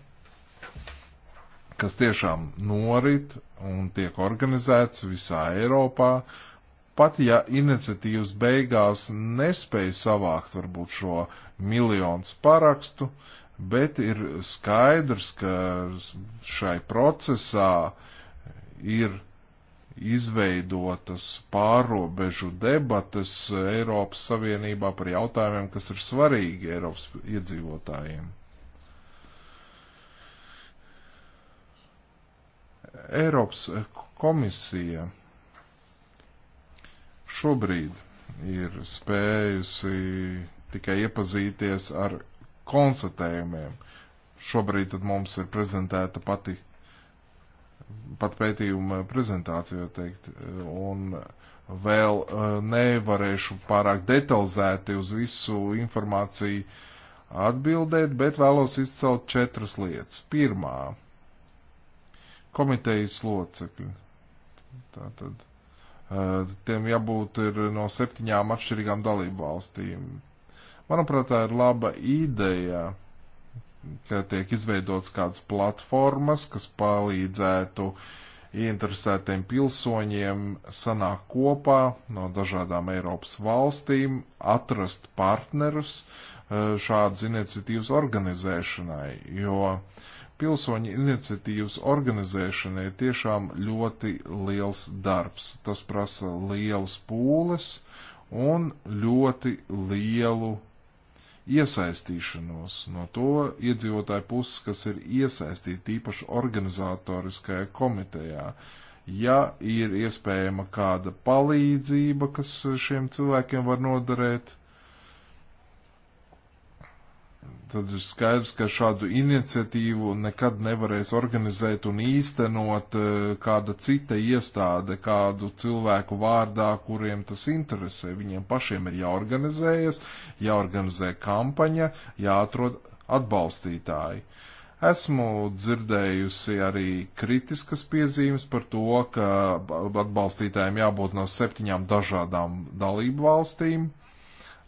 kas tiešām norit un tiek organizēts visā Eiropā, pat ja iniciatīvas beigās nespēja savākt varbūt šo miljonus parakstu, bet ir skaidrs, ka šai procesā ir izveidotas pārobežu debatas Eiropas Savienībā par jautājumiem, kas ir svarīgi Eiropas iedzīvotājiem. Eiropas komisija šobrīd ir spējusi tikai iepazīties ar konstatējumiem. Šobrīd tad mums ir prezentēta pati pat pētījuma prezentācija, teikt, un vēl eh, nevarēšu pārāk detalizēti uz visu informāciju atbildēt, bet vēlos izcelt četras lietas. Pirmā - komitejas locekļi. Tātad Eh, tiem jābūt ir no septiņām atšķirīgām dalību valstīm. Manuprāt, tā ir laba ideja, ka tiek izveidots kādas platformas, kas palīdzētu ieinteresētiem pilsoņiem sanākt kopā no dažādām Eiropas valstīm, atrast partnerus eh, šādas iniciatīvas organizēšanai, jo uh, pilsoņu iniciatīvas organizēšana ir tiešām ļoti liels darbs. Tas prasa lielas pūles un ļoti lielu iesaistīšanos no to iedzīvotāju puses, kas ir iesaistīti īpaši organizatoriskajā komitejā. Ja ir iespējama kāda palīdzība, kas šiem cilvēkiem var noderēt, tad ir skaidrs, ka šādu iniciatīvu nekad nevarēs organizēt un īstenot e, kāda cita iestāde, kādu cilvēku vārdā, kuriem tas interesē. Viņiem pašiem ir jāorganizējas, jāorganizē kampaņa, jāatrod atbalstītāji. Esmu dzirdējusi arī kritiskas piezīmes par to, ka atbalstītājiem jābūt no septiņām dažādām dalību valstīm,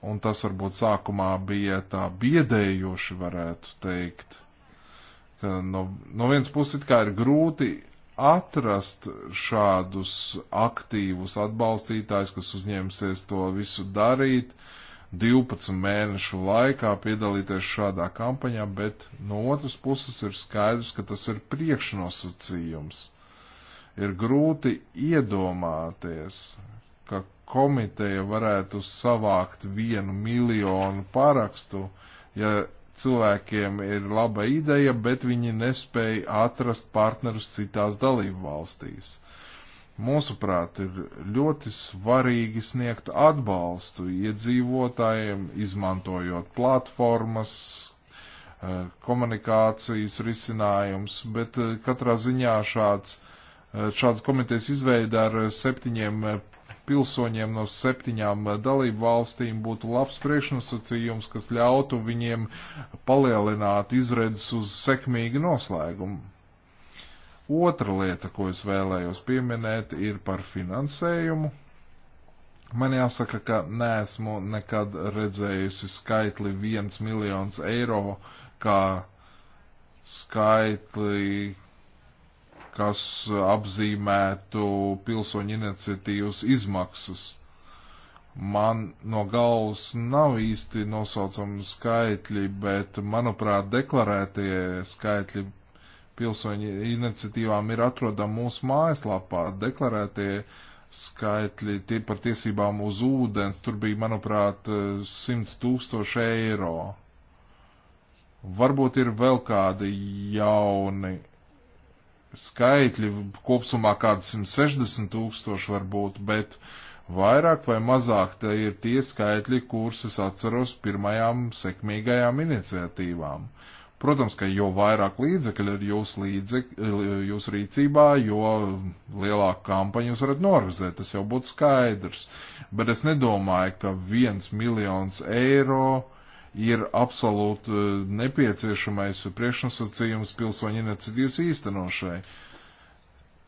un tas varbūt sākumā bija tā biedējoši, varētu teikt. No, no vienas puses it kā ir grūti atrast šādus aktīvus atbalstītājus, kas uzņemsies to visu darīt, 12 mēnešu laikā piedalīties šādā kampaņā, bet no otras puses ir skaidrs, ka tas ir priekšnosacījums. Ir grūti iedomāties, komiteja varētu savākt vienu miljonu parakstu, ja cilvēkiem ir laba ideja, bet viņi nespēja atrast partnerus citās dalību valstīs. Mūsuprāt, ir ļoti svarīgi sniegt atbalstu iedzīvotājiem, izmantojot platformas, eh, komunikācijas risinājums, bet eh, katrā ziņā šāds, eh, šāds komitejas izveida ar septiņiem pilsoņiem no septiņām dalību valstīm būtu labs priekšnosacījums, kas ļautu viņiem palielināt izredzes uz sekmīgu noslēgumu. Otra lieta, ko es vēlējos pieminēt, ir par finansējumu. Man jāsaka, ka neesmu nekad redzējusi skaitli 1 miljons eiro kā skaitli, kas apzīmētu pilsoņu iniciatīvas izmaksas. Man no galvas nav īsti nosaucami skaitļi, bet, manuprāt, deklarētie skaitļi pilsoņu iniciatīvām ir atrodami mūsu mājaslapā. Deklarētie skaitļi tie par tiesībām uz ūdens, tur bija, manuprāt, 100 tūkstoši eiro. Varbūt ir vēl kādi jauni skaitļi kopsumā kāds 160 tūkstoši varbūt, bet vairāk vai mazāk tie ir tie skaitļi, kurus es atceros pirmajām sekmīgajām iniciatīvām. Protams, ka jo vairāk līdzekļu ir jūsu līdzek, jūs rīcībā, jo lielāku kampaņu jūs varat norganizēt, tas jau būtu skaidrs. Bet es nedomāju, ka viens miljons eiro uh, ir absolūti e, nepieciešamais priekšnosacījums pilsoņu iniciatīvas īstenošai.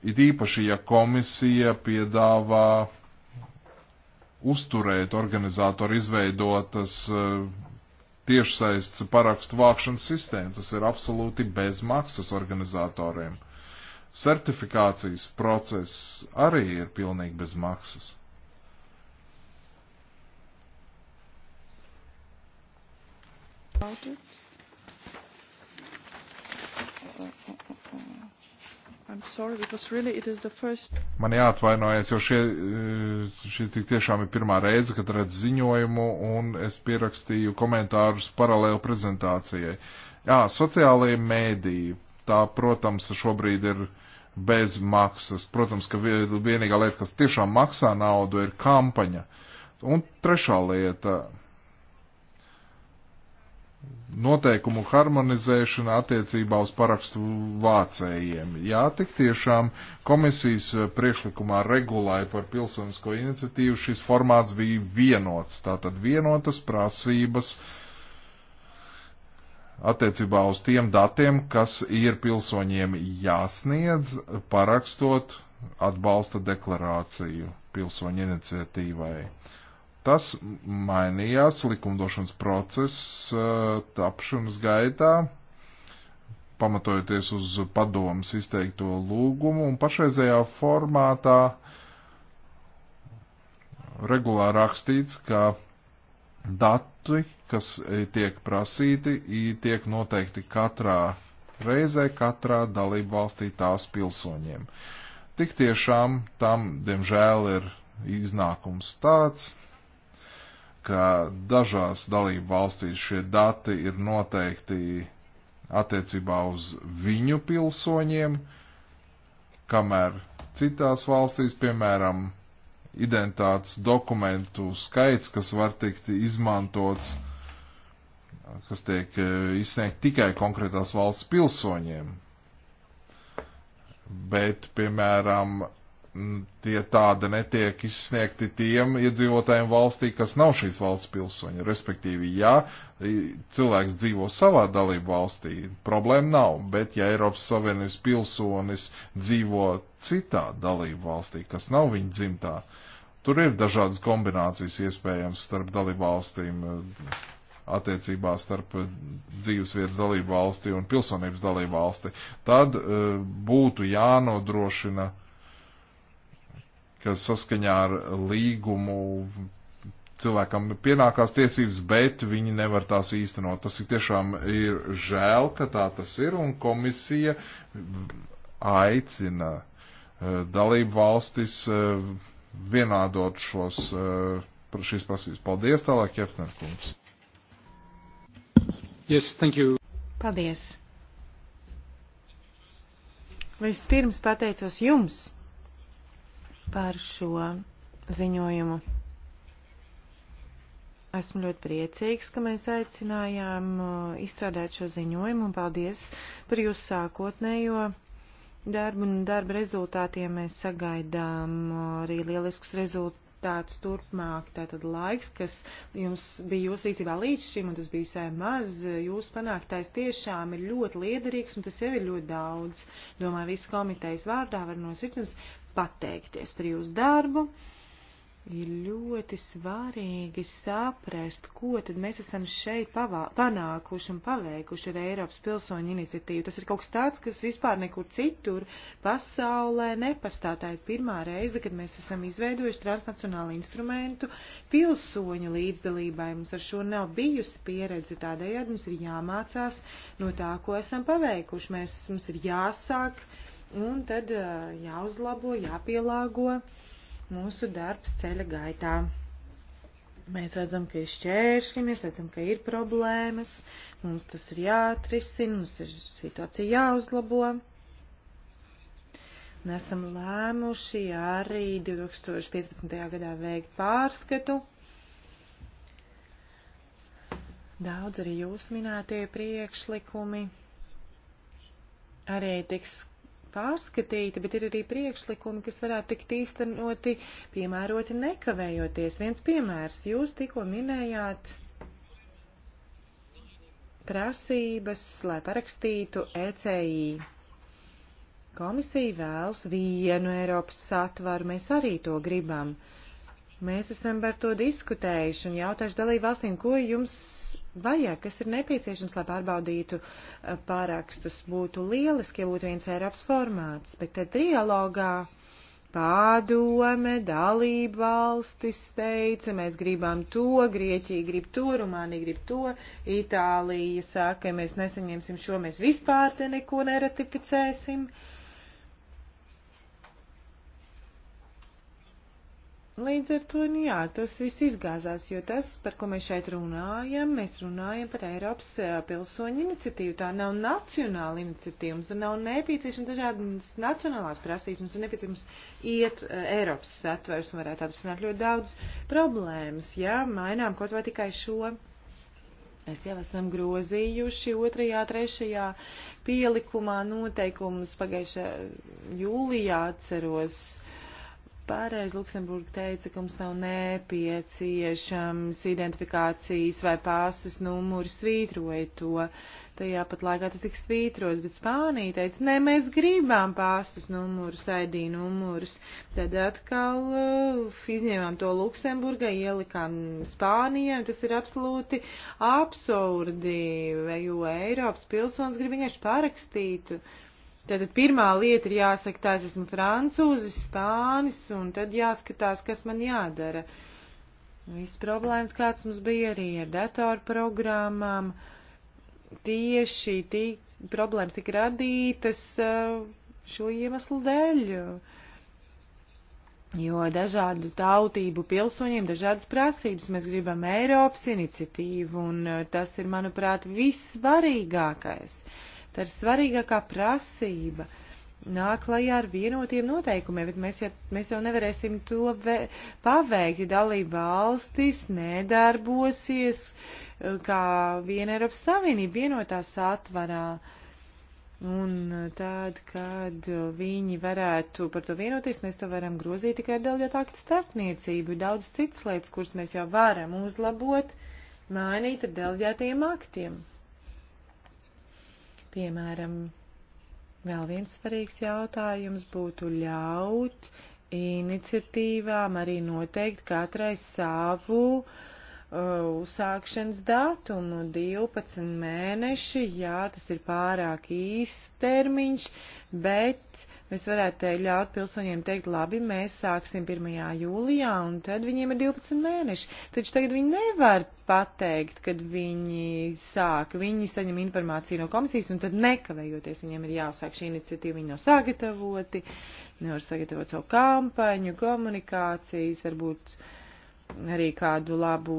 It īpaši, ja komisija piedāvā uzturēt organizātoru izveidotas e, tiešsaistes parakstu vākšanas sistēmu. Tas ir absolūti bez maksas organizatoriem. Certifikācijas process arī ir pilnīgi bez maksas. about it. Sorry, really first... Man jāatvainojas, jo šie, eh, šī tik tiešām ir pirmā reize, kad redz ziņojumu un es pierakstīju komentārus paralēli prezentācijai. Jā, sociālajie mēdīji, tā, protams, šobrīd ir bez maksas. Protams, ka vienīgā lieta, kas tiešām maksā naudu, ir kampaņa. Un trešā lieta noteikumu harmonizēšana attiecībā uz parakstu vācējiem. Jā, tik tiešām komisijas eh, priekšlikumā regulēja par pilsonisko iniciatīvu šis formāts bija vienots, tātad vienotas prasības attiecībā uz tiem datiem, kas ir pilsoņiem jāsniedz parakstot atbalsta deklarāciju pilsoņu iniciatīvai. Uh, Tas mainījās likumdošanas procesa eh, tapšanas gaitā, pamatojoties uz padomus izteikto lūgumu un pašreizējā formātā regulāri rakstīts, ka dati, kas tiek prasīti, tiek noteikti katrā reizē, katrā dalību valstī tās pilsoņiem. Tik tiešām tam, diemžēl, ir iznākums tāds, ka dažās dalību valstīs šie dati ir noteikti attiecībā uz viņu pilsoņiem, kamēr citās valstīs, piemēram, identitātes dokumentu skaits, kas var tikt izmantots, kas tiek e, izsniegt tikai konkrētās valsts pilsoņiem. Bet, piemēram, tie tāda netiek izsniegti tiem iedzīvotājiem valstī, kas nav šīs valsts pilsoņi. Respektīvi, ja cilvēks dzīvo savā dalību valstī, problēma nav, bet ja Eiropas Savienības pilsonis dzīvo citā dalību valstī, kas nav viņa dzimtā, tur ir dažādas kombinācijas iespējams starp dalību valstīm attiecībā starp dzīvesvietas dalību valsti un pilsonības dalību valsti, tad e, būtu jānodrošina ka saskaņā ar līgumu cilvēkam pienākās tiesības, bet viņi nevar tās īstenot. Tas ir tiešām ir žēl, ka tā tas ir, un komisija aicina eh, dalību valstis eh, vienādot šos, eh, šīs prasības. Paldies, tālāk, Jefner kungs. Yes, thank you. Paldies. Vispirms pateicos jums par šo ziņojumu. Esmu ļoti priecīgs, ka mēs aicinājām uh, izstrādāt šo ziņojumu un paldies par jūsu sākotnējo darbu un darba rezultātiem. Mēs sagaidām uh, arī lieliskus rezultātus tāds turpmāk. Tātad laiks, kas jums bija jūsu rīcībā līdz šim, un tas bija visai maz, jūsu panāktais tiešām ir ļoti liederīgs, un tas jau ir ļoti daudz. Domāju, visu komitejas vārdā var no sirds pateikties par jūsu darbu ir ļoti svarīgi saprast, ko tad mēs esam šeit pavā, panākuši un paveikuši ar Eiropas pilsoņu iniciatīvu. Tas ir kaut kas tāds, kas vispār nekur citur pasaulē nepastāv. Tā ir pirmā reize, kad mēs esam izveidojuši transnacionālu instrumentu pilsoņu līdzdalībai. Mums ar šo nav bijusi pieredze, tādējādi mums ir jāmācās no tā, ko esam paveikuši. Mēs, mums ir jāsāk un tad jāuzlabo, jāpielāgo. Uh, mūsu darbs ceļa gaitā. Mēs redzam, ka ir šķēršļi, mēs redzam, ka ir problēmas, mums tas ir jāatrisina, mums ir situācija jāuzlabo. Un esam lēmuši arī 2015. gadā veikt pārskatu. Daudz arī jūs minētie priekšlikumi arī tiks pārskatīti, bet ir arī priekšlikumi, kas varētu tikt īstenoti, piemēroti nekavējoties. Viens piemērs, jūs tikko minējāt prasības, lai parakstītu ECI. Komisija vēlas vienu Eiropas satvaru, mēs arī to gribam. Uh, Mēs esam par to diskutējuši un jautājuši dalību valstīm, ko jums vajag, kas ir nepieciešams, lai pārbaudītu eh, pārakstus. Būtu lieliski, ja būtu viens Eiropas formāts, bet te trialogā pādome, dalību valstis teica, mēs gribam to, Grieķija grib to, Rumānija grib to, Itālija saka, ja mēs nesaņemsim šo, mēs vispār te neko neratificēsim. Uh, Līdz ar to, nu jā, tas viss izgāzās, jo tas, par ko mēs šeit runājam, mēs runājam par Eiropas pilsoņu iniciatīvu. Tā nav nacionāla iniciatīva, mums nav nepieciešama dažādas nacionālās prasības, mums ir nepieciešams iet Eiropas satvers un varētu atrisināt ļoti daudz problēmas, ja mainām kaut vai tikai šo. Mēs jau esam grozījuši otrajā, trešajā pielikumā noteikumus pagājušajā jūlijā atceros. Uh, pareizi Luksemburga teica, ka mums nav nepieciešams identifikācijas vai pāses numuri svītroja to. Tajā pat laikā tas tiks svītros, bet Spānija teica, ne, mēs gribām pāses numurus, ID numurus. Tad atkal uh, izņēmām to Luksemburga, ielikām Spānijai, un tas ir absolūti absurdi, jo Eiropas pilsons grib vienkārši parakstīt. Uh, Tātad pirmā lieta ir jāsaka, tās esmu francūzis, spānis, un tad jāskatās, kas man jādara. Viss problēmas, kāds mums bija arī ar datoru programmām, tieši tī, problēmas tika radītas uh, šo iemeslu dēļ, jo dažādu tautību pilsoņiem dažādas prasības. Mēs gribam Eiropas iniciatīvu, un uh, tas ir, manuprāt, vissvarīgākais. svarīgākais Tā ir svarīgākā prasība. Nāk klajā ar vienotiem noteikumiem, bet mēs, ja, mēs jau nevarēsim to vē, paveikt, ja dalība valstis nedarbosies e, kā viena Eiropas Savienība vienotās atvarā. Un tad, kad viņi varētu par to vienoties, mēs to varam grozīt tikai ar delegātāku starpniecību. Daudz citas lietas, kuras mēs jau varam uzlabot, mainīt ar delegātajiem aktiem. Piemēram, vēl viens svarīgs jautājums būtu ļaut iniciatīvām arī noteikt katrai savu uh, Uh, uzsākšanas datumu nu, 12 mēneši, jā, tas ir pārāk īsts termiņš, bet mēs varētu ļaut pilsoņiem teikt, labi, mēs sāksim 1. jūlijā, un tad viņiem ir 12 mēneši. Taču tagad viņi nevar pateikt, kad viņi sāk. Viņi saņem informāciju no komisijas, un tad nekavējoties viņiem ir jāsāk šī iniciatīva, viņi nav sagatavoti, nevar sagatavot savu kampaņu, komunikācijas, varbūt. Uh, arī kādu labu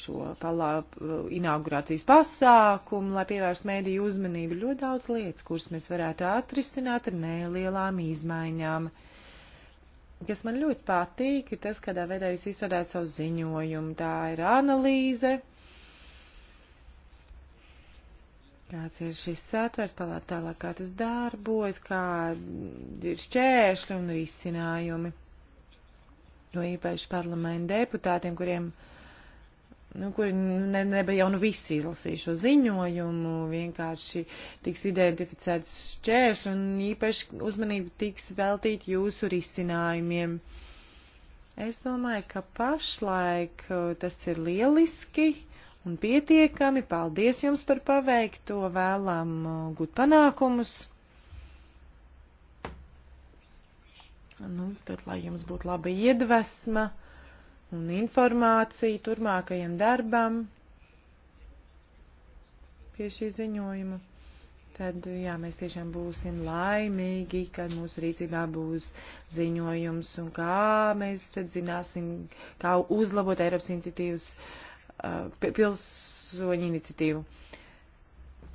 šo palāpu inaugurācijas pasākumu, lai pievērstu mēdīju uzmanību. Ļoti daudz lietas, kuras mēs varētu atrisināt ar nelielām izmaiņām. Kas man ļoti patīk, ir tas, kādā veidā jūs izstrādājat savu ziņojumu. Tā ir analīze. Kāds ir šis satvers, palāt tālāk, kā tas darbojas, kā ir šķēršļi un risinājumi no īpaši parlamenta deputātiem, kuriem, nu, kuri ne, nebija jau nu visi izlasījuši šo ziņojumu, vienkārši tiks identificēts šķēršļi un īpaši uzmanība tiks veltīt jūsu risinājumiem. Es domāju, ka pašlaik uh, tas ir lieliski un pietiekami. Paldies jums par paveikto, vēlam uh, gūt panākumus Nu, tad, lai jums būtu laba iedvesma un informācija turmākajam darbam pie šī ziņojuma, tad, jā, mēs tiešām būsim laimīgi, kad mūsu rīcībā būs ziņojums un kā mēs tad zināsim, kā uzlabot Eiropas iniciatīvas uh, pilsoņu iniciatīvu.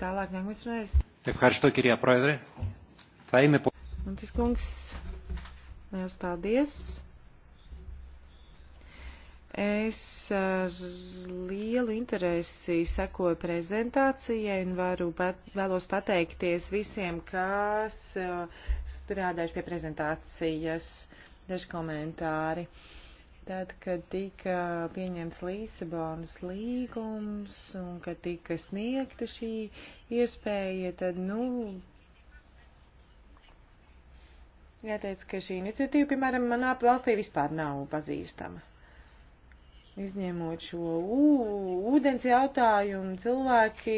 Tālāk nākamais runājas. Ευχαριστώ κυρία Πρόεδρε. Θα είμαι... Un tas kungs Liels paldies! Es ar lielu interesi sekoju prezentācijai un varu pat, vēlos pateikties visiem, kas eh, strādājuši pie prezentācijas, daži komentāri. Tad, kad tika pieņemts Līsabonas līgums un kad tika sniegta šī iespēja, tad, nu, Jāteic, ka šī iniciatīva, piemēram, manā valstī vispār nav pazīstama. Izņemot šo ūdens jautājumu, cilvēki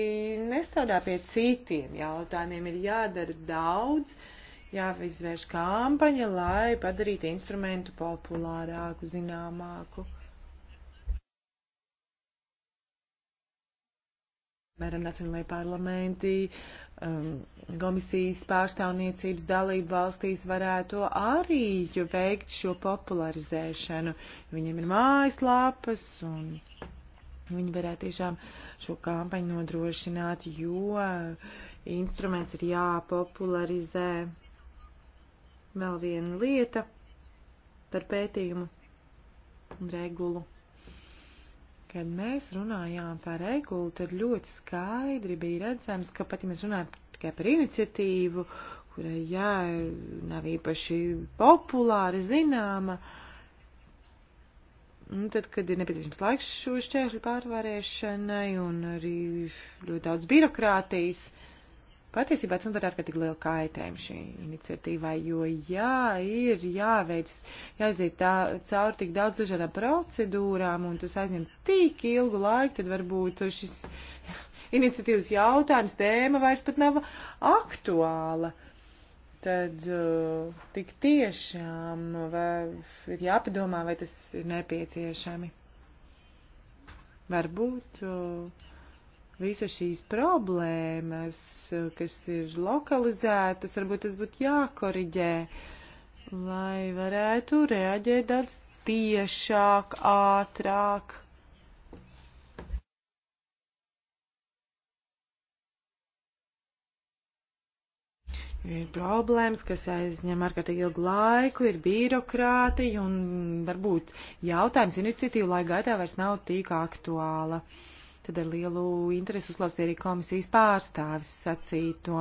nestrādā pie citiem jautājumiem. Ir jādara daudz, jāizvērš kampaņa, lai padarītu instrumentu populārāku, zināmāku. Mēram Nacionālajie parlamenti, um, komisijas pārstāvniecības dalību valstīs varētu arī veikt šo popularizēšanu. Viņiem ir mājaslapas un viņi varētu tiešām šo kampaņu nodrošināt, jo instruments ir jāpopularizē. Vēl viena lieta par pētījumu un regulu. Kad mēs runājām par regulu, tad ļoti skaidri bija redzams, ka pat ja mēs runājam tikai par iniciatīvu, kurai jā, nav īpaši populāri zināma, nu, tad, kad ir nepieciešams laiks šo šķēršļu pārvarēšanai un arī ļoti daudz birokrātijas, uh, Patiesībā tas nodara ārkārtīgi lielu kaitējumu šī iniciatīvai, jo jā, ir jāveic, jāiziet tā, cauri tik daudz dažādām procedūrām, un tas aizņem tik ilgu laiku, tad varbūt šis iniciatīvas jautājums, tēma vairs pat nav aktuāla. Tad uh, tik tiešām ir jāpadomā, vai tas ir nepieciešami. Varbūt. Uh, Visas šīs problēmas, eh, kas ir lokalizētas, varbūt tas būtu jākoriģē, lai varētu reaģēt daudz tiešāk, ātrāk. ir problēmas, kas aizņem ārkārtīgi ilgu laiku, ir birokrātija un varbūt jautājums iniciatīvu laika gaitā vairs nav tik aktuāla. Uh, Tad ar lielu interesi uzklausīja arī komisijas pārstāvis sacīto.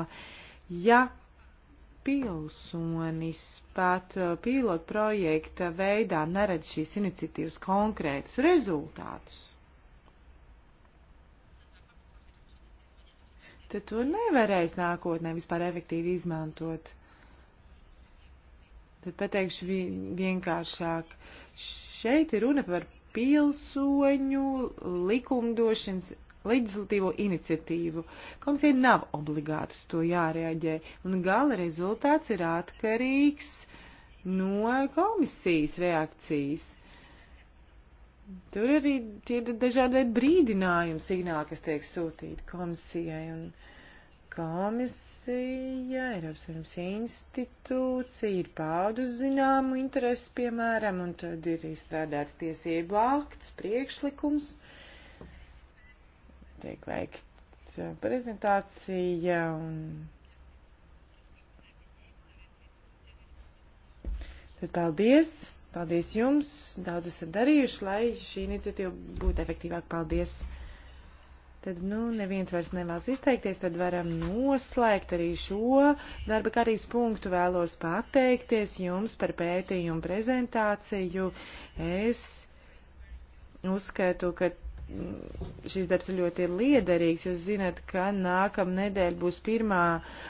Ja pilsonis pat uh, pilotu projekta veidā neredz šīs iniciatīvas konkrētus rezultātus, tad to nevarēs nākotnē vispār efektīvi izmantot. Tad pateikšu vienkāršāk. Šeit ir runa par pilsoņu likumdošanas leģislatīvo iniciatīvu. Komisija nav obligāti uz to jārēģē, un gala rezultāts ir atkarīgs no komisijas reakcijas. Tur arī ir dažādi veidi brīdinājumi, signāli, kas tiek sūtīti komisijai. Un, uh, Komisija, Eiropas Savienības institūcija ir paudus zināmu interesi, piemēram, un tad ir izstrādāts tiesību akts, priekšlikums, tiek veikts uh, prezentācija un Tad paldies! Paldies jums! Daudz esat darījuši, lai šī iniciatīva būtu efektīvāka. Paldies! Tad, nu, neviens vairs nevēlas izteikties, tad varam noslēgt arī šo darba kārtības punktu. Vēlos pateikties jums par pētījumu prezentāciju. Es uzskatu, ka mm, šis darbs ir ļoti liederīgs. Jūs zināt, ka nākam nedēļ būs pirmā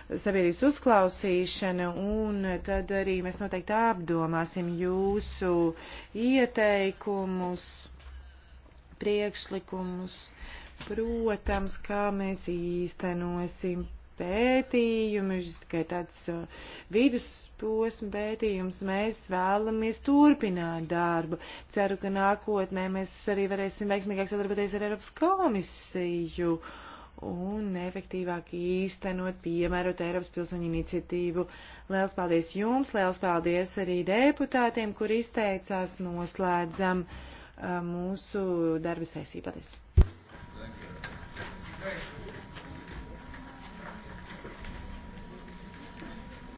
sabiedrības uzklausīšana, un tad arī mēs noteikti apdomāsim jūsu ieteikumus, priekšlikumus Protams, kā mēs īstenosim pētījumus, tikai tāds uh, vidusposma pētījums, mēs vēlamies turpināt darbu. Ceru, ka nākotnē mēs arī varēsim veiksmīgāk sadarboties ar Eiropas komisiju un efektīvāk īstenot piemērot Eiropas pilsoņu iniciatīvu. Liels paldies jums, liels paldies arī deputātiem, kur izteicās noslēdzam uh, mūsu darba sesiju. Paldies! perfect.